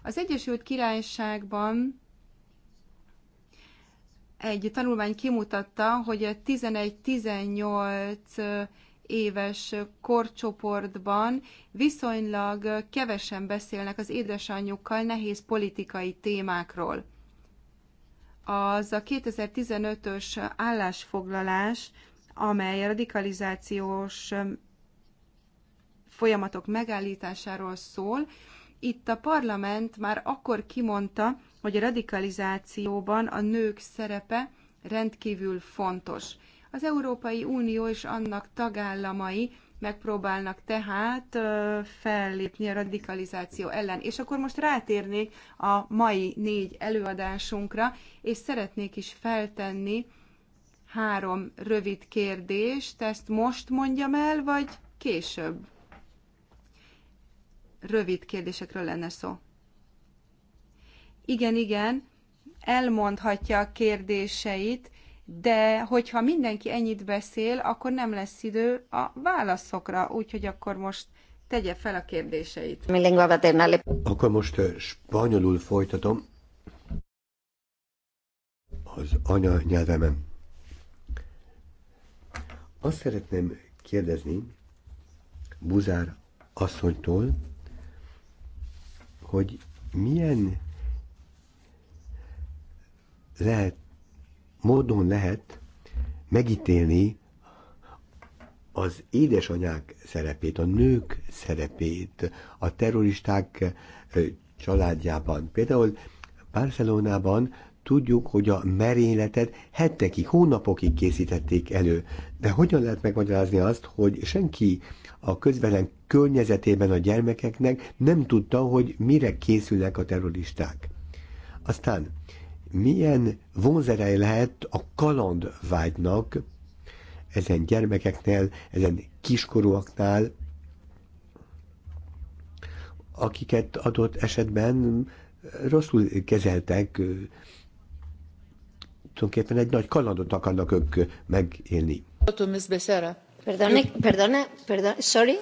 Az Egyesült Királyságban egy tanulmány kimutatta, hogy 11-18 éves korcsoportban viszonylag kevesen beszélnek az édesanyjukkal nehéz politikai témákról. Az a 2015-ös állásfoglalás, amely a radikalizációs folyamatok megállításáról szól, itt a parlament már akkor kimondta, hogy a radikalizációban a nők szerepe rendkívül fontos. Az Európai Unió és annak tagállamai megpróbálnak tehát fellépni a radikalizáció ellen. És akkor most rátérnék a mai négy előadásunkra, és szeretnék is feltenni három rövid kérdést. Ezt most mondjam el, vagy később? rövid kérdésekről lenne szó. Igen, igen, elmondhatja a kérdéseit, de hogyha mindenki ennyit beszél, akkor nem lesz idő a válaszokra, úgyhogy akkor most tegye fel a kérdéseit. Akkor most spanyolul folytatom az anyanyelvemen. Azt szeretném kérdezni Buzár asszonytól, hogy milyen lehet, módon lehet megítélni az édesanyák szerepét, a nők szerepét, a terroristák családjában. Például Barcelonában tudjuk, hogy a merényletet hetekig, hónapokig készítették elő. De hogyan lehet megmagyarázni azt, hogy senki a közvetlen környezetében a gyermekeknek nem tudta, hogy mire készülnek a terroristák. Aztán milyen vonzerej lehet a kalandvágynak ezen gyermekeknél, ezen kiskorúaknál, akiket adott esetben rosszul kezeltek, tulajdonképpen egy nagy kalandot akarnak ők megélni. Otomis Becerra. Perdone, perdona, perdona, sorry.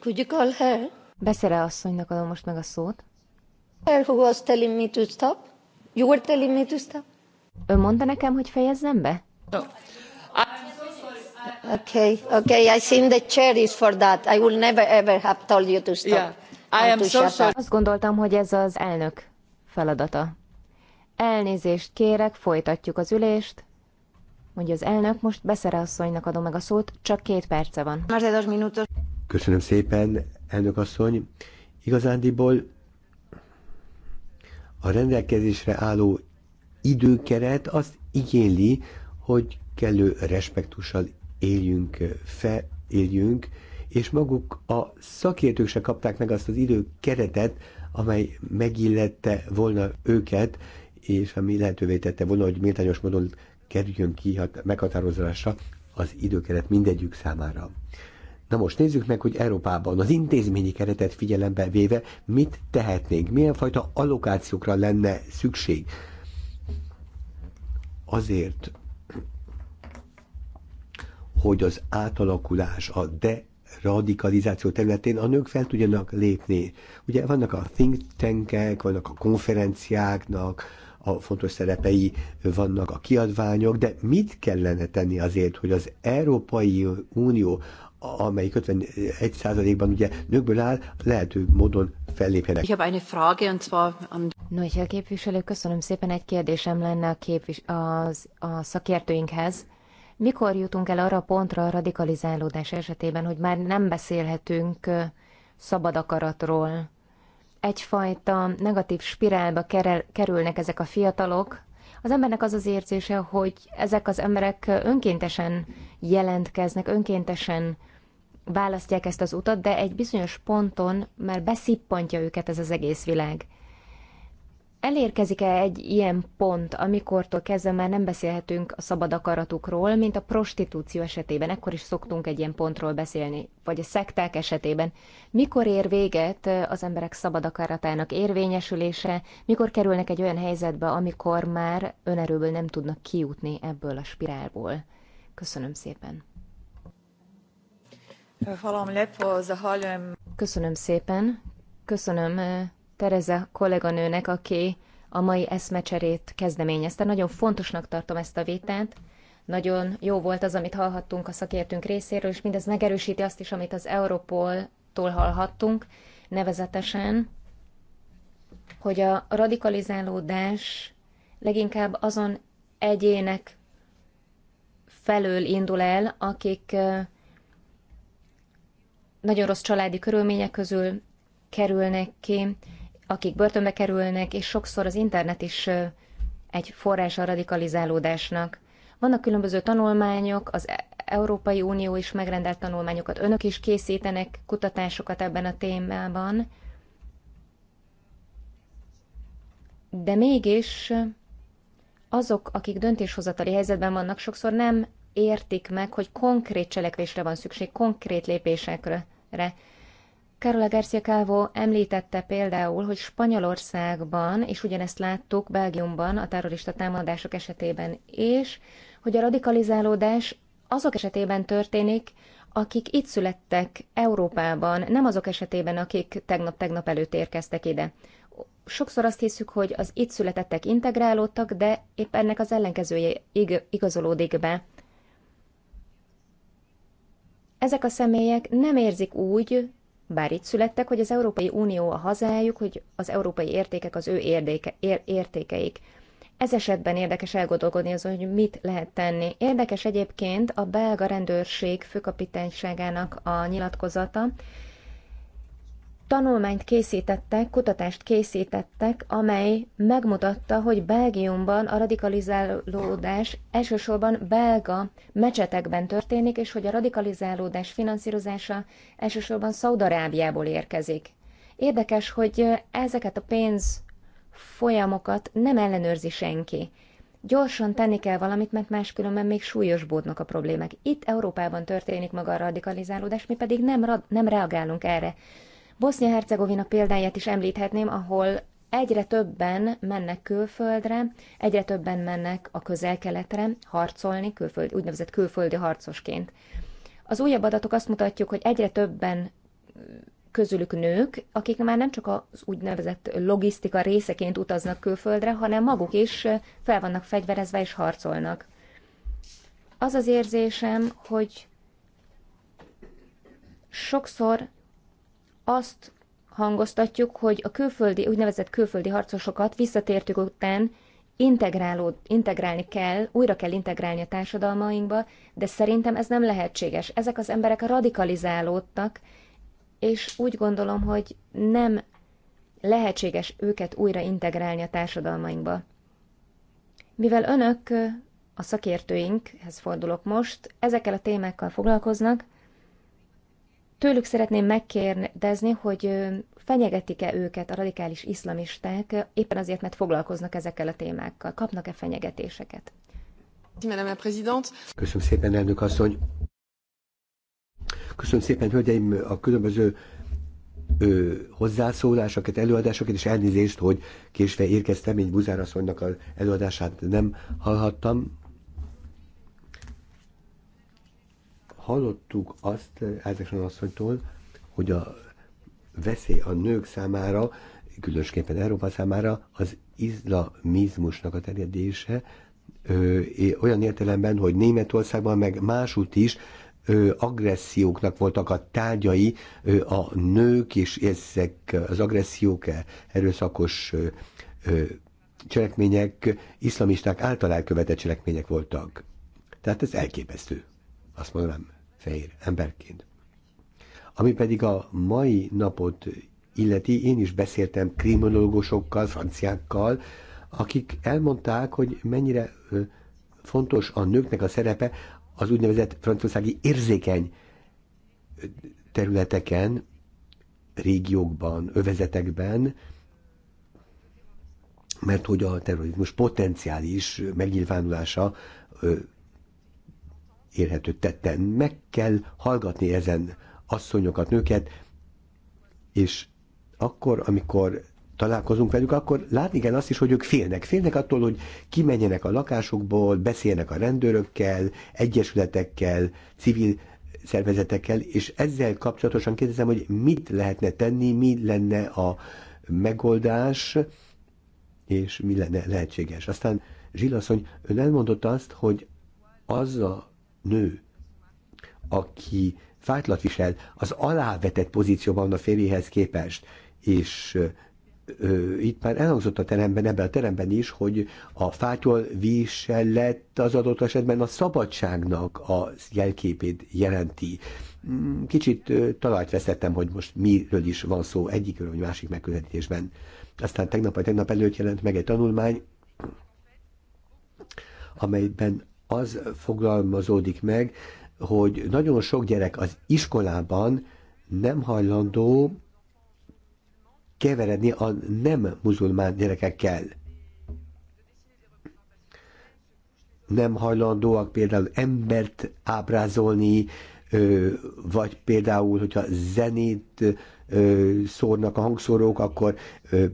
Could you call her? Beszere asszonynak adom most meg a szót. Her who was telling me to stop? You were telling me to stop? Ön mondta nekem, hogy fejezzem be? No. Okay, okay, I think the chair is for that. I will never ever have told you to stop. Yeah. I am so sorry. Azt gondoltam, hogy ez az elnök feladata. Elnézést kérek, folytatjuk az ülést mondja az elnök. Most Beszere asszonynak adom meg a szót, csak két perce van. Köszönöm szépen, elnök asszony. Igazándiból a rendelkezésre álló időkeret azt igényli, hogy kellő respektussal éljünk, fe, éljünk, és maguk a szakértők se kapták meg azt az időkeretet, amely megillette volna őket, és ami lehetővé tette volna, hogy méltányos módon kerüljön ki meghatározásra az időkeret mindegyük számára. Na most nézzük meg, hogy Európában az intézményi keretet figyelembe véve mit tehetnénk, milyen fajta allokációkra lenne szükség. Azért, hogy az átalakulás, a de radikalizáció területén a nők fel tudjanak lépni. Ugye vannak a think tankek, vannak a konferenciáknak, a fontos szerepei vannak a kiadványok, de mit kellene tenni azért, hogy az Európai Unió, amely 51%-ban ugye nőkből áll, lehető módon fellépjenek. Ich habe eine Frage, und zwar an képviselő, köszönöm szépen. Egy kérdésem lenne a, képvis- az, a szakértőinkhez. Mikor jutunk el arra a pontra a radikalizálódás esetében, hogy már nem beszélhetünk szabad akaratról, egyfajta negatív spirálba kerülnek ezek a fiatalok. Az embernek az az érzése, hogy ezek az emberek önkéntesen jelentkeznek, önkéntesen választják ezt az utat, de egy bizonyos ponton már beszippantja őket ez az egész világ. Elérkezik-e egy ilyen pont, amikortól kezdve már nem beszélhetünk a szabad akaratukról, mint a prostitúció esetében, ekkor is szoktunk egy ilyen pontról beszélni, vagy a szekták esetében. Mikor ér véget az emberek szabad akaratának érvényesülése, mikor kerülnek egy olyan helyzetbe, amikor már önerőből nem tudnak kijutni ebből a spirálból? Köszönöm szépen. Köszönöm szépen. Köszönöm Tereza kolléganőnek, aki a mai eszmecserét kezdeményezte. Nagyon fontosnak tartom ezt a vétát. Nagyon jó volt az, amit hallhattunk a szakértünk részéről, és mindez megerősíti azt is, amit az Europol-tól hallhattunk, nevezetesen, hogy a radikalizálódás leginkább azon egyének felől indul el, akik nagyon rossz családi körülmények közül kerülnek ki, akik börtönbe kerülnek, és sokszor az internet is egy forrás a radikalizálódásnak. Vannak különböző tanulmányok, az e- Európai Unió is megrendelt tanulmányokat, önök is készítenek kutatásokat ebben a témában, de mégis azok, akik döntéshozatali helyzetben vannak, sokszor nem értik meg, hogy konkrét cselekvésre van szükség, konkrét lépésekre. Carola García Calvo említette például, hogy Spanyolországban, és ugyanezt láttuk Belgiumban a terrorista támadások esetében és hogy a radikalizálódás azok esetében történik, akik itt születtek Európában, nem azok esetében, akik tegnap-tegnap előtt érkeztek ide. Sokszor azt hiszük, hogy az itt születettek integrálódtak, de épp ennek az ellenkezője ig- igazolódik be. Ezek a személyek nem érzik úgy, bár itt születtek, hogy az Európai Unió a hazájuk, hogy az európai értékek az ő érdéke, ér, értékeik. Ez esetben érdekes elgondolkodni azon, hogy mit lehet tenni. Érdekes egyébként a belga rendőrség főkapitányságának a nyilatkozata, tanulmányt készítettek, kutatást készítettek, amely megmutatta, hogy Belgiumban a radikalizálódás elsősorban belga mecsetekben történik, és hogy a radikalizálódás finanszírozása elsősorban Szaudarábiából érkezik. Érdekes, hogy ezeket a pénz folyamokat nem ellenőrzi senki. Gyorsan tenni kell valamit, mert máskülönben még súlyosbódnak a problémák. Itt Európában történik maga a radikalizálódás, mi pedig nem, nem reagálunk erre. Bosznia-Hercegovina példáját is említhetném, ahol egyre többen mennek külföldre, egyre többen mennek a közel-keletre harcolni, külföld, úgynevezett külföldi harcosként. Az újabb adatok azt mutatjuk, hogy egyre többen közülük nők, akik már nem csak az úgynevezett logisztika részeként utaznak külföldre, hanem maguk is fel vannak fegyverezve és harcolnak. Az az érzésem, hogy sokszor azt hangoztatjuk, hogy a külföldi, úgynevezett külföldi harcosokat visszatértük után integráló, integrálni kell, újra kell integrálni a társadalmainkba, de szerintem ez nem lehetséges. Ezek az emberek radikalizálódtak, és úgy gondolom, hogy nem lehetséges őket újra integrálni a társadalmainkba. Mivel önök, a szakértőinkhez fordulok most, ezekkel a témákkal foglalkoznak, Tőlük szeretném megkérdezni, hogy fenyegetik-e őket a radikális iszlamisták, éppen azért, mert foglalkoznak ezekkel a témákkal. Kapnak-e fenyegetéseket? Köszönöm szépen, elnök asszony! Köszönöm szépen, hölgyeim, a különböző ö, hozzászólásokat, előadásokat, és elnézést, hogy késve érkeztem, így Buzár asszonynak az előadását nem hallhattam. Hallottuk azt Ázekson asszonytól, hogy a veszély a nők számára, különösképpen Európa számára az izlamizmusnak a terjedése, ö, olyan értelemben, hogy Németországban meg másút is ö, agresszióknak voltak a tárgyai ö, a nők, és ezek az agressziók, erőszakos ö, ö, cselekmények iszlamisták által elkövetett cselekmények voltak. Tehát ez elképesztő, azt mondanám fehér emberként. Ami pedig a mai napot illeti, én is beszéltem kriminológusokkal, franciákkal, akik elmondták, hogy mennyire fontos a nőknek a szerepe az úgynevezett franciaországi érzékeny területeken, régiókban, övezetekben, mert hogy a terrorizmus potenciális megnyilvánulása érhető tetten. Meg kell hallgatni ezen asszonyokat, nőket, és akkor, amikor találkozunk velük, akkor látni kell azt is, hogy ők félnek. Félnek attól, hogy kimenjenek a lakásukból, beszélnek a rendőrökkel, egyesületekkel, civil szervezetekkel, és ezzel kapcsolatosan kérdezem, hogy mit lehetne tenni, mi lenne a megoldás, és mi lenne lehetséges. Aztán Zsilasszony, ön elmondotta azt, hogy az a nő, aki fátlat visel, az alávetett pozícióban a férjéhez képest, és ö, itt már elhangzott a teremben, ebben a teremben is, hogy a fátyol viselet az adott esetben a szabadságnak a jelképét jelenti. Mm, kicsit ö, talált veszettem, hogy most miről is van szó egyikről vagy másik megközelítésben. Aztán tegnap vagy tegnap előtt jelent meg egy tanulmány, amelyben az fogalmazódik meg, hogy nagyon sok gyerek az iskolában nem hajlandó keveredni a nem muzulmán gyerekekkel. Nem hajlandóak például embert ábrázolni, vagy például, hogyha zenét szórnak a hangszórók, akkor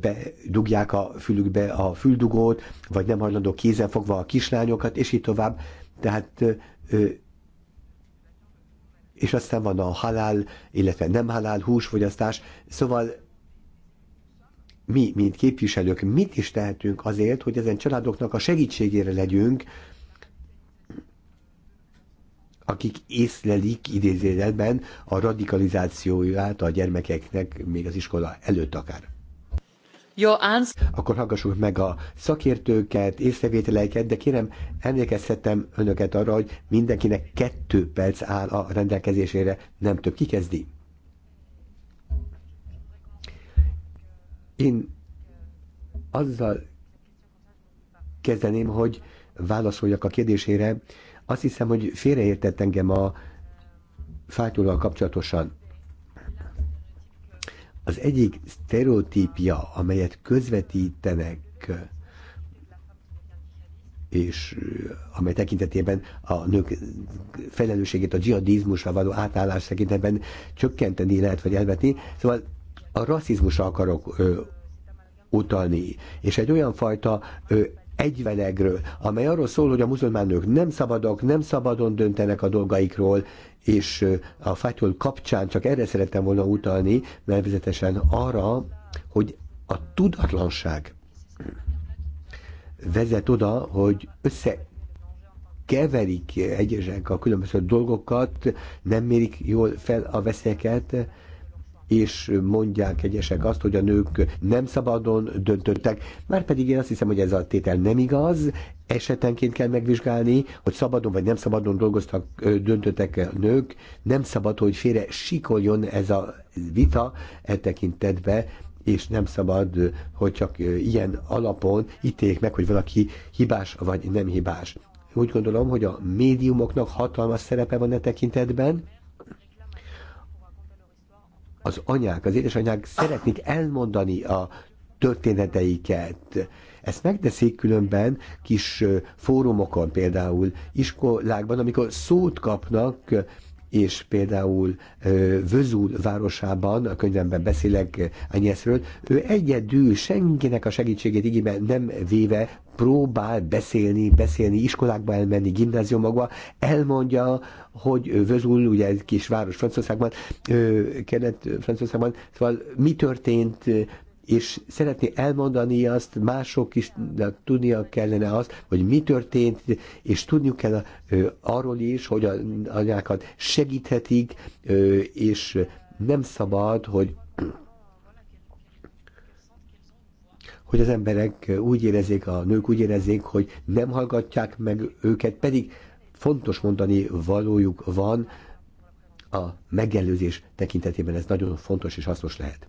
bedugják a fülükbe a füldugót, vagy nem hajlandó kézen fogva a kislányokat, és így tovább. Tehát és aztán van a halál, illetve nem halál húsfogyasztás, szóval mi, mint képviselők, mit is tehetünk azért, hogy ezen családoknak a segítségére legyünk, akik észlelik idézéletben a radikalizációját a gyermekeknek még az iskola előtt akár. Akkor hallgassuk meg a szakértőket, észrevételeiket, de kérem, emlékeztetem önöket arra, hogy mindenkinek kettő perc áll a rendelkezésére, nem több. Ki kezdi? Én azzal kezdeném, hogy válaszoljak a kérdésére, azt hiszem, hogy félreértett engem a fátyolal kapcsolatosan. Az egyik sztereotípia, amelyet közvetítenek, és amely tekintetében a nők felelősségét a dzsihadizmusra való átállás tekintetében csökkenteni lehet, vagy elvetni. Szóval a rasszizmusra akarok ö, utalni, és egy olyan fajta ö, egyvenegről, amely arról szól, hogy a nők nem szabadok, nem szabadon döntenek a dolgaikról, és a fájtól kapcsán csak erre szerettem volna utalni, nevezetesen arra, hogy a tudatlanság vezet oda, hogy össze keverik egyesek a különböző dolgokat, nem mérik jól fel a veszélyeket, és mondják egyesek azt, hogy a nők nem szabadon döntöttek, már pedig én azt hiszem, hogy ez a tétel nem igaz, esetenként kell megvizsgálni, hogy szabadon vagy nem szabadon dolgoztak, döntöttek a nők, nem szabad, hogy félre sikoljon ez a vita e tekintetbe, és nem szabad, hogy csak ilyen alapon ítéljék meg, hogy valaki hibás vagy nem hibás. Úgy gondolom, hogy a médiumoknak hatalmas szerepe van e tekintetben, az anyák, az édesanyák szeretnék elmondani a történeteiket. Ezt megteszik különben kis fórumokon, például iskolákban, amikor szót kapnak és például Vözúl városában, a könyvemben beszélek Anyeszről, ő egyedül senkinek a segítségét igében nem véve próbál beszélni, beszélni, iskolákba elmenni, gimnáziumokba, elmondja, hogy Vözul, ugye egy kis város Franciaországban, kelet Franciaországban, szóval mi történt, és szeretné elmondani azt, mások is de tudnia kellene azt, hogy mi történt, és tudniuk kell arról is, hogy a anyákat segíthetik, és nem szabad, hogy hogy az emberek úgy érezzék, a nők úgy érezzék, hogy nem hallgatják meg őket, pedig fontos mondani valójuk van a megelőzés tekintetében ez nagyon fontos és hasznos lehet.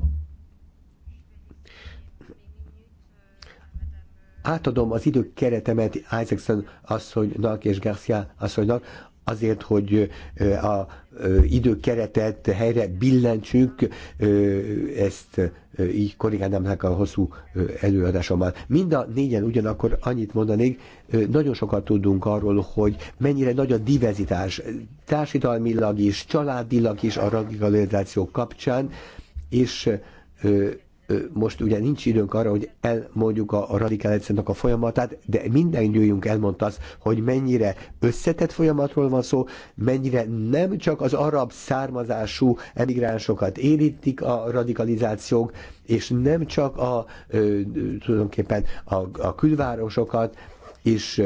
átadom az időkeretemet Isaacson asszonynak és Garcia asszonynak, azért, hogy a időkeretet helyre billentsük, ezt így korrigálnám a hosszú előadásommal. Mind a négyen ugyanakkor annyit mondanék, nagyon sokat tudunk arról, hogy mennyire nagy a diverzitás társadalmilag is, családilag is a radikalizáció kapcsán, és most ugye nincs időnk arra, hogy elmondjuk a radikál egyszerűnek a folyamatát, de minden győjünk elmondta azt, hogy mennyire összetett folyamatról van szó, mennyire nem csak az arab származású emigránsokat érintik a radikalizációk, és nem csak a tulajdonképpen a, a külvárosokat, és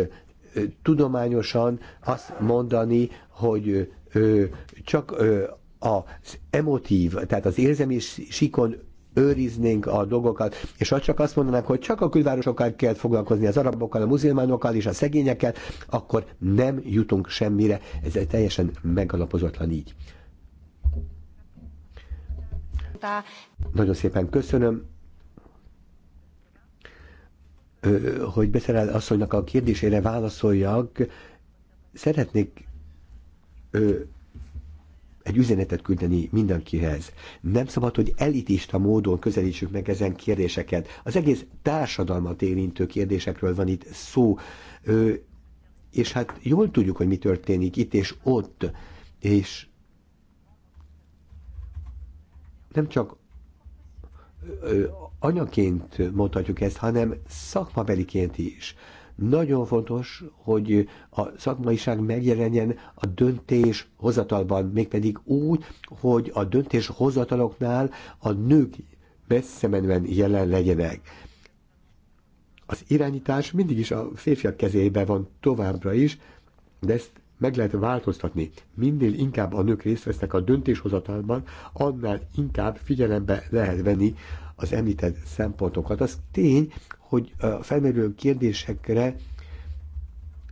tudományosan azt mondani, hogy csak az emotív, tehát az érzelmi síkon őriznénk a dolgokat, és ha csak azt mondanák, hogy csak a külvárosokkal kell foglalkozni, az arabokkal, a muzilmánokkal és a szegényekkel, akkor nem jutunk semmire. Ez egy teljesen megalapozatlan így. Nagyon szépen köszönöm hogy Beszerel asszonynak a kérdésére válaszoljak, szeretnék egy üzenetet küldeni mindenkihez. Nem szabad, hogy elitista módon közelítsük meg ezen kérdéseket. Az egész társadalmat érintő kérdésekről van itt szó, ö, és hát jól tudjuk, hogy mi történik itt és ott, és nem csak ö, anyaként mondhatjuk ezt, hanem szakmabeliként is. Ö, nagyon fontos, hogy a szakmaiság megjelenjen a döntés hozatalban, mégpedig úgy, hogy a döntés hozataloknál a nők messze menően jelen legyenek. Az irányítás mindig is a férfiak kezébe van továbbra is, de ezt meg lehet változtatni. Minél inkább a nők részt vesznek a döntéshozatalban, annál inkább figyelembe lehet venni az említett szempontokat. Az tény, hogy a felmerülő kérdésekre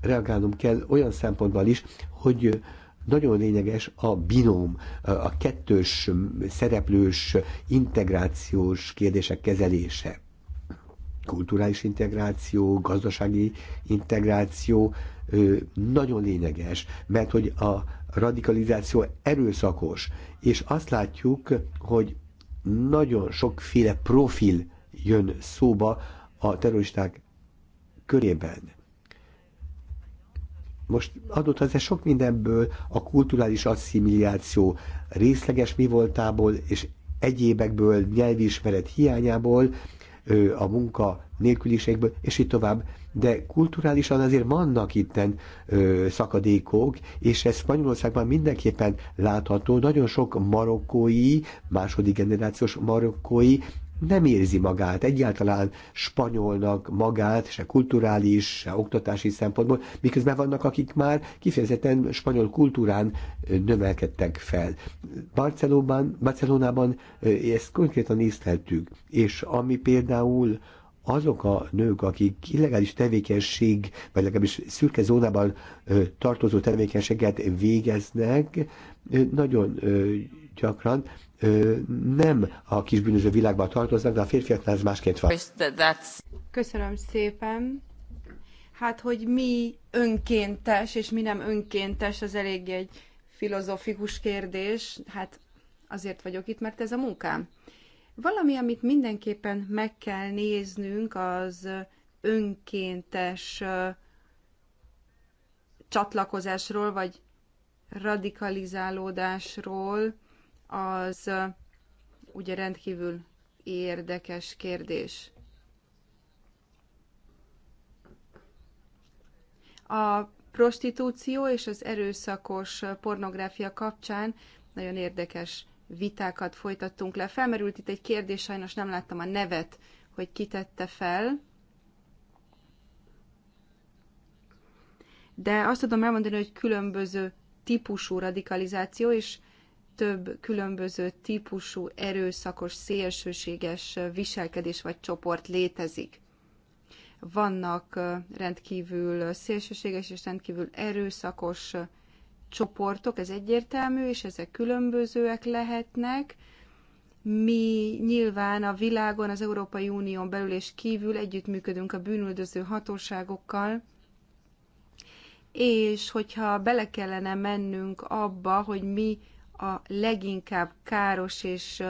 reagálnom kell olyan szempontból is, hogy nagyon lényeges a binóm, a kettős szereplős integrációs kérdések kezelése. Kulturális integráció, gazdasági integráció nagyon lényeges, mert hogy a radikalizáció erőszakos, és azt látjuk, hogy nagyon sokféle profil jön szóba a terroristák körében. Most adott az sok mindenből a kulturális asszimiláció részleges mi voltából és egyébekből, nyelvismeret hiányából, a munka nélküliségből, és így tovább. De kulturálisan azért vannak itten ö, szakadékok, és ez Spanyolországban mindenképpen látható. Nagyon sok marokkói, második generációs marokkói nem érzi magát egyáltalán spanyolnak magát, se kulturális, se oktatási szempontból, miközben vannak, akik már kifejezetten spanyol kultúrán növelkedtek fel. Barcelonában, Barcelonában ezt konkrétan észleltük, és ami például azok a nők, akik illegális tevékenység, vagy legalábbis szürke zónában tartozó tevékenységet végeznek, nagyon gyakran nem a kisbűnöző világban tartoznak, de a férfiaknál ez másként van. Köszönöm szépen. Hát, hogy mi önkéntes, és mi nem önkéntes, az elég egy filozofikus kérdés. Hát azért vagyok itt, mert ez a munkám. Valami, amit mindenképpen meg kell néznünk, az önkéntes csatlakozásról, vagy radikalizálódásról, az ugye rendkívül érdekes kérdés. A prostitúció és az erőszakos pornográfia kapcsán nagyon érdekes vitákat folytattunk le. Felmerült itt egy kérdés, sajnos nem láttam a nevet, hogy kitette fel. De azt tudom elmondani, hogy különböző típusú radikalizáció és több különböző típusú erőszakos, szélsőséges viselkedés vagy csoport létezik. Vannak rendkívül szélsőséges és rendkívül erőszakos csoportok, ez egyértelmű, és ezek különbözőek lehetnek. Mi nyilván a világon, az Európai Unión belül és kívül együttműködünk a bűnüldöző hatóságokkal, és hogyha bele kellene mennünk abba, hogy mi a leginkább káros és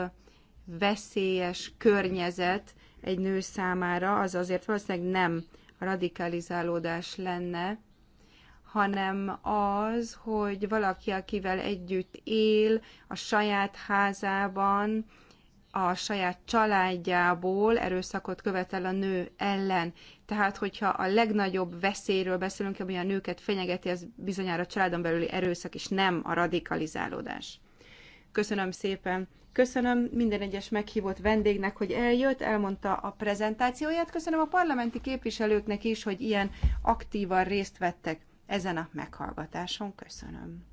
veszélyes környezet egy nő számára, az azért valószínűleg nem radikalizálódás lenne, hanem az, hogy valaki, akivel együtt él, a saját házában, a saját családjából erőszakot követel a nő ellen. Tehát, hogyha a legnagyobb veszélyről beszélünk, ami a nőket fenyegeti, az bizonyára a családon belüli erőszak, és nem a radikalizálódás. Köszönöm szépen! Köszönöm minden egyes meghívott vendégnek, hogy eljött, elmondta a prezentációját. Köszönöm a parlamenti képviselőknek is, hogy ilyen aktívan részt vettek ezen a meghallgatáson. Köszönöm!